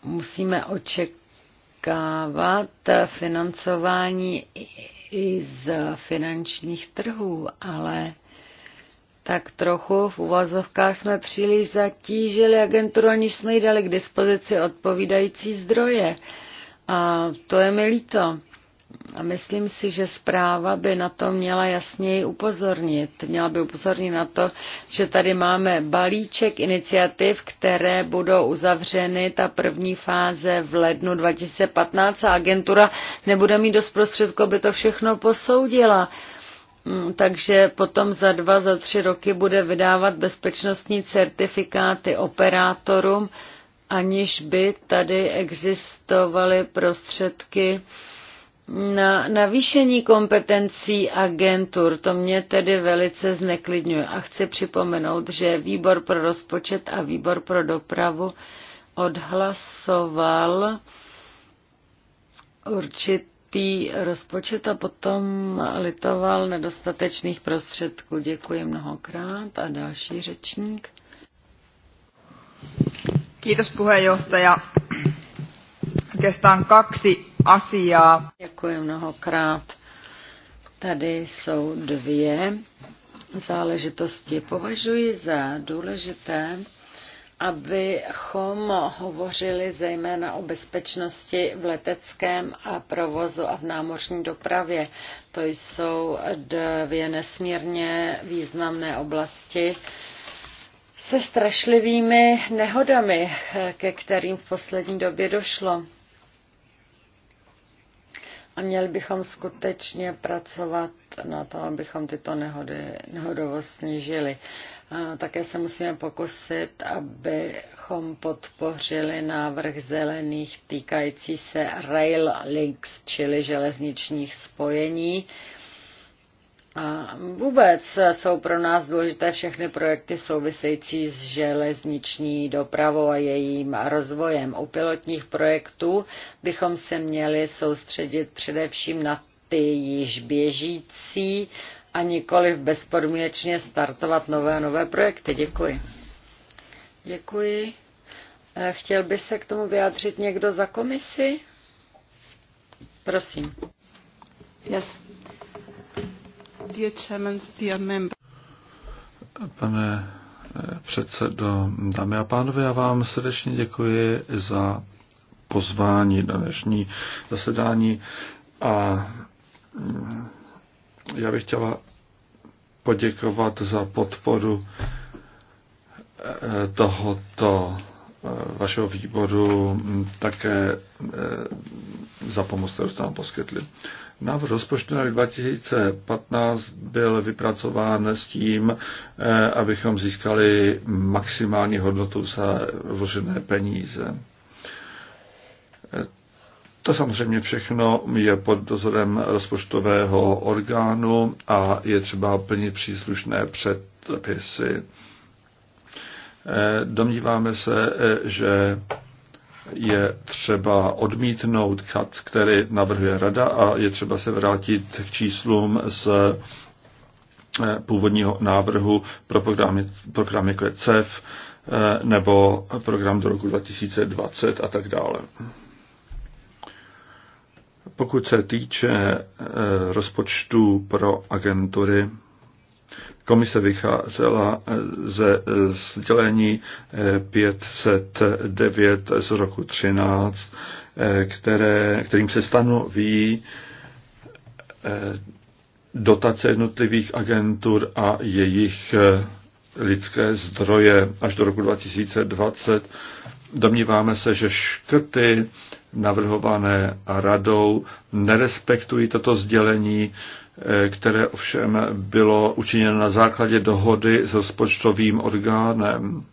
Speaker 2: musíme očekávat financování i z finančních trhů, ale tak trochu v uvazovkách jsme příliš zatížili agenturu, aniž jsme jí dali k dispozici odpovídající zdroje. A to je mi líto. A myslím si, že zpráva by na to měla jasněji upozornit. Měla by upozornit na to, že tady máme balíček iniciativ, které budou uzavřeny. Ta první fáze v lednu 2015 a agentura nebude mít dost prostředků, aby to všechno posoudila. Mm, takže potom za dva, za tři roky bude vydávat bezpečnostní certifikáty operátorům, aniž by tady existovaly prostředky na navýšení kompetencí agentur. To mě tedy velice zneklidňuje a chci připomenout, že výbor pro rozpočet a výbor pro dopravu odhlasoval určit složitý rozpočet a potom litoval nedostatečných prostředků. Děkuji mnohokrát a další řečník. Kiitos puheenjohtaja. Oikeastaan kaksi asiaa. Děkuji mnohokrát. Tady jsou dvě záležitosti. Považuji za důležité, abychom hovořili zejména o bezpečnosti v leteckém a provozu a v námořní dopravě. To jsou dvě nesmírně významné oblasti se strašlivými nehodami, ke kterým v poslední době došlo. A měli bychom skutečně pracovat na to, abychom tyto nehody, nehodovost snížili. Také se musíme pokusit, abychom podpořili návrh zelených týkající se rail links, čili železničních spojení. A vůbec jsou pro nás důležité všechny projekty související s železniční dopravou a jejím rozvojem. U pilotních projektů bychom se měli soustředit především na ty již běžící a nikoli bezpodmínečně startovat nové a nové projekty. Děkuji. Děkuji. Eh, chtěl by se k tomu vyjádřit někdo za komisi? Prosím. Yes. Dear chairman, dear member.
Speaker 1: Pane eh, předsedo, dámy a pánové, já vám srdečně děkuji za pozvání na dnešní zasedání a mm, já bych chtěla poděkovat za podporu eh, tohoto eh, vašeho výboru mm, také eh, za pomoc, kterou jste nám poskytli. Návrh rozpočtu na 2015 byl vypracován s tím, abychom získali maximální hodnotu za vložené peníze. To samozřejmě všechno je pod dozorem rozpočtového orgánu a je třeba plnit příslušné předpisy. Eh, domníváme se, eh, že je třeba odmítnout kat, který navrhuje rada a je třeba se vrátit k číslům z eh, původního návrhu pro programy, programy jako je CEF nebo program do roku 2020 a tak dále. Pokud se týče eh, rozpočtu pro agentury, komise vycházela eh, ze sdělení eh, 509 z roku 13, které, kterým se stanoví dotace jednotlivých agentur a jejich lidské zdroje až do roku 2020. Domníváme se, že škrty navrhované radou nerespektují toto sdělení, eh, které ovšem bylo učiněno na základě dohody s rozpočtovým orgánem.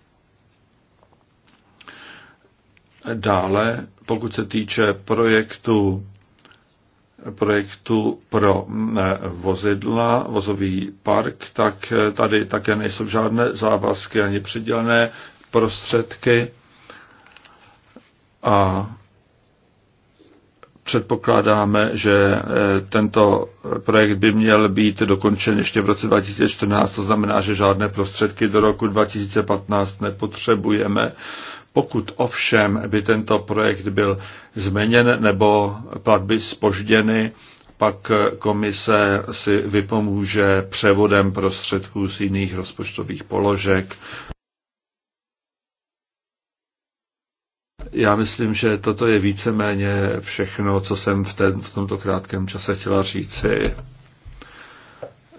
Speaker 1: Dále, pokud se týče projektu, projektu pro eh, vozidla, vozový park, tak eh, tady také nejsou žádné závazky ani přidělené prostředky. A předpokládáme, že eh, tento projekt by měl být dokončen ještě v roce 2014, to znamená, že žádné prostředky do roku 2015 nepotřebujeme. Pokud ovšem by tento projekt byl změněn nebo platby spožděny, pak komise si vypomůže převodem prostředků z jiných rozpočtových položek Já myslím, že toto je víceméně všechno, co jsem v, ten, v tomto krátkém čase chtěla říci.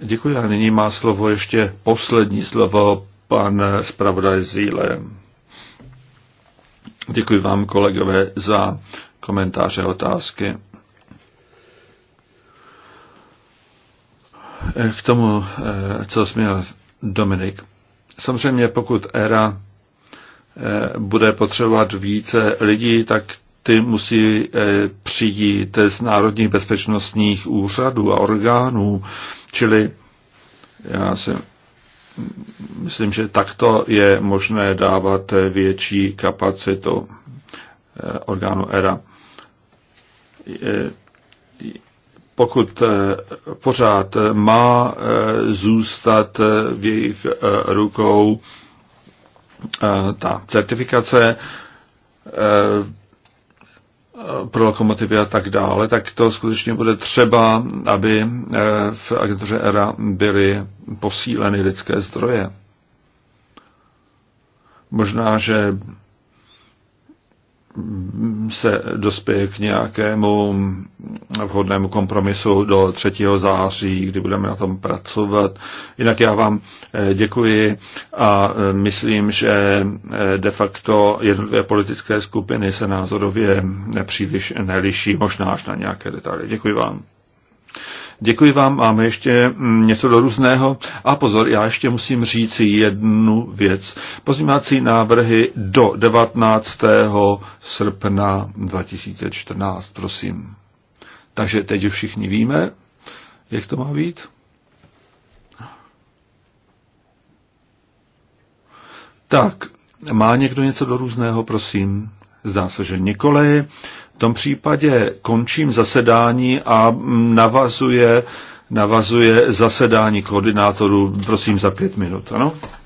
Speaker 1: Děkuji a nyní má slovo ještě poslední slovo pan zpravodaj Zíle. Děkuji vám, kolegové, za komentáře a otázky. K tomu, eh, co směl Dominik. Samozřejmě, pokud era. Eh, bude potřebovat více lidí, tak ty musí eh, přijít z národních bezpečnostních úřadů a orgánů. Čili já si myslím, že takto je možné dávat větší kapacitu eh, orgánu ERA. Pokud pořád má zůstat v jejich rukou Eh, ta certifikace eh, eh, pro lokomotivy a tak dále, tak to skutečně bude třeba, aby v agentuře ERA byly posíleny lidské zdroje. Možná, že se dospěje k nějakému vhodnému kompromisu do 3. září, kdy budeme na tom pracovat. Jinak já vám eh, děkuji a eh, myslím, že eh, de facto jednotlivé politické skupiny se názorově nepříliš neliší, možná až na nějaké detaily. Děkuji vám. Děkuji vám, máme ještě mm, něco do různého. A pozor, já ještě musím říct jednu věc. Pozměňovací návrhy do 19. srpna 2014, prosím. Takže teď všichni víme, jak to má být. Tak, má někdo něco do různého, prosím? Zdá se, že nikoli tom případě končím zasedání a navazuje, navazuje zasedání koordinátorů, prosím, za pět minut. Ano?